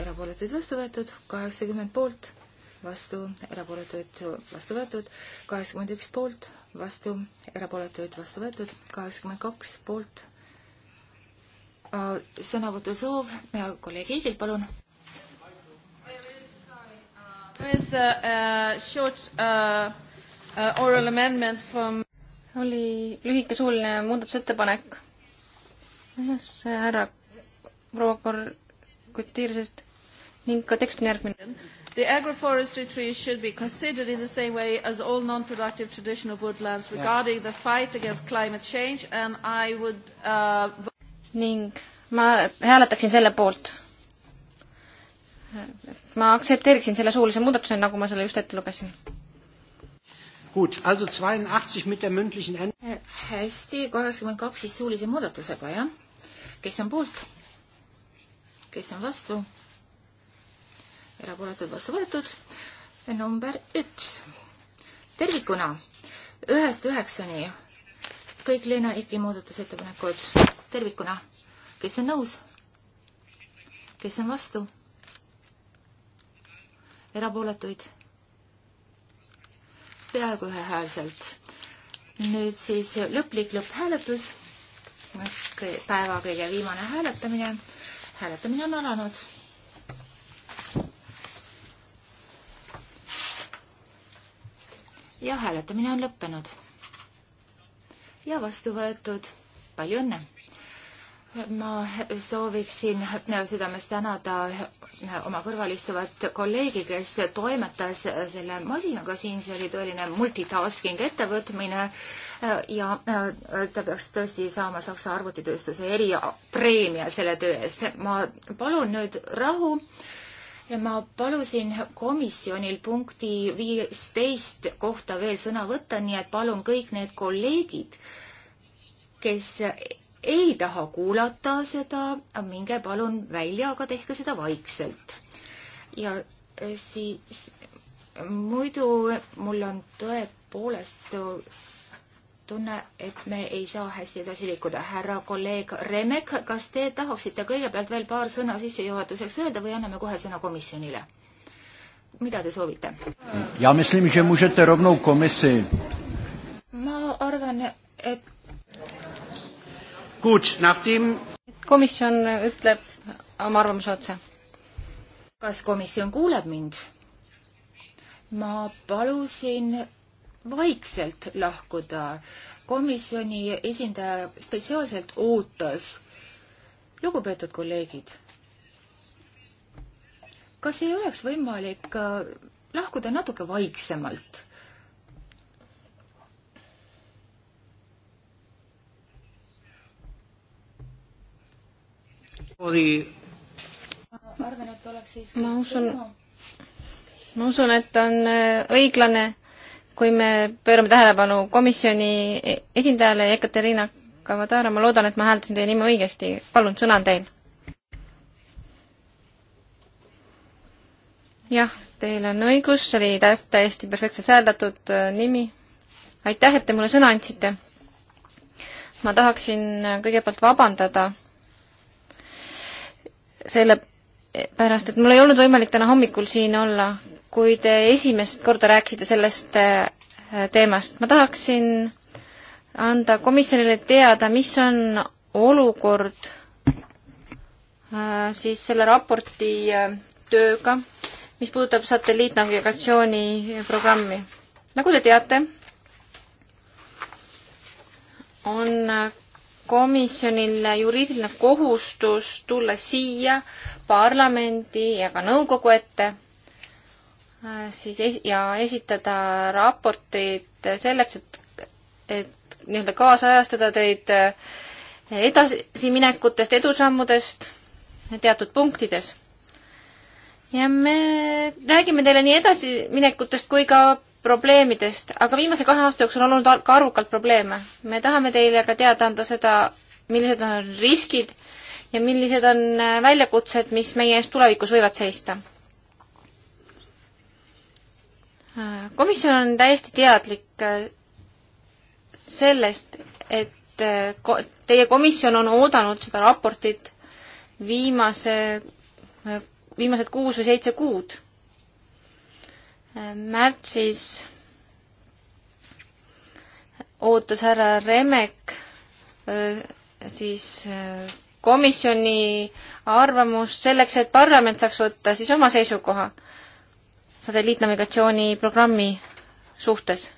erapooletuid vastu võetud, kaheksakümmend poolt, vastu, erapooletuid vastu võetud, kaheksakümmend üks poolt, vastu, erapooletuid vastu võetud, kaheksakümmend kaks poolt. Äh, sõnavõtusoov kolleeg Heidilt, palun There is a, uh, a uh, short uh, Uh, oral amendment from oli lühike suuline muudatusettepanek ühes härra proua Kor-, Kotiirsest ning ka tekst on järgmine. The agroforestry trees should be considered in the same way as all non-productive traditional woodlands regarding yeah. the fight against climate change and I would uh, ning ma hääletaksin selle poolt. ma aktsepteeriksin selle suulise muudatuse, nagu ma selle just ette lugesin Gut, also 82 mit der mündlichen Änderung. Äh, hästi, kaheksakümmend kaks siis suulise muudatusega, jah. kes on poolt? kes on vastu? erapooletud, vastu võetud. number üks. tervikuna ühest üheksani kõik Leena Iki muudatusettepanekud tervikuna. kes on nõus? kes on vastu? erapooletuid peaaegu ühehäälselt. nüüd siis lõplik lõpphääletus, päeva kõige viimane hääletamine. hääletamine on alanud. ja hääletamine on lõppenud. ja vastu võetud. palju õnne! ma sooviksin südames tänada oma kõrval istuvat kolleegi, kes toimetas selle masinaga siin, see oli tõeline multitasking ettevõtmine ja ta peaks tõesti saama Saksa arvutitööstuse eripreemia selle töö eest. ma palun nüüd rahu ja ma palusin komisjonil punkti viisteist kohta veel sõna võtta, nii et palun kõik need kolleegid, kes ei taha kuulata seda, minge palun välja, aga tehke seda vaikselt. ja eh, siis eh, muidu mul on tõepoolest tunne, et me ei saa hästi edasi liikuda. härra kolleeg Remek, kas te tahaksite kõigepealt veel paar sõna sissejuhatuseks öelda või anname kohe sõna komisjonile? mida te soovite? ma arvan, et komisjon ütleb oma arvamuse otsa. kas komisjon kuuleb mind? ma palusin vaikselt lahkuda. komisjoni esindaja spetsiaalselt ootas. lugupeetud kolleegid, kas ei oleks võimalik äh, lahkuda natuke vaiksemalt? ma arvan, et oleks siis ma usun, ma usun, et on äh, õiglane, kui me pöörame tähelepanu komisjoni e-, esindajale Ekaterina Kavadara, ma loodan, et ma hääldasin teie nime õigesti, palun, sõna on teil. jah, teil on õigus, see oli täiesti perfektselt hääldatud äh, nimi. aitäh, et te mulle sõna andsite. ma tahaksin äh, kõigepealt vabandada selle pärast, et mul ei olnud võimalik täna hommikul siin olla, kui te esimest korda rääkisite sellest äh, teemast. ma tahaksin anda komisjonile teada, mis on olukord äh, siis selle raporti äh, tööga, mis puudutab satelliitnavigatsiooni programmi. nagu te teate, on komisjonil juriidiline kohustus tulla siia parlamendi ja ka nõukogu ette äh, siis es- ja esitada raportid selleks, et, et nii-öelda kaasajastada teid äh, edasiminekutest, edusammudest teatud punktides. ja me räägime teile nii edasiminekutest kui ka probleemidest, aga viimase kahe aasta jooksul on olnud ka arvukalt probleeme. me tahame teile ka teada anda seda, millised on riskid ja millised on äh, väljakutsed, mis meie ees tulevikus võivad seista. Äh, komisjon on täiesti teadlik äh, sellest, et teie komisjon on oodanud seda raportit viimase, viimased kuus või seitse kuud märtsis ootas härra Remek äh, siis äh, komisjoni arvamust selleks, et parlament saaks võtta siis oma seisukoha satelliitnavigatsiooni programmi suhtes.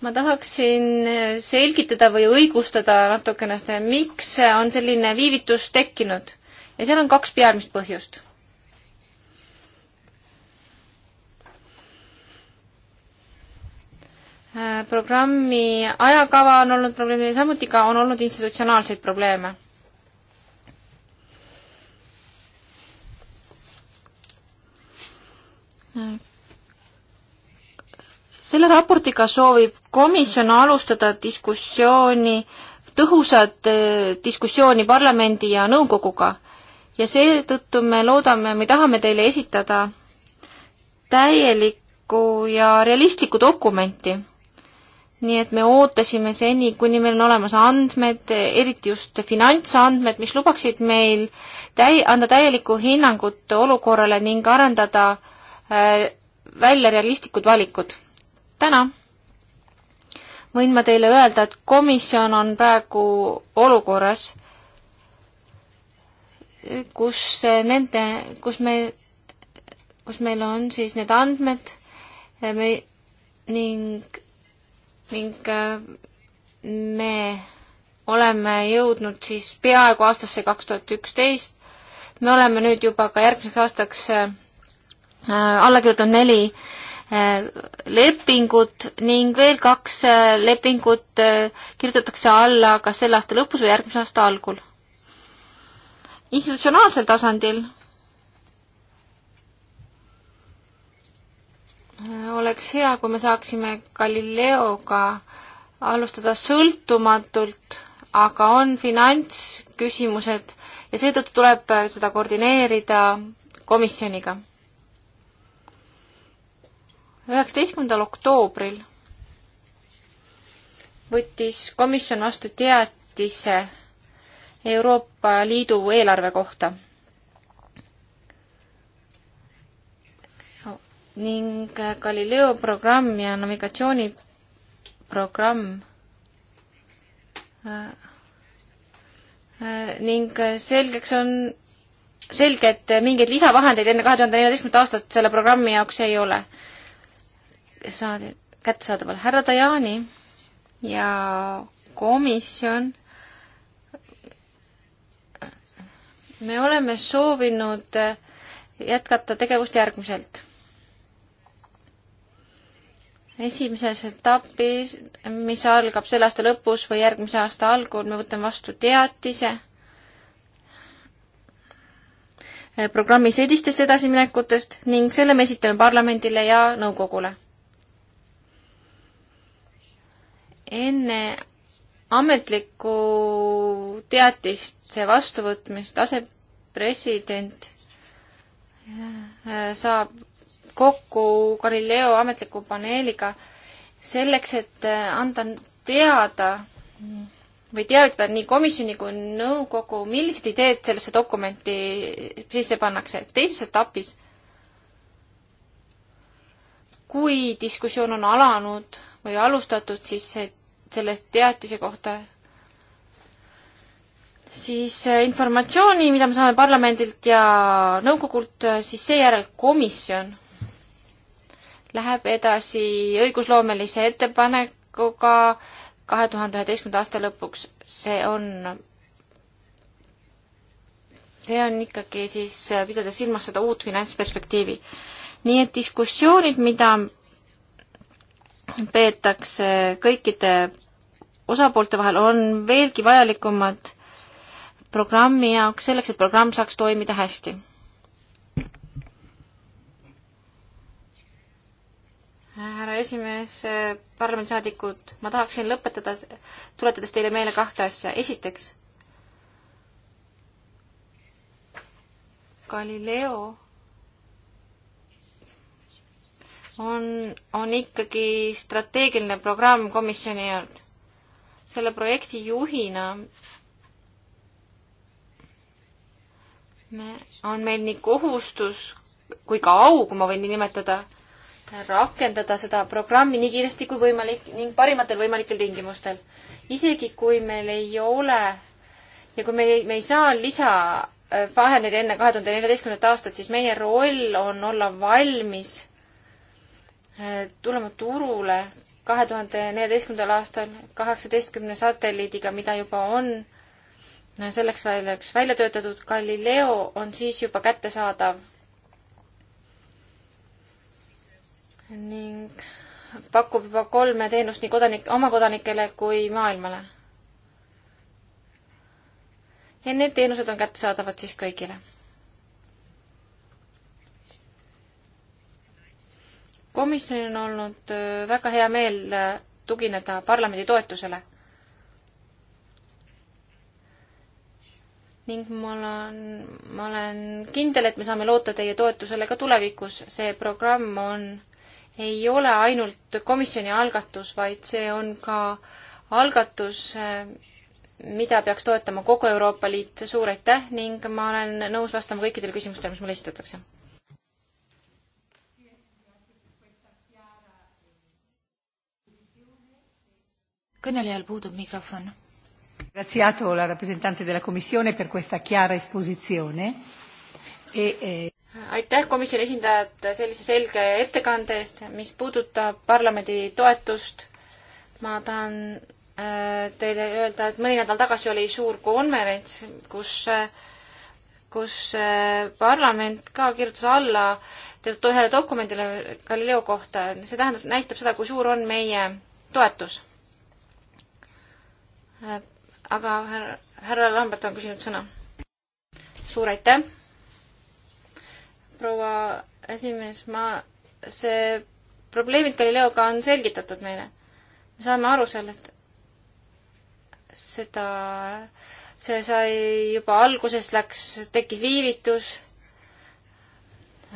ma tahaksin äh, selgitada või õigustada natukene seda, miks on selline viivitus tekkinud ja seal on kaks peamist põhjust. Äh, programmi ajakava on olnud probleemne ja samuti ka on olnud institutsionaalseid probleeme selle raportiga soovib komisjon alustada diskussiooni, tõhusat äh, diskussiooni parlamendi ja nõukoguga ja seetõttu me loodame, me tahame teile esitada täielikku ja realistlikku dokumenti nii et me ootasime seni, kuni meil on olemas andmed, eriti just finantsandmed, mis lubaksid meil täi-, anda täielikku hinnangut olukorrale ning arendada äh, välja realistlikud valikud. täna võin ma teile öelda, et komisjon on praegu olukorras, kus nende, kus me, kus meil on siis need andmed äh, me, ning ning äh, me oleme jõudnud siis peaaegu aastasse kaks tuhat üksteist. me oleme nüüd juba ka järgmiseks aastaks äh, alla kirjutanud neli äh, lepingut ning veel kaks lepingut kirjutatakse alla kas selle aasta lõpus või järgmise aasta algul. institutsionaalsel tasandil oleks hea, kui me saaksime Galileoga alustada sõltumatult, aga on finantsküsimused ja seetõttu tuleb seda koordineerida komisjoniga. üheksateistkümnendal oktoobril võttis komisjon vastu teatise Euroopa Liidu eelarve kohta ning Galileo programm ja navigatsiooniprogramm ning selgeks on, selge, et mingeid lisavahendeid enne kahe tuhande neljateistkümnendat aastat selle programmi jaoks ei ole saadi, kättesaadaval. härra Dajani ja komisjon, me oleme soovinud jätkata tegevust järgmiselt esimeses etapis, mis algab selle aasta lõpus või järgmise aasta algul, me võtame vastu teatise programmis edistest edasiminekutest ning selle me esitame parlamendile ja nõukogule. enne ametlikku teatiste vastuvõtmist asepresident äh, saab kokku Galileo ametliku paneeliga selleks, et äh, anda teada või teavitada nii komisjoni kui nõukogu, millised ideed sellesse dokumenti sisse pannakse. teises etapis, kui diskussioon on alanud või alustatud, siis selle teatise kohta siis äh, informatsiooni, mida me saame parlamendilt ja nõukogult, äh, siis seejärel komisjon läheb edasi õigusloomelise ettepanekuga kahe tuhande üheteistkümnenda aasta lõpuks. see on, see on ikkagi siis, pidades silmas seda uut finantsperspektiivi. nii et diskussioonid, mida peetakse kõikide osapoolte vahel, on veelgi vajalikumad programmi jaoks, selleks et programm saaks toimida hästi härra esimees, eh, parlamendisaadikud, ma tahaksin lõpetada, tuletades teile meelde kahte asja. esiteks, Galileo on, on ikkagi strateegiline programm komisjoni alt. selle projekti juhina me, on meil nii kohustus kui ka au, kui ma võin nii nimetada, rakendada seda programmi nii kiiresti kui võimalik ning parimatel võimalikel tingimustel. isegi kui meil ei ole ja kui me ei, me ei saa lisavahendeid enne kahe tuhande neljateistkümnendat aastat, siis meie roll on olla valmis äh, tulema turule kahe tuhande neljateistkümnendal aastal kaheksateistkümne satelliidiga, mida juba on äh, selleks väljaks välja töötatud. Galileo on siis juba kättesaadav ning pakub juba kolme teenust nii kodanik, oma kodanikele kui maailmale. ja need teenused on kättesaadavad siis kõigile. komisjonil on olnud äh, väga hea meel äh, tugineda parlamendi toetusele. ning mul on, ma olen kindel, et me saame loota teie toetusele ka tulevikus. see programm on äh, ei ole ainult komisjoni algatus, vaid see on ka algatus, eh, mida peaks toetama kogu Euroopa Liit, suur aitäh ning ma olen nõus vastama kõikidele küsimustele, mis mulle esitatakse. kõnelejal puudub mikrofon. Graziato la rappresentante della Commissione per questa chiara esposizione e eh aitäh komisjoni esindajad sellise selge ettekande eest, mis puudutab parlamendi toetust. ma tahan äh, teile öelda, et mõni nädal tagasi oli suur konverents, kus, äh, kus äh, parlament ka kirjutas alla teatud ühele dokumendile Galileo kohta. see tähendab, näitab seda, kui suur on meie toetus. aga härra, härra Lambert on küsinud sõna. suur aitäh proua esimees, ma, see probleemid Galileoga on selgitatud meile. me saame aru sellest, seda, see sai juba alguses läks, tekkis viivitus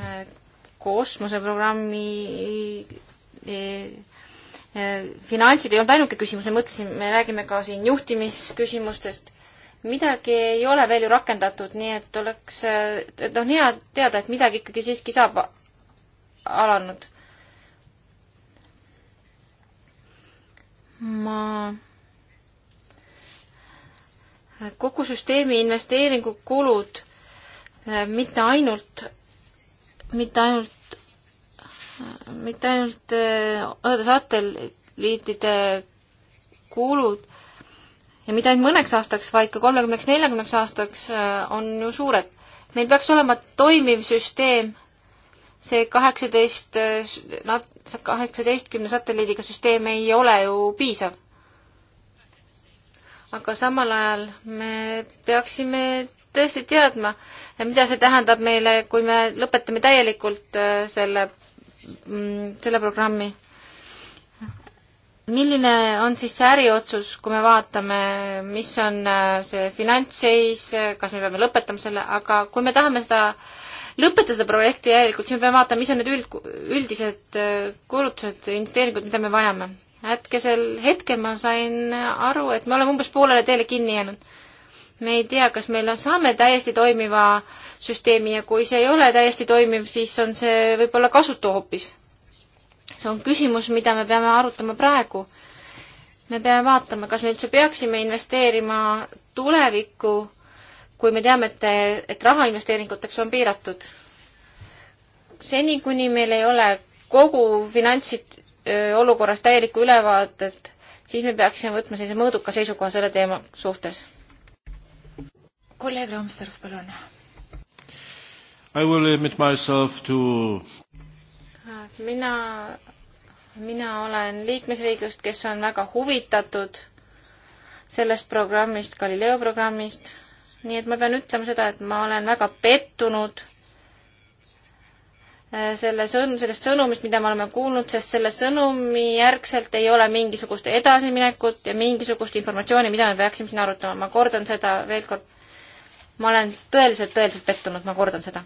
äh, kosmoseprogrammi e, e, finantsid ei olnud ainuke küsimus, me mõtlesime, me räägime ka siin juhtimisküsimustest midagi ei ole veel ju rakendatud, nii et oleks, et noh, on hea teada, et midagi ikkagi siiski saab alanud. ma kogu süsteemi investeeringukulud, eh, mitte ainult, mitte ainult, mitte ainult ööde eh, satelliitide kulud, ja mitte ainult mõneks aastaks, vaid ka kolmekümneks, neljakümneks aastaks äh, on ju suured. meil peaks olema toimiv süsteem, see kaheksateist, äh, kaheksateistkümne satelliidiga süsteem ei ole ju piisav. aga samal ajal me peaksime tõesti teadma, mida see tähendab meile, kui me lõpetame täielikult äh, selle, mm, selle programmi milline on siis see äriotsus, kui me vaatame, mis on äh, see finantsseis, kas me peame lõpetama selle, aga kui me tahame seda, lõpetada seda projekti järelikult, siis me peame vaatama, mis on need üld, üldised äh, kulutused, investeeringud, mida me vajame. hetkesel hetkel ma sain aru, et me oleme umbes poolele teele kinni jäänud. me ei tea, kas meil on, saame täiesti toimiva süsteemi ja kui see ei ole täiesti toimiv, siis on see võib-olla kasutu hoopis see on küsimus, mida me peame arutama praegu. me peame vaatama, kas me üldse peaksime investeerima tulevikku, kui me teame, et, et raha investeeringuteks on piiratud. seni, kuni meil ei ole kogu finantsid olukorras täielikku ülevaadet, siis me peaksime võtma sellise mõõduka seisukoha selle teema suhtes. kolleeg Ramsterf, palun. I will limit myself to mina, mina olen liikmesriigist, kes on väga huvitatud sellest programmist, Galileo programmist, nii et ma pean ütlema seda, et ma olen väga pettunud äh, selle sõn-, sellest sõnumist, mida me oleme kuulnud, sest selle sõnumi järgselt ei ole mingisugust edasiminekut ja mingisugust informatsiooni, mida me peaksime siin arutama. ma kordan seda veel kord. ma olen tõeliselt, tõeliselt pettunud, ma kordan seda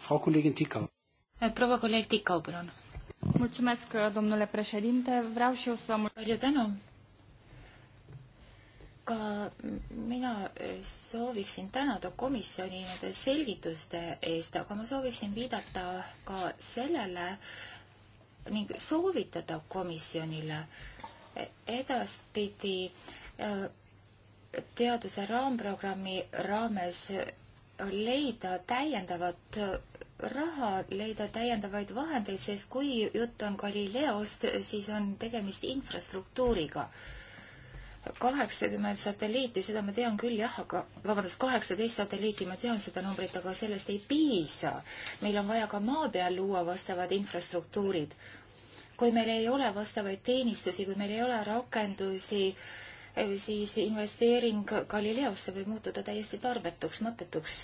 Frau Kollegin Ticau. Proua kolleeg Ticau, palun. Mulțumesc, domnule președinte. Vreau și eu să... Palju tänu. Ka mina sooviksin tänada komisjoni nende selgituste eest, aga ma sooviksin viidata ka sellele ning soovitada komisjonile edaspidi e, teaduse raamprogrammi raames leida täiendavat raha, leida täiendavaid vahendeid, sest kui jutt on Galileost, siis on tegemist infrastruktuuriga. kaheksakümmend satelliiti, seda ma tean küll jah, aga vabandust, kaheksateist satelliiti, ma tean seda numbrit, aga sellest ei piisa. meil on vaja ka maa peal luua vastavad infrastruktuurid. kui meil ei ole vastavaid teenistusi, kui meil ei ole rakendusi äh, siis investeering Galileosse võib muutuda täiesti tarbetuks, mõttetuks.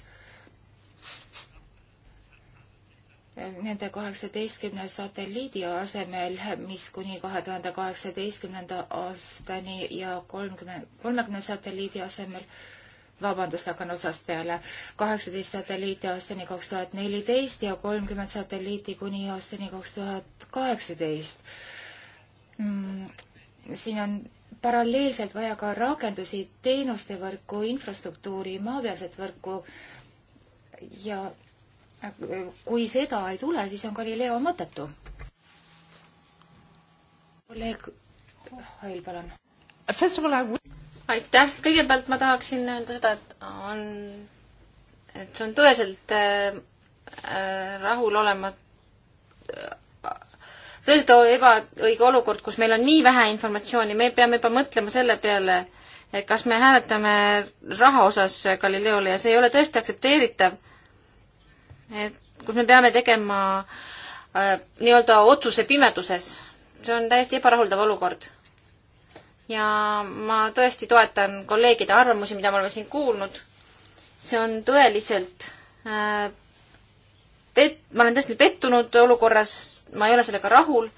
Nende kaheksateistkümne satelliidi asemel, mis kuni kahe tuhande kaheksateistkümnenda aastani ja kolmkümmend, kolmekümne satelliidi asemel vabandust, hakkan otsast peale, kaheksateist satelliiti aastani kaks tuhat neliteist ja kolmkümmend satelliiti kuni aastani kaks tuhat kaheksateist. Mm, siin on paralleelselt vaja ka rakendusi, teenuste võrku, infrastruktuuri, maapealset võrku ja kui seda ei tule, siis on Galileo mõttetu. kolleeg Hail, palun. aitäh, kõigepealt ma tahaksin öelda seda, et on, et see on tõeliselt äh, rahulolemat- äh,, see on seda ebaõige olukord, kus meil on nii vähe informatsiooni, me peame juba mõtlema selle peale, kas me hääletame raha osas Galileole ja see ei ole tõesti aktsepteeritav, et kus me peame tegema äh, nii-öelda otsuse pimeduses. see on täiesti ebarahuldav olukord. ja ma tõesti toetan kolleegide arvamusi, mida me oleme siin kuulnud. see on tõeliselt äh, pet-, ma olen tõesti pettunud olukorras, ma ei ole sellega rahul,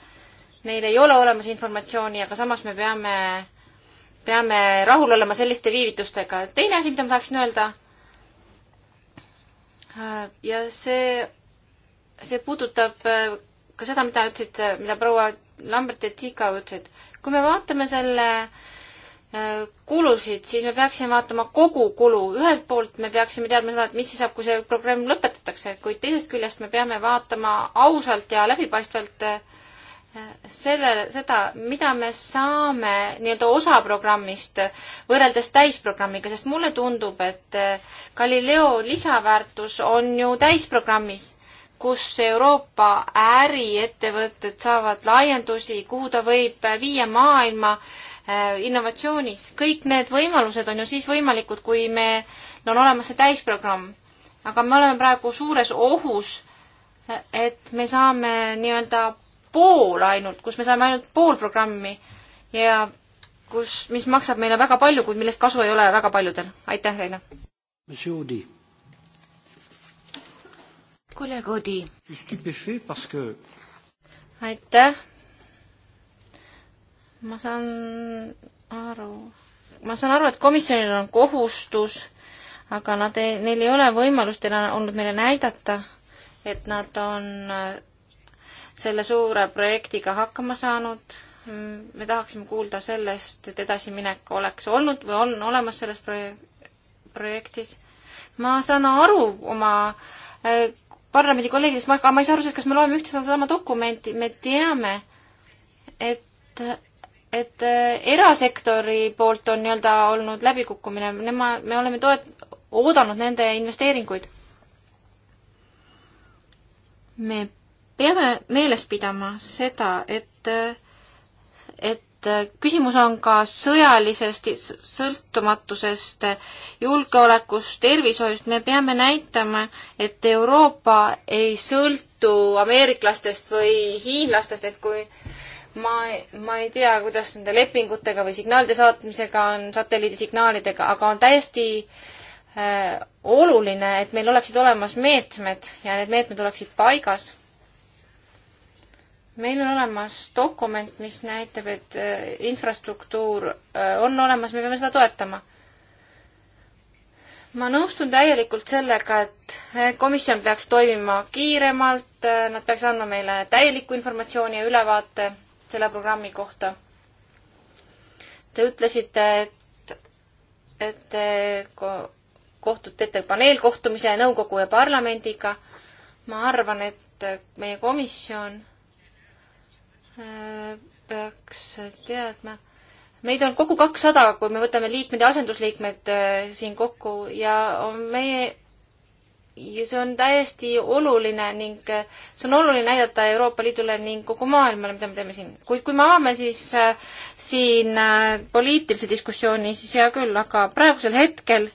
meil ei ole olemas informatsiooni, aga samas me peame, peame rahul olema selliste viivitustega. teine asi, mida ma tahaksin öelda, äh, ja see, see puudutab äh, ka seda, mida ütlesid, äh, mida proua Lambert ja Tsiika ütlesid. kui me vaatame selle äh, kulusid, siis me peaksime vaatama kogu kulu. ühelt poolt me peaksime teadma seda, et mis siis saab, kui see programm lõpetatakse, kuid teisest küljest me peame vaatama ausalt ja läbipaistvalt eh, selle, seda, mida me saame nii-öelda osa programmist võrreldes täisprogrammiga, sest mulle tundub, et eh, Galileo lisaväärtus on ju täisprogrammis, kus Euroopa äriettevõtted saavad laiendusi, kuhu ta võib viia maailma äh, Äh, innovatsioonis, kõik need võimalused on ju siis võimalikud, kui me no,, on olemas see täisprogramm. aga me oleme praegu suures ohus, äh, et me saame nii-öelda pool ainult, kus me saame ainult pool programmi ja kus, mis maksab meile väga palju, kuid millest kasu ei ole väga paljudel. aitäh teile! kolleeg Odi. aitäh! ma saan aru, ma saan aru, et komisjonil on kohustus, aga nad ei, neil ei ole võimalust enam olnud meile näidata, et nad on äh, selle suure projektiga hakkama saanud. Mm, me tahaksime kuulda sellest, et edasiminek oleks olnud või on olemas selles proje-, projektis. ma saan aru oma äh, parlamendi kolleegidest, ma, aga ma ei saa aru sellest, kas me loeme ühte sedasama dokumenti, me teame, et et äh, erasektori poolt on nii-öelda olnud läbikukkumine, nema, me oleme toet-, oodanud nende investeeringuid. me peame meeles pidama seda, et, äh, et äh, küsimus on ka sõjalisest sõltumatusest, julgeolekust, tervishoiust, me peame näitama, et Euroopa ei sõltu ameeriklastest või hiinlastest, et kui äh, ma, ma ei tea, kuidas nende lepingutega või signaalide saatmisega on, satelliidisignaalidega, aga on täiesti äh, oluline, et meil oleksid olemas meetmed ja need meetmed oleksid paigas. meil on olemas dokument, mis näitab, et äh, infrastruktuur äh, on olemas, me peame seda toetama ma nõustun täielikult sellega, et äh, komisjon peaks toimima kiiremalt, äh, nad peaks andma meile täielikku informatsiooni ja ülevaate selle programmi kohta. Te ütlesite, et, et te kohtute ette paneelkohtumise nõukogu ja parlamendiga. ma arvan, et meie komisjon äh, peaks teadma, meid on kogu kakssada, kui me võtame liikmed ja asendusliikmed äh, siin kokku ja meie ja see on täiesti oluline ning see on oluline näidata Euroopa Liidule ning kogu maailmale, mida me teeme siin. kuid kui me avame siis äh, siin äh, poliitilise diskussiooni, siis hea küll, aga praegusel hetkel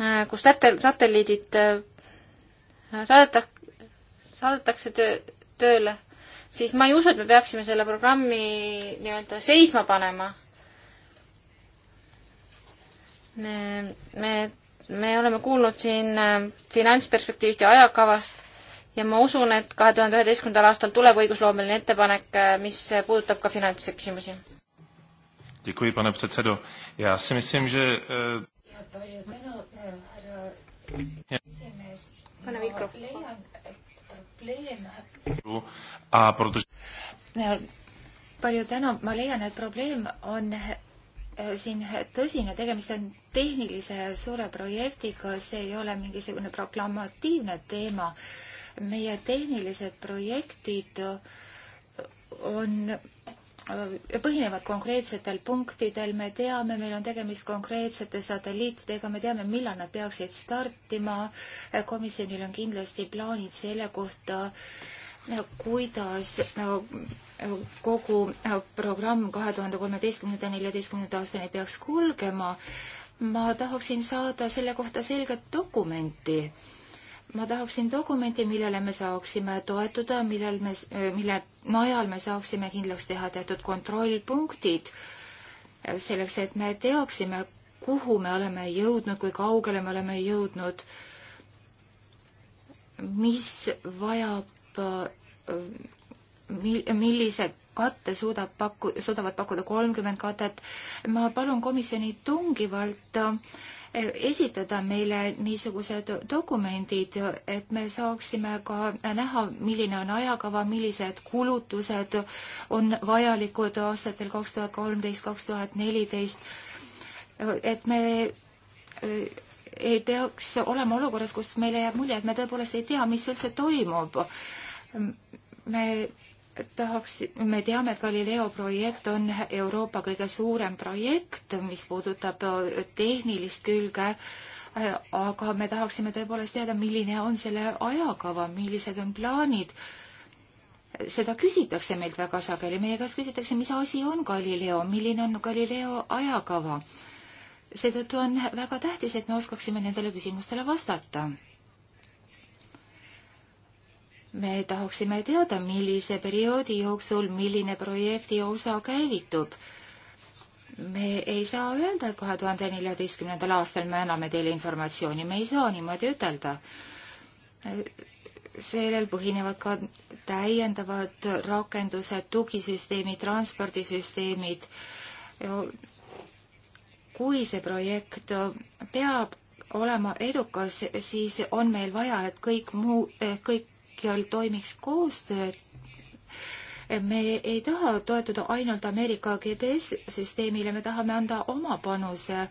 äh,, kus sätel-, satelliidid äh, saadeta-, saadetakse töö, tööle, siis ma ei usu, et me peaksime selle programmi nii-öelda seisma panema me, me me oleme kuulnud siin äh, finantsperspektiivist ja ajakavast ja ma usun, et kahe tuhande üheteistkümnendal aastal tuleb õigusloomeline ettepanek, äh, mis puudutab ka finantsküsimusi. Eh, pane mikrofon. palju tänu, ma leian, et probleem on Äh, siin tõsine, tegemist on tehnilise suure projektiga, see ei ole mingisugune proklamatiivne teema. meie tehnilised projektid on, äh, põhinevad konkreetsetel punktidel, me teame, meil on tegemist konkreetsete satelliitidega, me teame, millal nad peaksid startima. Äh, komisjonil on kindlasti plaanid selle kohta äh, kuidas äh, kogu äh, programm kahe tuhande kolmeteistkümnenda, neljateistkümnenda aastani peaks kulgema. ma tahaksin saada selle kohta selget dokumenti. ma tahaksin dokumenti, millele me saaksime toetuda, millel me, äh, mille najal me saaksime kindlaks teha teatud kontrollpunktid, selleks et me teaksime, kuhu me oleme jõudnud, kui kaugele me oleme jõudnud, mis vajab Äh, millise katte suudab paku, suudavad pakkuda kolmkümmend katet. ma palun komisjoni tungivalt äh, esitada meile niisugused dokumendid, et me saaksime ka näha, milline on ajakava, millised kulutused on vajalikud aastatel kaks tuhat kolmteist, kaks tuhat neliteist. et me äh, ei peaks olema olukorras, kus meile jääb mulje, et me tõepoolest ei tea, mis üldse toimub me tahaks, me teame, et Galileo projekt on Euroopa kõige suurem projekt, mis puudutab äh, tehnilist külge, äh, aga me tahaksime tõepoolest teada, milline on selle ajakava, millised on plaanid. seda küsitakse meilt väga sageli, meie käest küsitakse, mis asi on Galileo, milline on Galileo ajakava. seetõttu on väga tähtis, et me oskaksime nendele küsimustele vastata me tahaksime teada, millise perioodi jooksul milline projekti osa käivitub. me ei saa öelda, et kahe tuhande neljateistkümnendal aastal me anname teile informatsiooni, me ei saa niimoodi ütelda. sellel põhinevad ka täiendavad rakendused, tugisüsteemid, transpordisüsteemid. kui see projekt peab olema edukas, siis on meil vaja, et kõik muu, eh, kõik kõikjal toimiks koostöö. me ei taha toetuda ainult Ameerika GPS-süsteemile, me tahame anda oma panuse.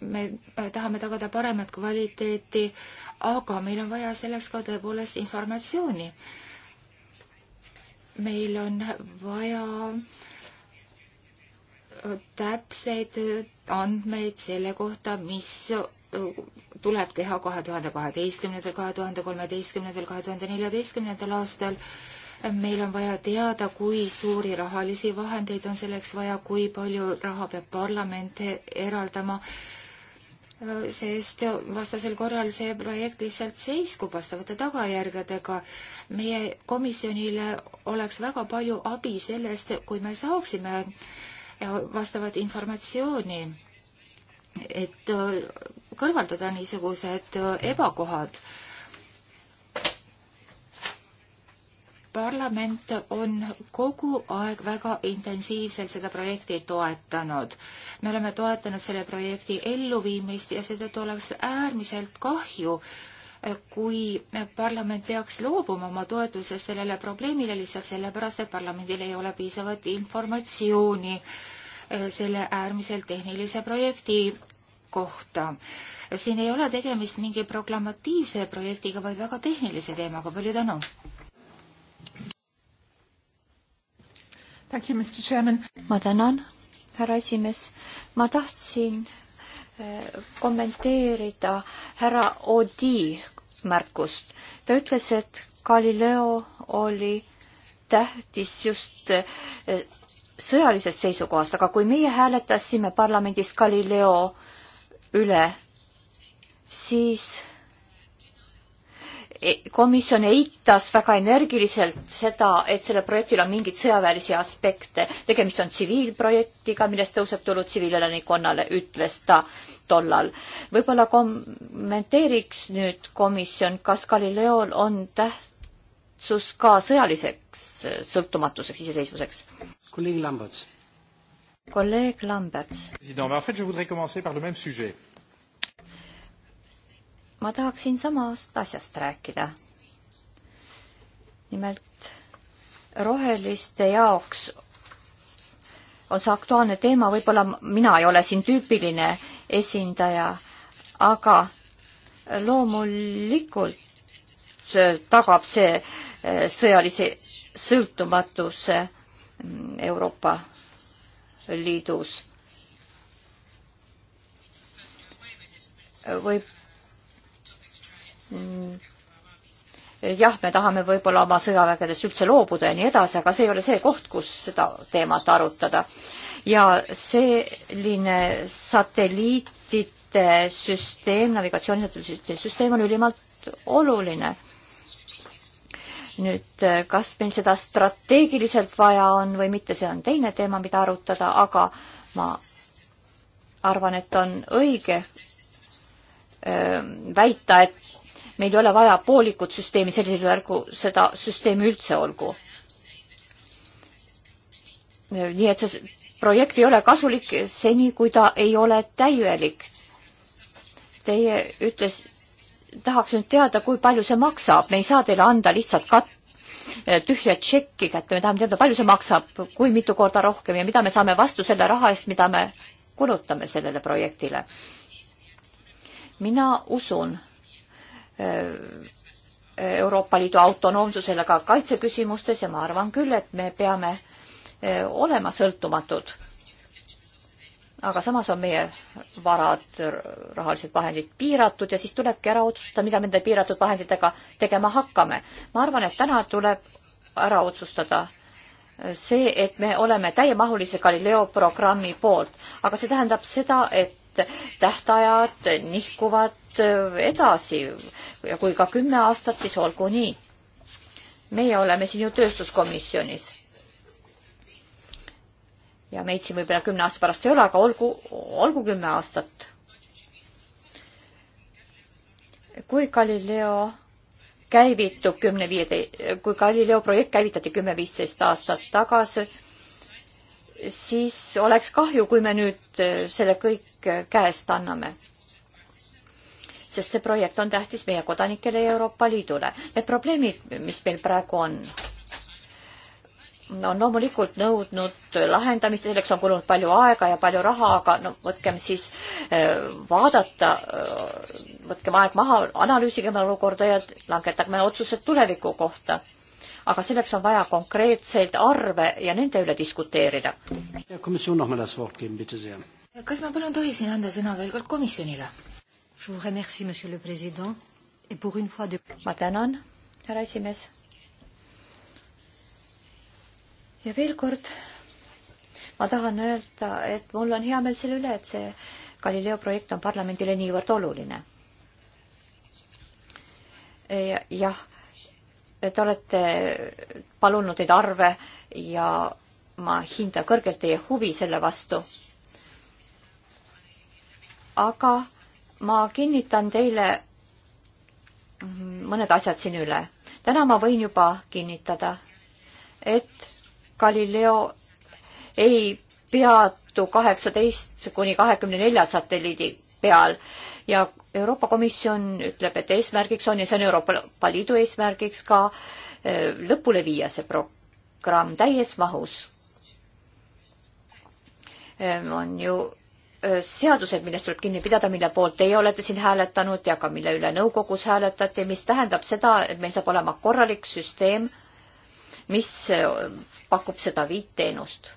me tahame tagada paremat kvaliteeti, aga meil on vaja selleks ka tõepoolest informatsiooni. meil on vaja täpseid andmeid selle kohta, mis tuleb teha kahe tuhande kaheteistkümnendal, kahe tuhande kolmeteistkümnendal, kahe tuhande neljateistkümnendal aastal. meil on vaja teada, kui suuri rahalisi vahendeid on selleks vaja, kui palju raha peab parlament eraldama, sest vastasel korral see projekt lihtsalt seiskub vastavate tagajärgedega. meie komisjonile oleks väga palju abi sellest, kui me saaksime vastavat informatsiooni et äh, kõrvaldada niisugused äh, ebakohad. parlament on kogu aeg väga intensiivselt seda projekti toetanud. me oleme toetanud selle projekti elluviimist ja seetõttu oleks äärmiselt kahju, äh, kui parlament peaks loobuma oma toetusest sellele probleemile lihtsalt sellepärast, et parlamendil ei ole piisavat informatsiooni äh, Äh, selle äärmiselt tehnilise projekti kohta. siin ei ole tegemist mingi proklamatiivse projektiga, vaid väga tehnilise teemaga, palju tänu! ma tänan, härra esimees. ma tahtsin äh, kommenteerida härra Odi märkust. ta ütles, et Galileo oli tähtis just äh, sõjalisest seisukohast, aga kui meie hääletasime parlamendis Galileo üle, siis e-, komisjon eitas väga energiliselt seda, et sellel projektil on mingeid sõjaväelisi aspekte. tegemist on tsiviilprojektiga, millest tõuseb tulu tsiviilelanikkonnale, ütles ta tollal. võib-olla kommenteeriks nüüd komisjon, kas Galileol on tähtsus ka sõjaliseks sõltumatuseks, iseseisvuseks? kolleeg Lamberts. kolleeg Lamberts. ma tahaksin samast asjast rääkida. nimelt roheliste jaoks on see aktuaalne teema, võib-olla mina ei ole siin tüüpiline esindaja, aga loomulikult äh, tagab see äh, sõjalise sõltumatuse Euroopa Liidus. võib jah, me tahame võib-olla oma sõjavägedest üldse loobuda ja nii edasi, aga see ei ole see koht, kus seda teemat arutada. ja selline satelliitide süsteem, navigatsioonisaatelliitide süsteem on ülimalt oluline nüüd eh, kas meil seda strateegiliselt vaja on või mitte, see on teine teema, mida arutada, aga ma arvan, et on õige öö, ehm, väita, et meil ei ole vaja poolikut süsteemi sellisel juhul, kui seda süsteemi üldse olgu. Eh, nii et see projekt ei ole kasulik seni, kui ta ei ole täielik. Teie ütles, tahaks nüüd teada, kui palju see maksab, me ei saa teile anda lihtsalt kat-, eh, tühja tšekki kätte, me tahame teada, palju see maksab, kui mitu korda rohkem ja mida me saame vastu selle raha eest, mida me kulutame sellele projektile. mina usun eh, Euroopa Liidu autonoomsusele ka kaitseküsimustes ja ma arvan küll, et me peame eh, olema sõltumatud aga samas on meie varad, äh, rahalised vahendid piiratud ja siis tulebki ära otsustada, mida me nende piiratud vahenditega tegema hakkame. ma arvan, et täna tuleb ära otsustada see, et me oleme täiemahulise Galileo programmi poolt, aga see tähendab seda, et tähtajad nihkuvad äh, edasi ja kui ka kümme aastat, siis olgu nii. meie oleme siin ju tööstuskomisjonis ja meid siin võib-olla kümne aasta pärast ei ole, aga olgu, olgu kümme aastat. kui Galileo käivitub kümne viie, kui Galileo projekt käivitati kümme-viisteist aastat tagasi, siis oleks kahju, kui me nüüd selle kõik käest anname. sest see projekt on tähtis meie kodanikele ja Euroopa Liidule. Need probleemid, mis meil praegu on on loomulikult nõudnud lahendamist ja selleks on kulunud palju aega ja palju raha, aga no võtkem siis äh, vaadata, äh, võtkem aeg maha, analüüsigem olukorda ja langetagem otsused tuleviku kohta. aga selleks on vaja konkreetseid arve ja nende üle diskuteerida. Noh, kas ma palun tohisin anda sõna veel kord komisjonile? ma tänan, härra esimees ja veel kord ma tahan öelda, et mul on hea meel selle üle, et see Galileo projekt on parlamendile niivõrd oluline ja,. jah, te olete palunud neid arve ja ma hindan kõrgelt teie huvi selle vastu. aga ma kinnitan teile mõned asjad siin üle. täna ma võin juba kinnitada, et Galileo ei peatu kaheksateist kuni kahekümne nelja satelliidi peal ja Euroopa Komisjon ütleb, et eesmärgiks on ja see on Euroopa Liidu eesmärgiks ka eh, lõpule viia see programm täies mahus. Eh, on ju eh, seadused, millest tuleb kinni pidada, mille poolt teie olete siin hääletanud ja ka mille üle nõukogus hääletati, mis tähendab seda, et meil saab olema korralik süsteem, mis pakub seda viit teenust.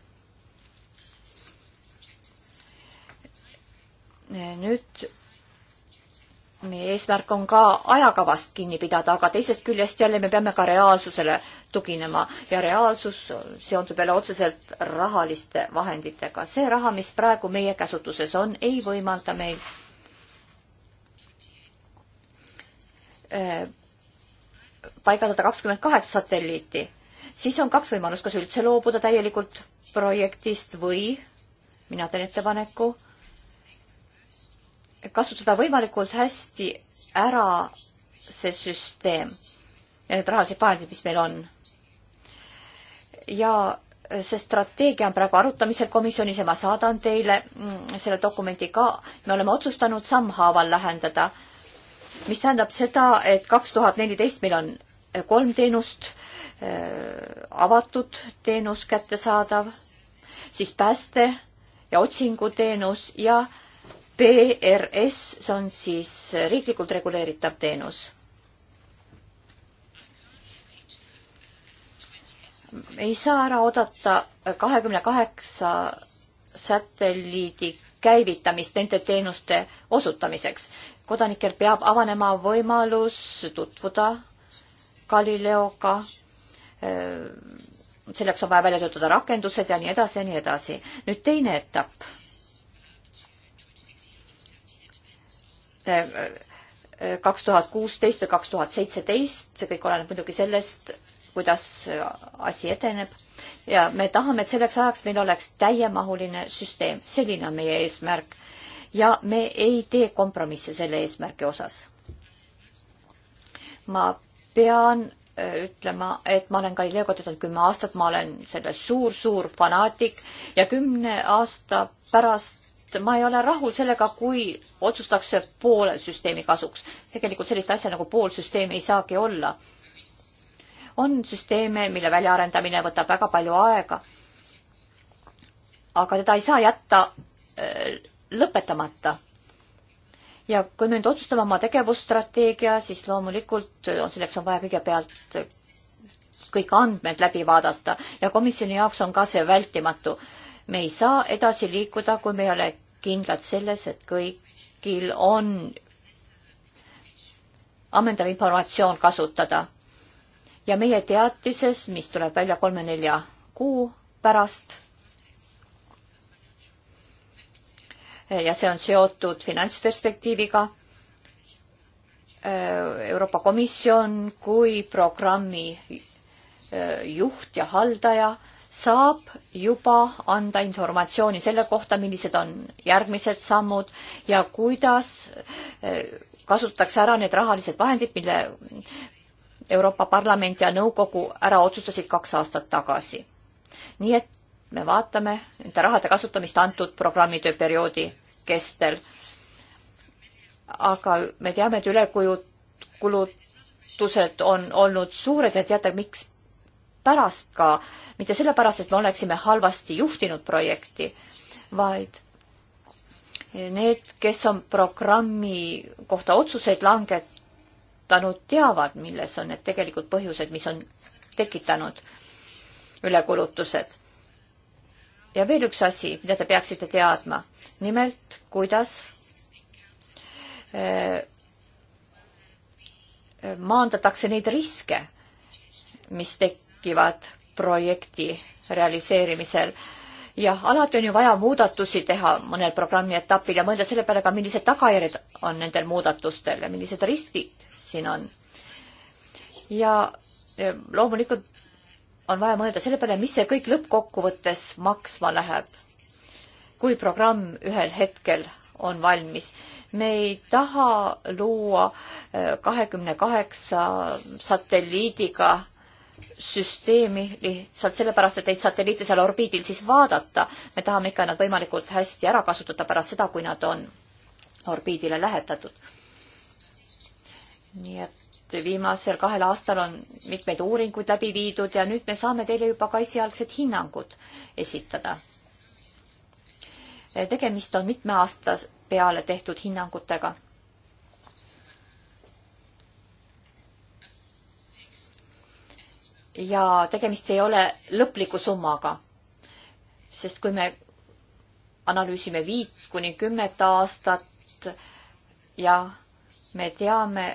nüüd meie eesmärk on ka ajakavast kinni pidada, aga teisest küljest jälle me peame ka reaalsusele tuginema ja reaalsus seondub jälle otseselt rahaliste vahenditega. see raha, mis praegu meie käsutuses on, ei võimalda meil eh, paigaldada kakskümmend kaheksa satelliiti siis on kaks võimalust, kas üldse loobuda täielikult projektist või mina teen ettepaneku kasutada võimalikult hästi ära see süsteem ja need rahalised vahendid, mis meil on. ja see strateegia on praegu arutamisel komisjonis ja ma saadan teile mm, selle dokumendi ka. me oleme otsustanud sammhaaval lahendada, mis tähendab seda, et kaks tuhat neliteist meil on kolm teenust Äh, avatud teenus kättesaadav, siis pääste ja otsinguteenus ja PRS, see on siis riiklikult reguleeritav teenus. ei saa ära oodata kahekümne kaheksa satelliidi käivitamist nende teenuste osutamiseks. kodanikel peab avanema võimalus tutvuda Galileoga Äh, selleks on vaja välja töötada rakendused ja nii edasi ja nii edasi. nüüd teine etapp. Äh, äh, kaks tuhat kuusteist või kaks tuhat seitseteist, see kõik oleneb muidugi sellest, kuidas asi edeneb ja me tahame, et selleks ajaks meil oleks täiemahuline süsteem, selline on meie eesmärk. ja me ei tee kompromisse selle eesmärgi osas. ma pean Äh, ütlema, et ma olen Galileo kodutanud kümme aastat, ma olen selle suur-suur fanaatik ja kümne aasta pärast ma ei ole rahul sellega, kui otsustatakse poole süsteemi kasuks. tegelikult sellist asja nagu pool süsteemi ei saagi olla. on süsteeme, mille väljaarendamine võtab väga palju aega. aga teda ei saa jätta äh, lõpetamata ja kui me nüüd otsustame oma tegevusstrateegia, siis loomulikult on selleks on vaja kõigepealt kõik andmed läbi vaadata ja komisjoni jaoks on ka see vältimatu. me ei saa edasi liikuda, kui me ei ole kindlad selles, et kõigil on ammendav informatsioon kasutada. ja meie teatises, mis tuleb välja kolme-nelja kuu pärast ja see on seotud finantsperspektiiviga. Äh, Euroopa Komisjon kui programmi äh, juht ja haldaja saab juba anda informatsiooni selle kohta, millised on järgmised sammud ja kuidas äh, kasutatakse ära need rahalised vahendid, mille Euroopa Parlament ja Nõukogu ära otsustasid kaks aastat tagasi. nii et me vaatame nende rahade kasutamist antud programmitöö perioodi kestel. aga me teame, et ülekulutused on olnud suured ja teate, miks pärast ka, mitte sellepärast, et me oleksime halvasti juhtinud projekti, vaid need, kes on programmi kohta otsuseid langetanud, teavad, milles on need tegelikud põhjused, mis on tekitanud ülekulutused ja veel üks asi, mida te peaksite teadma. nimelt, kuidas eh, maandatakse neid riske, mis tekivad projekti realiseerimisel. jah, alati on ju vaja muudatusi teha mõnel programmi etapil ja mõelda selle peale ka, millised tagajärjed on nendel muudatustel ja millised riskid siin on. ja eh, loomulikult on vaja mõelda selle peale, mis see kõik lõppkokkuvõttes maksma läheb, kui programm ühel hetkel on valmis. me ei taha luua äh, kahekümne kaheksa satelliidiga süsteemi lihtsalt sellepärast, et neid satelliite seal orbiidil siis vaadata. me tahame ikka nad võimalikult hästi ära kasutada pärast seda, kui nad on orbiidile lähetatud. nii et viimasel kahel aastal on mitmeid uuringuid läbi viidud ja nüüd me saame teile juba ka esialgsed hinnangud esitada. tegemist on mitme aasta peale tehtud hinnangutega. ja tegemist ei ole lõpliku summaga, sest kui me analüüsime viit kuni kümmet aastat ja me teame,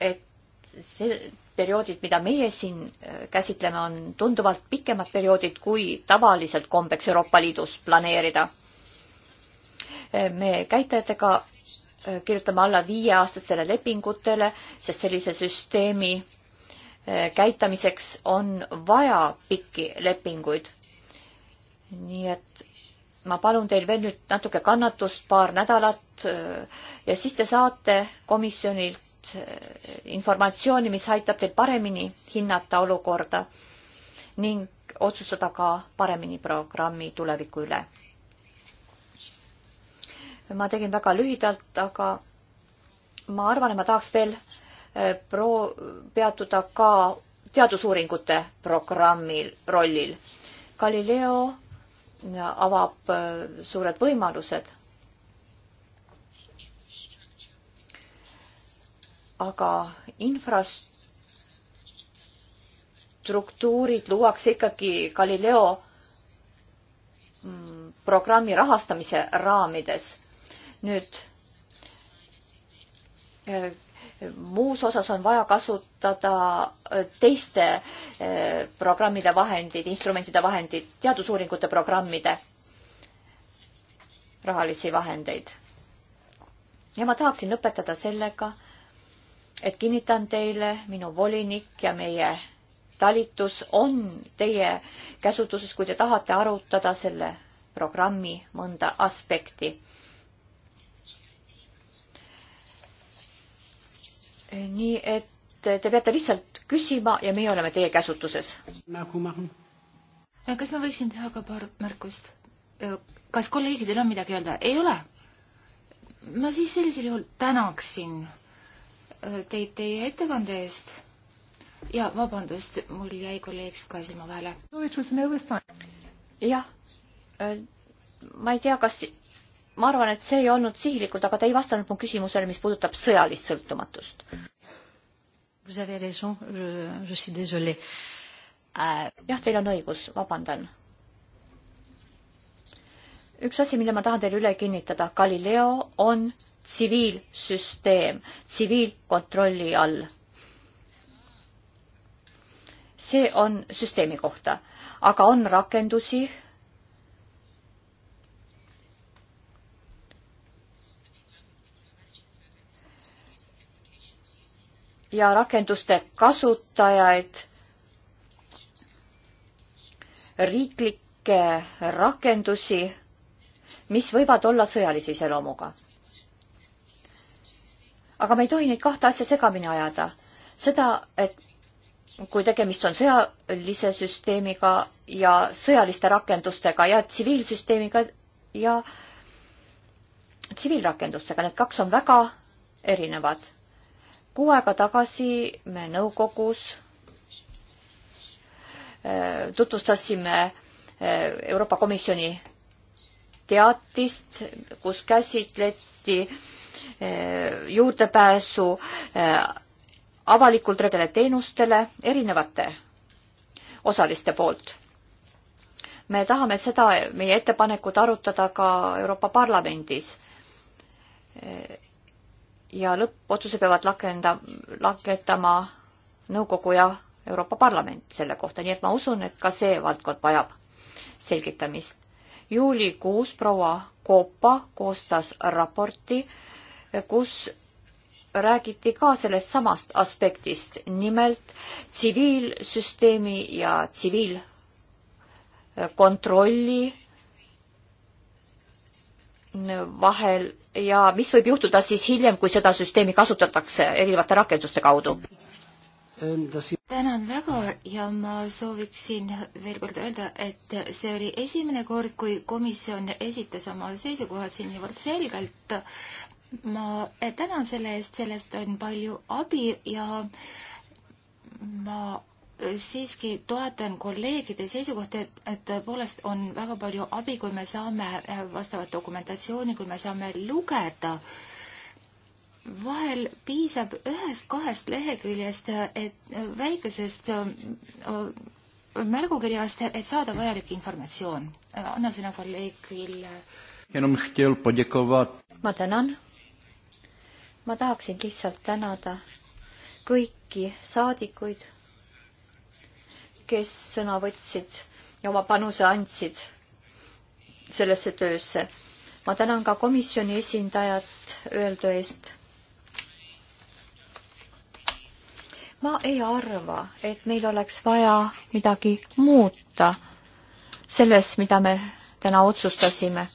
et see perioodid, mida meie siin äh, käsitleme, on tunduvalt pikemad perioodid, kui tavaliselt kombeks Euroopa Liidus planeerida. Äh, me käitajatega äh, kirjutame alla viieaastastele lepingutele, sest sellise süsteemi käitamiseks on vaja pikki lepinguid. nii et ma palun teil veel nüüd natuke kannatust, paar nädalat ja siis te saate komisjonilt eh, informatsiooni, mis aitab teil paremini hinnata olukorda ning otsustada ka paremini programmi tuleviku üle. ma tegin väga lühidalt, aga ma arvan, et ma tahaks veel eh, pro-, peatuda ka teadusuuringute programmil, rollil. Galileo avab äh, suured võimalused. aga infrastruktuurid luuakse ikkagi Galileo mm, programmi rahastamise raamides. nüüd äh, muus osas on vaja kasutada äh, teiste äh, programmide vahendid, instrumentide vahendid, teadusuuringute programmide rahalisi vahendeid. ja ma tahaksin lõpetada sellega, et kinnitan teile, minu volinik ja meie talitus on teie käsutuses, kui te tahate arutada selle programmi mõnda aspekti nii et te peate lihtsalt küsima ja meie oleme teie käsutuses. kas ma võiksin teha ka paar märkust? kas kolleegidel on midagi öelda? ei ole? ma siis sellisel juhul tänaksin teid teie ettekande eest ja vabandust, mul jäi kolleeg ka silma vahele. jah, ma ei tea, kas ma arvan, et see ei olnud sihilikult, aga te ei vastanud mu küsimusele, mis puudutab sõjalist sõltumatust. Euh, jah, teil on õigus, vabandan. üks asi, mille ma tahan teile üle kinnitada, Galileo on tsiviilsüsteem, tsiviilkontrolli all. see on süsteemi kohta, aga on rakendusi ja rakenduste kasutajaid riiklikke rakendusi, mis võivad olla sõjalise iseloomuga. aga me ei tohi neid kahte asja segamini ajada. seda, et kui tegemist on sõjalise süsteemiga ja sõjaliste rakendustega ja tsiviilsüsteemiga ja tsiviilrakendustega, need kaks on väga erinevad kuu aega tagasi me nõukogus äh, tutvustasime äh, Euroopa Komisjoni teatist, kus käsitleti äh, juurdepääsu avalikult redele teenustele erinevate osaliste poolt. me tahame seda, meie ettepanekut arutada ka Euroopa Parlamendis ja lõppotsuse peavad lakenda, langetama nõukogu ja Euroopa Parlament selle kohta, nii et ma usun, et ka see valdkond vajab selgitamist. juulikuus proua Koopa koostas raporti, kus räägiti ka sellest samast aspektist, nimelt tsiviilsüsteemi ja tsiviilkontrolli vahel ja mis võib juhtuda siis hiljem, kui seda süsteemi kasutatakse erinevate rakenduste kaudu? tänan väga ja ma sooviksin veel kord öelda, et see oli esimene kord, kui komisjon esitas oma seisukohad siin niivõrd selgelt. ma tänan selle eest, sellest on palju abi ja ma siiski toetan kolleegide seisukohti, et, et tõepoolest on väga palju abi, kui me saame äh, vastavat dokumentatsiooni, kui me saame lugeda. vahel piisab ühest-kahest leheküljest, et äh, väikesest äh, märgukirjast, et saada vajalik informatsioon. anna sõna kolleegile. ma tänan. ma tahaksin lihtsalt tänada kõiki saadikuid kes sõna võtsid ja oma panuse andsid sellesse töösse. ma tänan ka komisjoni esindajat öeldu eest. ma ei arva, et meil oleks vaja midagi muuta selles, mida me täna otsustasime.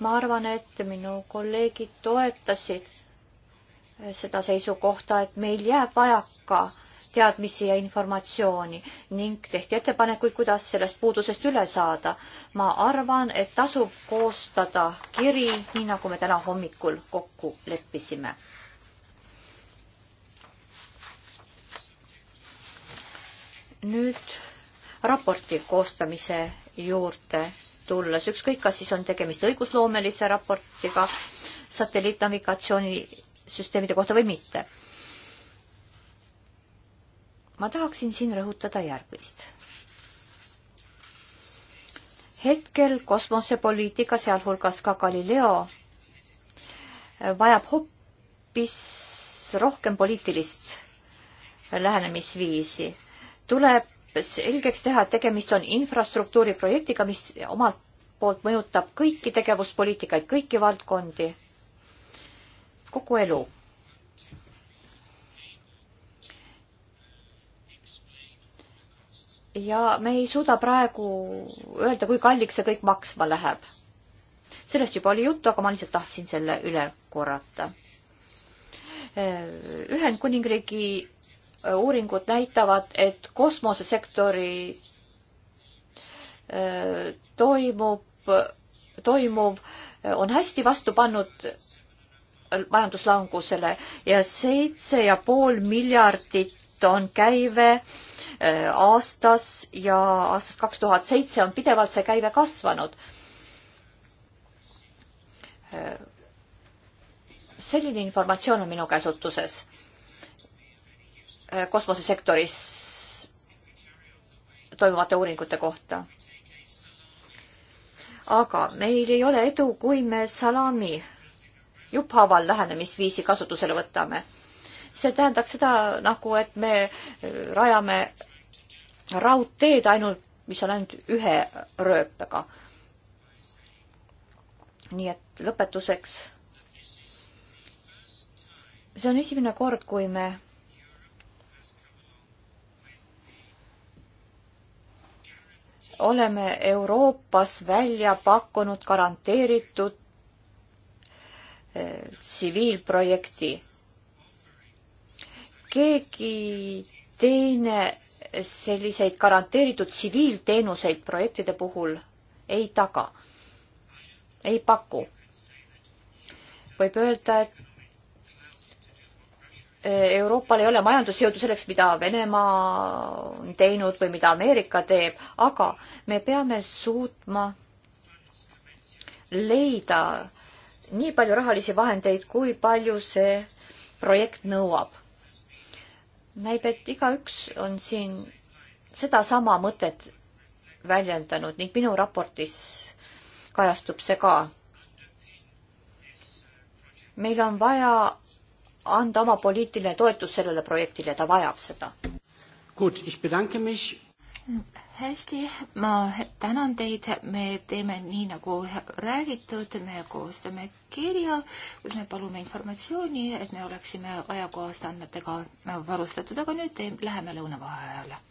ma arvan, et minu kolleegid toetasid seda seisukohta, et meil jääb vajaka teadmisi ja informatsiooni ning tehti ettepanekuid, kuidas sellest puudusest üle saada. ma arvan, et tasub koostada kiri, nii nagu me täna hommikul kokku leppisime. nüüd raporti koostamise juurde tulles, ükskõik, kas siis on tegemist õigusloomelise raportiga satelliitnavigatsioonisüsteemide kohta või mitte ma tahaksin siin rõhutada järgmist. hetkel kosmosepoliitika, sealhulgas ka Galileo, vajab hoopis rohkem poliitilist lähenemisviisi. tuleb selgeks teha, et tegemist on infrastruktuuri projektiga, mis omalt poolt mõjutab kõiki tegevuspoliitikaid, kõiki valdkondi, kogu elu ja me ei suuda praegu öelda, kui kalliks see kõik maksma läheb. sellest juba oli juttu, aga ma lihtsalt tahtsin selle üle korrata. Äh, Ühendkuningriigi äh, uuringud näitavad, et kosmosesektori äh, toimub, toimuv on hästi vastu pannud majanduslangusele ja seitse ja pool miljardit on käive äh, Äh, aastas ja aastast kaks tuhat seitse on pidevalt see käive kasvanud. Äh, selline informatsioon on minu käsutuses äh, kosmosesektoris toimuvate uuringute kohta. aga meil ei ole edu, kui me salami jupphaaval lähenemisviisi kasutusele võtame see tähendaks seda nagu, et me rajame raudteed ainult, mis on ainult ühe rööpega. nii et lõpetuseks. see on esimene kord, kui me oleme Euroopas välja pakkunud garanteeritud eh, tsiviilprojekti eh, keegi teine selliseid garanteeritud tsiviilteenuseid projektide puhul ei taga, ei paku. võib öelda, et äh, Euroopal ei ole majandusjõudu selleks, mida Venemaa on teinud või mida Ameerika teeb, aga me peame suutma leida nii palju rahalisi vahendeid, kui palju see projekt nõuab näib, et igaüks on siin sedasama mõtet väljendanud ning minu raportis kajastub see ka. meil on vaja anda oma poliitiline toetus sellele projektile, ta vajab seda hästi, ma tänan teid, me teeme nii, nagu räägitud, me koostame kirja, kus me palume informatsiooni, et me oleksime ajakohaste andmetega varustatud, aga nüüd te, läheme lõunavaheajale